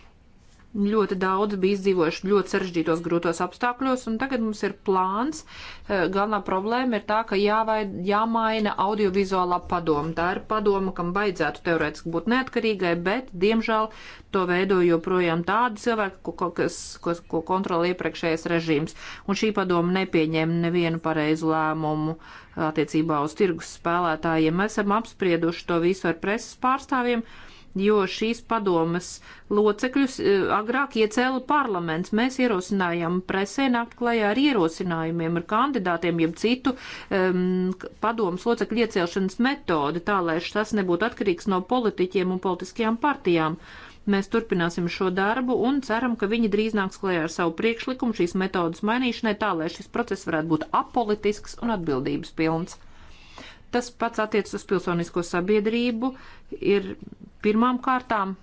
B: ļoti daudz bija izdzīvojuši ļoti sarežģītos, grūtos apstākļos, un tagad mums ir plāns. Eh, galvenā problēma ir tā, ka jāvaid, jāmaina audiovizuālā padoma. Tā ir padoma, kam baidzētu teorētiski būt neatkarīgai, bet, diemžēl, to veido joprojām tādi cilvēki, ko, ko, kas, ko, ko kontrolē iepriekšējais režīms. Un šī padoma nepieņēma nevienu pareizu lēmumu attiecībā uz tirgus spēlētājiem. Mēs esam apsprieduši to visu ar preses pārstāvjiem. Uh, jo šīs padomas locekļus eh, agrāk iecēla parlaments. Mēs ierosinājām presē nākt klajā ar ierosinājumiem, ar kandidātiem, jeb citu um, padomas locekļu iecelšanas metodi, tā lai tas nebūtu atkarīgs no politiķiem un politiskajām partijām. Mēs turpināsim šo darbu un ceram, ka viņi drīz nāks klajā ar savu priekšlikumu šīs metodas mainīšanai, tā lai šis process varētu būt apolitisks un atbildības pilns. Tas pats attiec uz pilsonisko sabiedrību, ir pirmām kārtām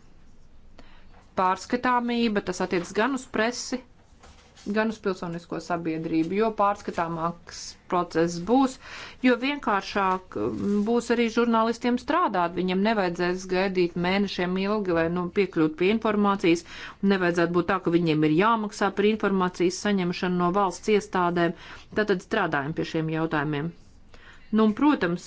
B: pārskatāmība, tas attiec gan uz presi, gan uz pilsonisko sabiedrību, jo pārskatāmāks process būs, jo vienkāršāk mm, būs arī žurnālistiem strādāt. Viņam nevajadzēs gaidīt mēnešiem ilgi, lai nu, piekļūtu pie informācijas. Nevajadzētu būt tā, ka viņiem ir jāmaksā par informācijas saņemšanu no valsts iestādēm. Tātad strādājam pie šiem jautājumiem. Nu, un, protams,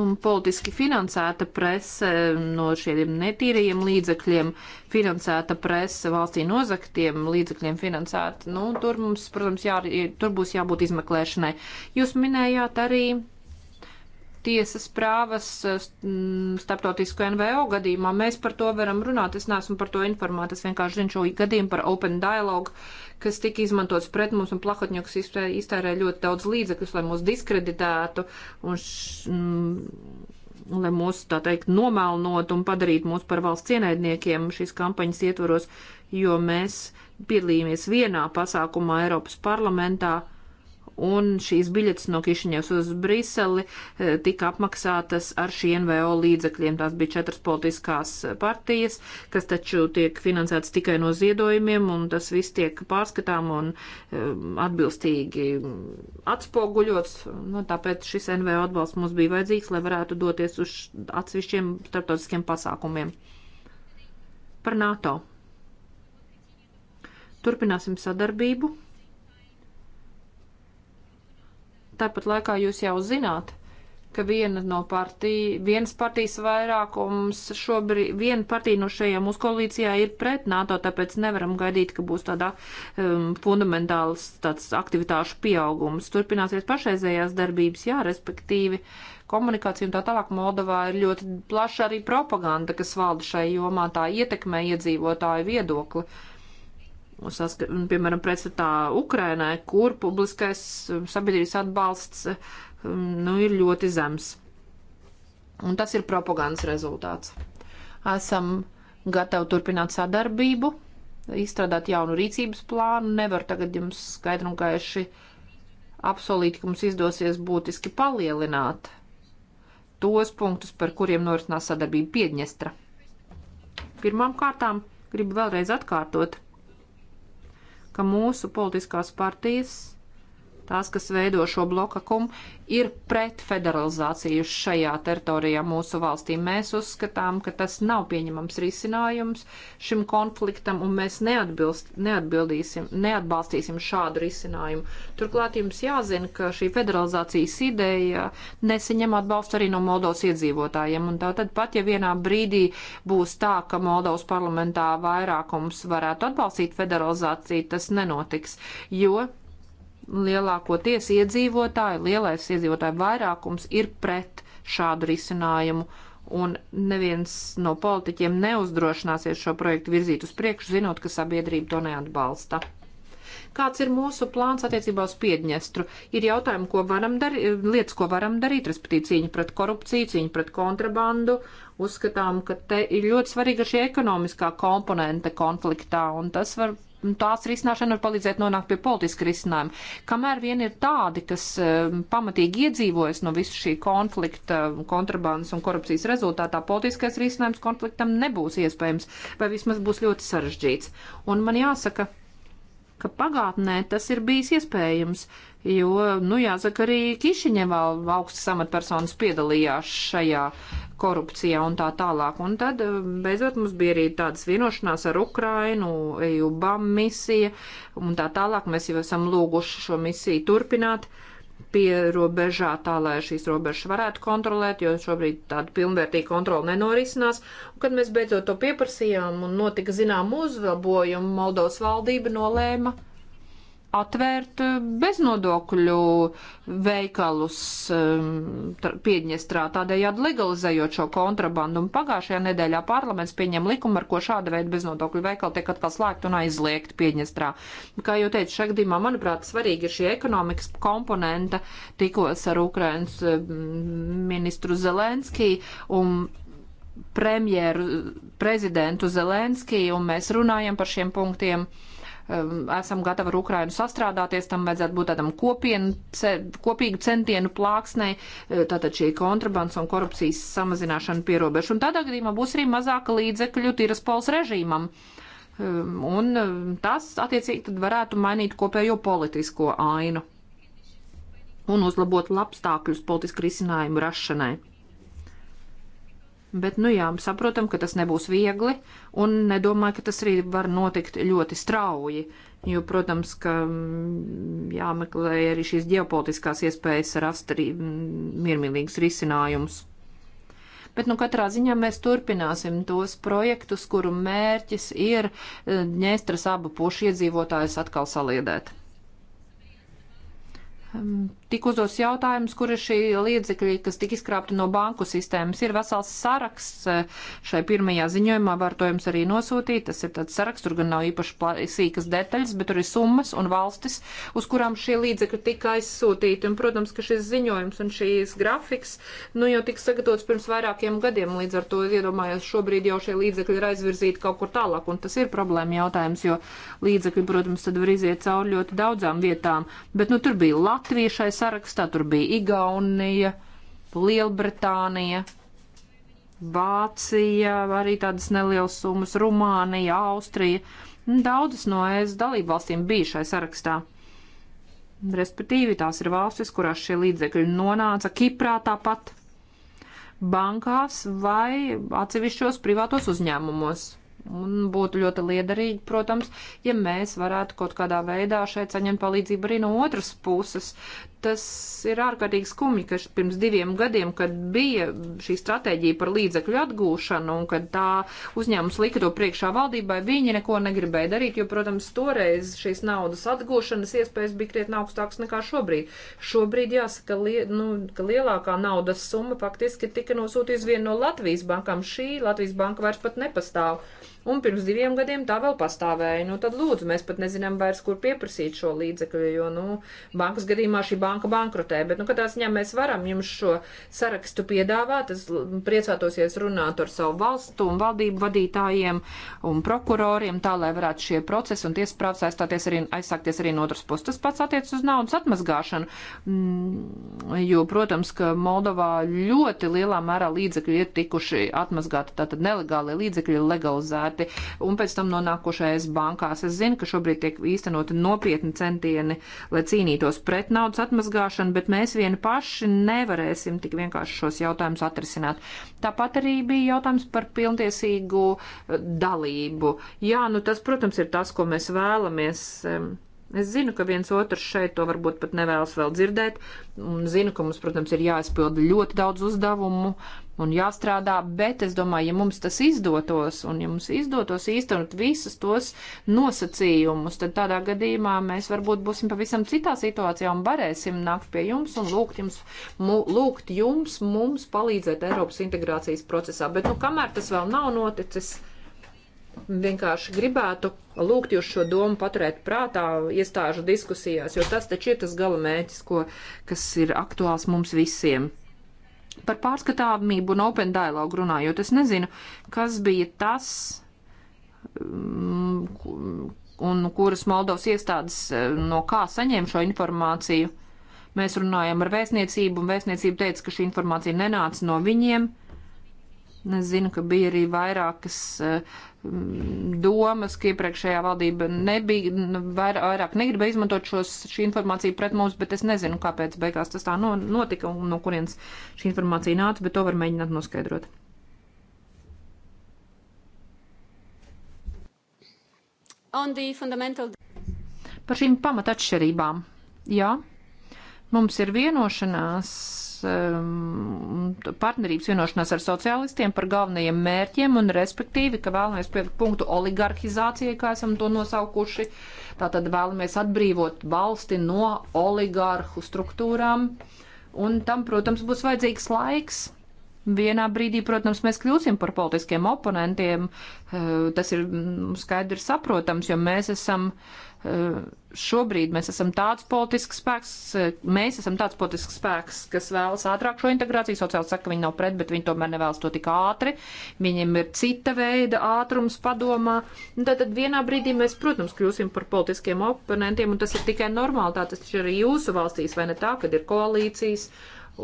B: un politiski finansēta prese mm, no šiem netīrajiem līdzekļiem, finansēta prese valstī nozaktiem līdzekļiem finansēta. Nu, tur mums, protams, jā, tur būs jābūt izmeklēšanai. Jūs minējāt arī tiesas prāvas eh, mm, starptautisko NVO gadījumā. Mēs par to varam runāt, es neesmu par to informēta, es vienkārši zinu šo gadījumu par Open Dialogue, kas tika izmantots pret mums, un Plahotņoks iztērē ļoti daudz līdzekļus, lai mūs diskreditētu un, š, mm, lai mūs, tā teikt, nomēlnot un padarīt mūs par valsts cienēdniekiem šīs kampaņas ietvaros, jo mēs piedalījāmies vienā pasākumā Eiropas parlamentā un šīs biļetes no Kišiņevs uz Briseli eh, tika apmaksātas ar šī NVO līdzekļiem. Tās bija četras politiskās partijas, kas taču tiek finansētas tikai no ziedojumiem, un tas viss tiek pārskatām un eh, atbilstīgi atspoguļots. Nu, tāpēc šis NVO atbalsts mums bija vajadzīgs, lai varētu doties uz atsevišķiem starptautiskiem pasākumiem. Par NATO. Turpināsim sadarbību Tāpat laikā jūs jau zināt, ka viena no partija, vienas partijas vairākums šobrīd, viena partija no šajā mūsu koalīcijā ir pret NATO, tāpēc nevaram gaidīt, ka būs tādā um, fundamentāls tāds aktivitāšu pieaugums. Turpināsies pašreizējās darbības, jā, respektīvi komunikācija un tā tālāk. Moldovā ir ļoti plaša arī propaganda, kas valda šai jomā, tā ietekmē iedzīvotāju viedokli. Uh, saska, piemēram, pretstatā Ukrainai, kur publiskais um, sabiedrības atbalsts um, nu, ir ļoti zems. Un tas ir propagandas rezultāts. Esam gatavi turpināt sadarbību, izstrādāt jaunu rīcības plānu. Nevar tagad jums skaidri un gaiši apsolīt, ka mums izdosies būtiski palielināt tos punktus, par kuriem norisinās sadarbība Piedņestra. Pirmām kārtām gribu vēlreiz atkārtot, ka mūsu politiskās partijas tās, kas veido šo blokakumu, ir pret federalizāciju šajā teritorijā mūsu valstī. Mēs uzskatām, ka tas nav pieņemams risinājums šim konfliktam, un mēs neatbalstīsim šādu risinājumu. Turklāt jums jāzina, ka šī federalizācijas ideja nesaņem atbalstu arī no Moldovas iedzīvotājiem, un tātad pat, ja vienā brīdī būs tā, ka Moldovas parlamentā vairākums varētu atbalstīt federalizāciju, tas nenotiks, jo lielākoties iedzīvotāji, lielais iedzīvotāju vairākums ir pret šādu risinājumu. Un neviens no politiķiem neuzdrošināsies šo projektu virzīt uz priekšu, zinot, ka sabiedrība to neatbalsta. Kāds ir mūsu plāns attiecībā uz Piedņestru? Ir jautājumi, ko varam darīt, lietas, ko varam darīt, respektīvi cīņa pret korupciju, cīņa pret kontrabandu. Uzskatām, ka te ir ļoti svarīga šī ekonomiskā komponente konfliktā, un tas var tās risināšana var palīdzēt nonākt pie politiska risinājuma. Kamēr vien ir tādi, kas um, pamatīgi iedzīvojas no visu šī konflikta, kontrabandas un korupcijas rezultātā, politiskais risinājums konfliktam nebūs iespējams, vai vismaz būs ļoti sarežģīts. Un man jāsaka, ka pagātnē tas ir bijis iespējams, jo, nu, jāsaka, arī Kišiņevā augstas amatpersonas piedalījās šajā korupcijā un tā tālāk. Un tad eh, beidzot mums bija arī tādas vienošanās ar Ukrainu, EUBAM misija un tā tālāk. Mēs jau esam lūguši šo misiju turpināt pie robežā, tā lai šīs robežas varētu kontrolēt, jo šobrīd tāda pilnvērtīga kontrola nenorisinās. Un, kad mēs beidzot to pieprasījām un notika zinām uzvelbojumu, Moldovas valdība nolēma atvērt eh, beznodokļu veikalus um, Piedņestrā, tādējādi legalizējot šo kontrabandu. Un pagājušajā nedēļā parlaments pieņem likumu, ar ko šāda veida beznodokļu veikali tiek atkal slēgt un aizliegt Piedņestrā. Kā jau teicu, šajā gadījumā, manuprāt, svarīgi ir šī ekonomikas komponenta, tikos ar Ukrainas ehm, ministru Zelenskiju un premjeru prezidentu Zelenskiju, un mēs runājam par šiem punktiem. Uh, esam gatavi ar Ukrainu sastrādāties, tam vajadzētu būt tādam kopien, kopīgu centienu plāksnē, e, tātad šī kontrabands un korupcijas samazināšana pierobežu. Un tādā gadījumā būs arī mazāka līdzekļu Tiraspols režīmam. Un e, tas, attiecīgi, tad varētu mainīt kopējo politisko ainu un uzlabot labstākļus politisku risinājumu rašanai. Bet, nu jā, saprotam, ka tas nebūs viegli un nedomāju, ka tas arī var notikt ļoti strauji. Jo, protams, ka mm, jāmeklē arī šīs ģeopolitiskās iespējas rast arī mm, miermīlīgus risinājumus. Bet, nu, katrā ziņā mēs turpināsim tos projektus, kuru mērķis ir eh, ņēstras abu pušu iedzīvotājus atkal saliedēt. Tik uzdos jautājums, kur ir šī līdzekļi, kas tika izkrāpti no banku sistēmas. Ir vesels saraksts eh, šai pirmajā ziņojumā, var to jums arī nosūtīt. Tas ir tāds saraksts, tur gan nav īpaši sīkas detaļas, bet tur ir summas un valstis, uz kurām šie līdzekļi tika aizsūtīti. Un, protams, ka šis ziņojums un šīs grafiks, nu, jau tika sagatavots pirms vairākiem gadiem, līdz ar to iedomājos, šobrīd jau šie līdzekļi ir aizvirzīti kaut kur tālāk, un tas ir problēma jautājums, jo līdzekļi, protams, tad var iziet cauri ļoti daudzām vietām. Bet, nu, tur bija Latvija šai sarakstā sarakstā. Tur bija Igaunija, Lielbritānija, Vācija, arī tādas nelielas summas, Rumānija, Austrija. Daudzas no ES dalību valstīm bija šai sarakstā. Respektīvi, tās ir valstis, kurās šie līdzekļi nonāca Kiprā tāpat bankās vai atsevišķos privātos uzņēmumos. Un būtu ļoti liederīgi, protams, ja mēs varētu kaut kādā veidā šeit saņemt palīdzību arī no otras puses. Tas ir ārkārtīgi skumji, ka pirms diviem gadiem, kad bija šī stratēģija par līdzekļu atgūšanu un kad tā uzņēmums lika to priekšā valdībai, viņi neko negribēja darīt, jo, protams, toreiz šīs naudas atgūšanas iespējas bija krietni augstākas nekā šobrīd. Šobrīd jāsaka, li, nu, ka lielākā naudas summa faktiski tika nosūtīta uz vienu no Latvijas bankām. Šī Latvijas banka vairs pat nepastāv un pirms diviem gadiem tā vēl pastāvēja. Nu, tad, lūdzu, mēs pat nezinām vairs, kur pieprasīt šo līdzekļu, jo, nu, bankas gadījumā šī banka bankrotē, bet, nu, katrā ziņā mēs varam jums šo sarakstu piedāvāt. Es priecātos, ja es runātu ar savu valstu un valdību vadītājiem un prokuroriem, tā, lai varētu šie procesi un tiesprāvs aizstāties arī, aizsākties arī no otras puses. Tas pats attiec uz naudas atmazgāšanu, mm, jo, protams, ka Moldovā ļoti lielā mērā līdzekļi ir tikuši atmazgāti, tātad nelegālie līdzekļi ir legalizēti apturēti un pēc tam nonākušais bankās. Es zinu, ka šobrīd tiek īstenoti nopietni centieni, lai cīnītos pret naudas atmazgāšanu, bet mēs vieni paši nevarēsim tik vienkārši šos jautājumus atrisināt. Tāpat arī bija jautājums par pilntiesīgu eh, dalību. Jā, nu tas, protams, ir tas, ko mēs vēlamies. Es zinu, ka viens otrs šeit to varbūt pat nevēlas vēl dzirdēt, un zinu, ka mums, protams, ir jāizpilda ļoti daudz uzdevumu, uh, un jāstrādā, bet es domāju, ja mums tas izdotos un ja mums izdotos īstenot visus tos nosacījumus, tad tādā gadījumā mēs varbūt būsim pavisam citā situācijā un varēsim nākt pie jums un lūgt jums, mu, lūgt jums mums palīdzēt Eiropas integrācijas procesā. Bet nu kamēr tas vēl nav noticis, vienkārši gribētu lūgt jūs šo domu paturēt prātā iestāžu diskusijās, jo tas taču ir tas galamērķis, ko, kas ir aktuāls mums visiem. Par pārskatāmību un open dialogu runājot, es nezinu, kas bija tas, mm, un kuras Moldovas iestādes eh, no kā saņēma šo informāciju. Mēs runājam ar vēstniecību, un vēstniecība teica, ka šī informācija nenāca no viņiem. Es zinu, ka bija arī vairākas uh, Mm, domas, ka iepriekšējā valdība nebija, nu, vairāk negribēja izmantot šos, šī informācija pret mums, bet es nezinu, kāpēc beigās tas tā notika un no kurienes šī informācija nāca, bet to var mēģināt noskaidrot. Fundamental... Par šīm pamat atšķirībām. Jā, mums ir vienošanās Um, partnerības vienošanās ar sociālistiem par galvenajiem mērķiem un respektīvi, ka vēlamies pielikt punktu oligarhizācijai, kā esam to nosaukuši. Tātad vēlamies atbrīvot valsti no oligarhu struktūrām. Un tam, protams, būs vajadzīgs laiks. Vienā brīdī, protams, mēs kļūsim par politiskiem oponentiem. Uh, tas ir mm, skaidri saprotams, jo mēs esam uh, Eh, šobrīd mēs esam tāds politisks spēks, eh, mēs esam tāds politisks spēks, kas vēlas ātrāk šo integrāciju. Sociāli saka, viņi nav pret, bet viņi tomēr nevēlas to tik ātri. Viņiem ir cita veida ātrums padomā. Un tad, tad vienā brīdī mēs, protams, kļūsim par politiskiem oponentiem, un tas ir tikai normāli. Tā tas ir arī jūsu valstīs, vai ne tā, kad ir koalīcijas.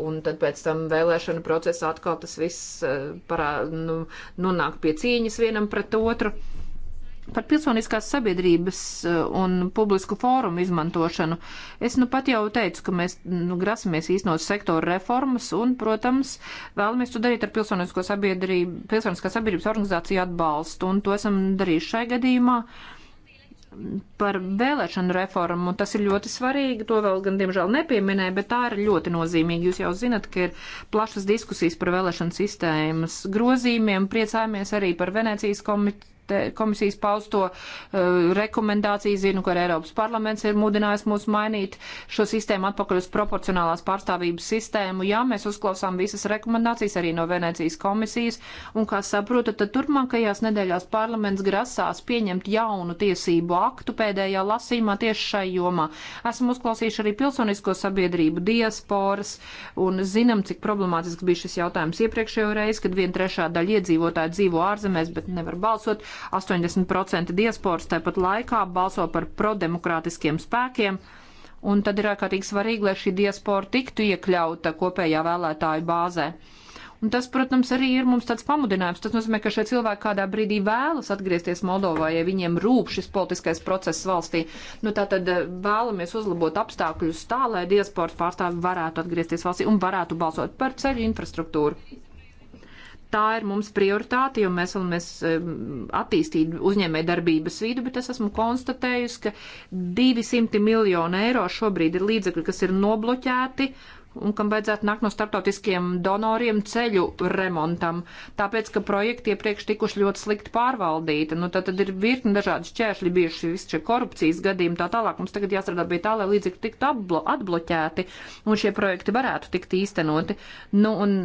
B: Un tad pēc tam vēlēšana procesā atkal tas viss eh, parā, nu, nonāk pie cīņas vienam pret otru par pilsoniskās sabiedrības eh, un publisku fórumu izmantošanu. Es nu pat jau teicu, ka mēs nu, grasamies īstenot sektoru reformas un, protams, vēlamies to darīt ar pilsonisko sabiedrību, pilsoniskā sabiedrības organizāciju atbalstu, un to esam darījuši šai gadījumā par vēlēšanu reformu, un tas ir ļoti svarīgi, to vēl gan, diemžēl, nepieminēja, bet tā ir ļoti nozīmīga. Jūs jau zinat, ka ir plašas diskusijas par vēlēšanu sistēmas grozījumiem, priecājamies arī par Venecijas komit komisijas pausto uh, eh, rekomendāciju. Zinu, ka Eiropas parlaments ir mudinājis mūs mainīt šo sistēmu atpakaļ uz proporcionālās pārstāvības sistēmu. Jā, mēs uzklausām visas rekomendācijas arī no Venecijas komisijas, un, kā saprotat, tad turpmākajās nedēļās parlaments grasās pieņemt jaunu tiesību aktu pēdējā lasīmā tieši šai jomā. Esam uzklausījuši arī pilsonisko sabiedrību diasporas, un zinām, cik problemātisks bija šis jautājums iepriekšējo reizi, kad vien trešā daļa iedzīvotāji dzīvo ārzemēs, bet nevar balsot. 80% diasporas tāpat laikā balso par prodemokrātiskiem spēkiem. Un tad ir ārkārtīgi svarīgi, lai šī diaspora tiktu iekļauta kopējā vēlētāju bāzē. Un tas, protams, arī ir mums tāds pamudinājums. Tas nozīmē, ka šie cilvēki kādā brīdī vēlas atgriezties Moldovā, ja viņiem rūp šis politiskais process valstī. Nu, tā tad eh, vēlamies uzlabot apstākļus tā, lai diasporas pārstāvi varētu atgriezties valstī un varētu balsot par ceļu infrastruktūru tā ir mums prioritāte, jo mēs vēlamies attīstīt uzņēmē darbības vidu, bet es esmu konstatējusi, ka 200 miljonu eiro šobrīd ir līdzekļi, kas ir nobloķēti un kam vajadzētu nākt no starptautiskiem donoriem ceļu remontam, tāpēc, ka projekti iepriekš tikuši ļoti slikti pārvaldīti. Nu, tad, tad ir virkni dažādi šķēršļi, bijuši visi šie korupcijas gadījumi, tā tālāk mums tagad jāstrādā pie tā, lai līdzekļi tiktu atblo atbloķēti un šie projekti varētu tikt īstenoti. Nu, un,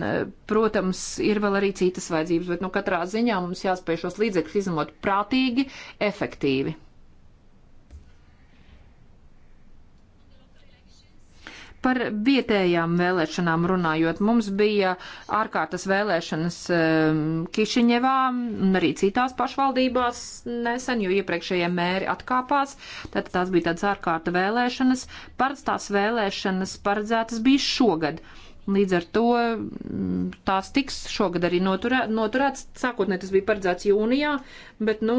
B: protams, ir vēl arī citas vajadzības, bet nu, katrā ziņā mums jāspēj šos līdzekļus izmantot prātīgi, efektīvi. Par vietējām vēlēšanām runājot, mums bija ārkārtas vēlēšanas ehm, Kišiņevā un arī citās pašvaldībās nesen, jo iepriekšējie mēri atkāpās. Tātad tās bija tādas ārkārta vēlēšanas. Parastās vēlēšanas paredzētas bija šogad. Līdz ar to mm, tās tiks šogad arī noturē, noturēts. Sākotnēji tas bija paredzēts jūnijā, bet nu,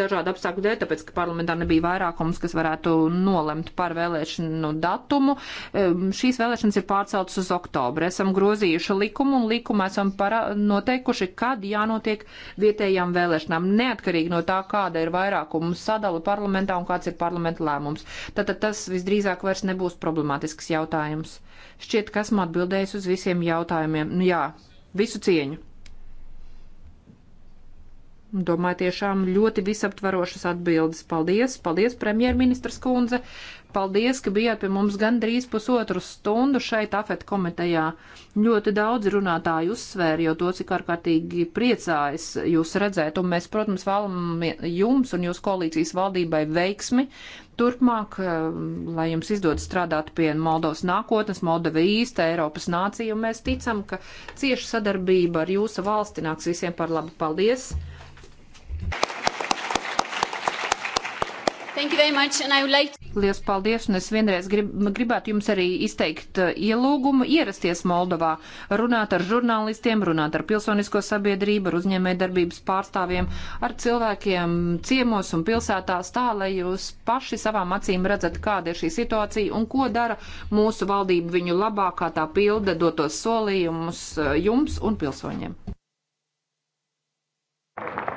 B: dažādu apstākļu dēļ, tāpēc ka parlamentā nebija vairākums, kas varētu nolemt par vēlēšanu datumu, šīs vēlēšanas ir pārceltas uz oktobru. Esam grozījuši likumu un likumu esam para, noteikuši, kad jānotiek vietējām vēlēšanām, neatkarīgi no tā, kāda ir vairākumu sadala parlamentā un kāds ir parlamenta lēmums. Tātad tas visdrīzāk vairs nebūs problemātisks jautājums. Šķiet, ka esmu atbildējis uz visiem jautājumiem. Nu jā, visu cieņu. Domāju, tiešām ļoti visaptvarošas atbildes. Paldies, paldies, premjerministras kundze. Paldies, ka bijāt pie mums gandrīz pusotru stundu šeit afet komitejā. Ļoti daudz runātāju uzsvēra jau to, cik ārkārtīgi priecājas jūs redzēt, un mēs, protams, vēlam jums un jūsu koalīcijas valdībai veiksmi turpmāk, eh, lai jums izdodas strādāt pie Moldovas nākotnes, Moldova īsta Eiropas nācija, un mēs ticam, ka cieša sadarbība ar jūsu valsti nāks visiem par labu. Paldies! Like... Lielas paldies, un es vienreiz grib, gribētu jums arī izteikt uh, ielūgumu ierasties Moldovā, runāt ar žurnālistiem, runāt ar pilsonisko sabiedrību, ar uzņēmējdarbības pārstāvjiem, ar cilvēkiem ciemos un pilsētās tā, lai jūs paši savām acīm redzat, kāda ir šī situācija un ko dara mūsu valdība viņu labā, kā tā pilda dotos solījumus uh, jums un pilsoņiem. Thank you.